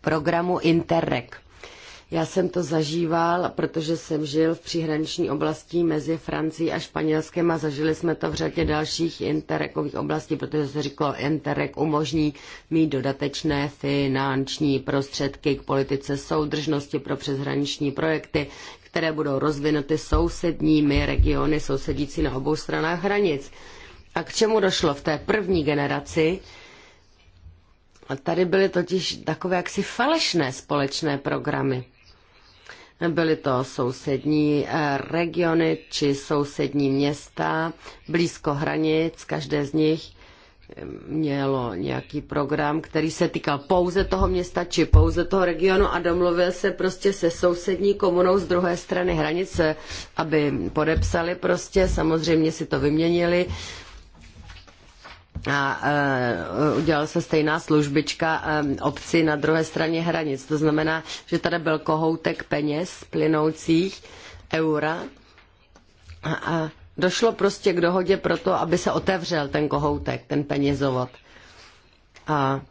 [SPEAKER 1] programu Interreg. Já jsem to zažíval, protože jsem žil v příhraniční oblasti mezi Francií a Španělskem a zažili jsme to v řadě dalších interregových oblastí, protože se říkalo, interreg umožní mít dodatečné finanční prostředky k politice soudržnosti pro přeshraniční projekty, které budou rozvinuty sousedními regiony sousedící na obou stranách hranic. A k čemu došlo v té první generaci? A tady byly totiž takové jaksi falešné společné programy. Byly to sousední eh, regiony či sousední města blízko hranic, každé z nich eh, mělo nějaký program, který se týkal pouze toho města či pouze toho regionu a domluvil se prostě se sousední komunou z druhé strany hranice, aby podepsali prostě, samozřejmě si to vyměnili a e, udělal se stejná službička e, obci na druhé straně hranic. To znamená, že tady byl kohoutek peněz plynoucích eura a, a došlo prostě k dohodě pro to, aby se otevřel ten kohoutek, ten penězovod. A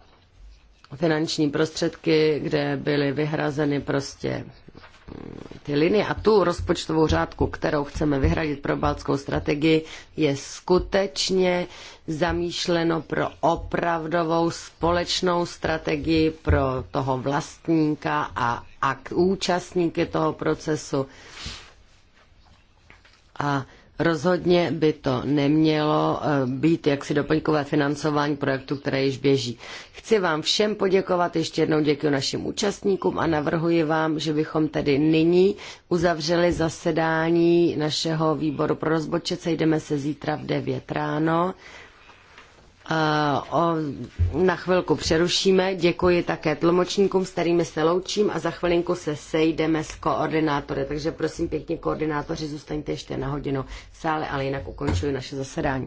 [SPEAKER 1] finanční prostředky, kde byly vyhrazeny prostě ty linie a tu rozpočtovou řádku, kterou chceme vyhradit pro baltskou strategii, je skutečně zamýšleno pro opravdovou společnou strategii pro toho vlastníka a, a účastníky toho procesu. A Rozhodně by to nemělo eh, být jaksi doplňkové financování projektu, které již běží. Chci vám všem poděkovat, ještě jednou děkuji našim účastníkům a navrhuji vám, že bychom tedy nyní uzavřeli zasedání našeho výboru pro rozpočet. Sejdeme se zítra v 9 ráno. Eh, na chvilku přerušíme. Děkuji také tlumočníkům, s kterými se loučím a za chvilinku se sejdeme s koordinátory. Takže prosím pěkně, koordinátoři, zůstaňte ještě na hodinu v sále, ale jinak ukončuji naše zasedání.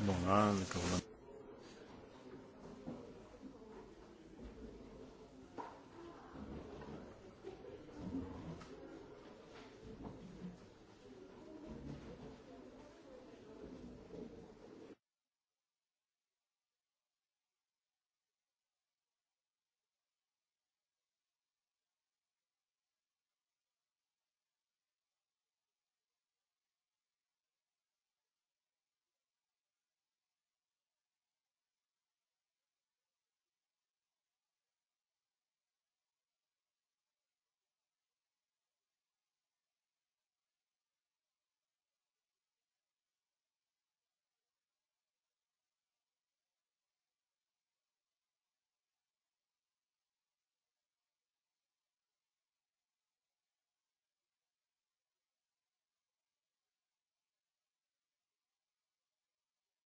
[SPEAKER 2] Bon, les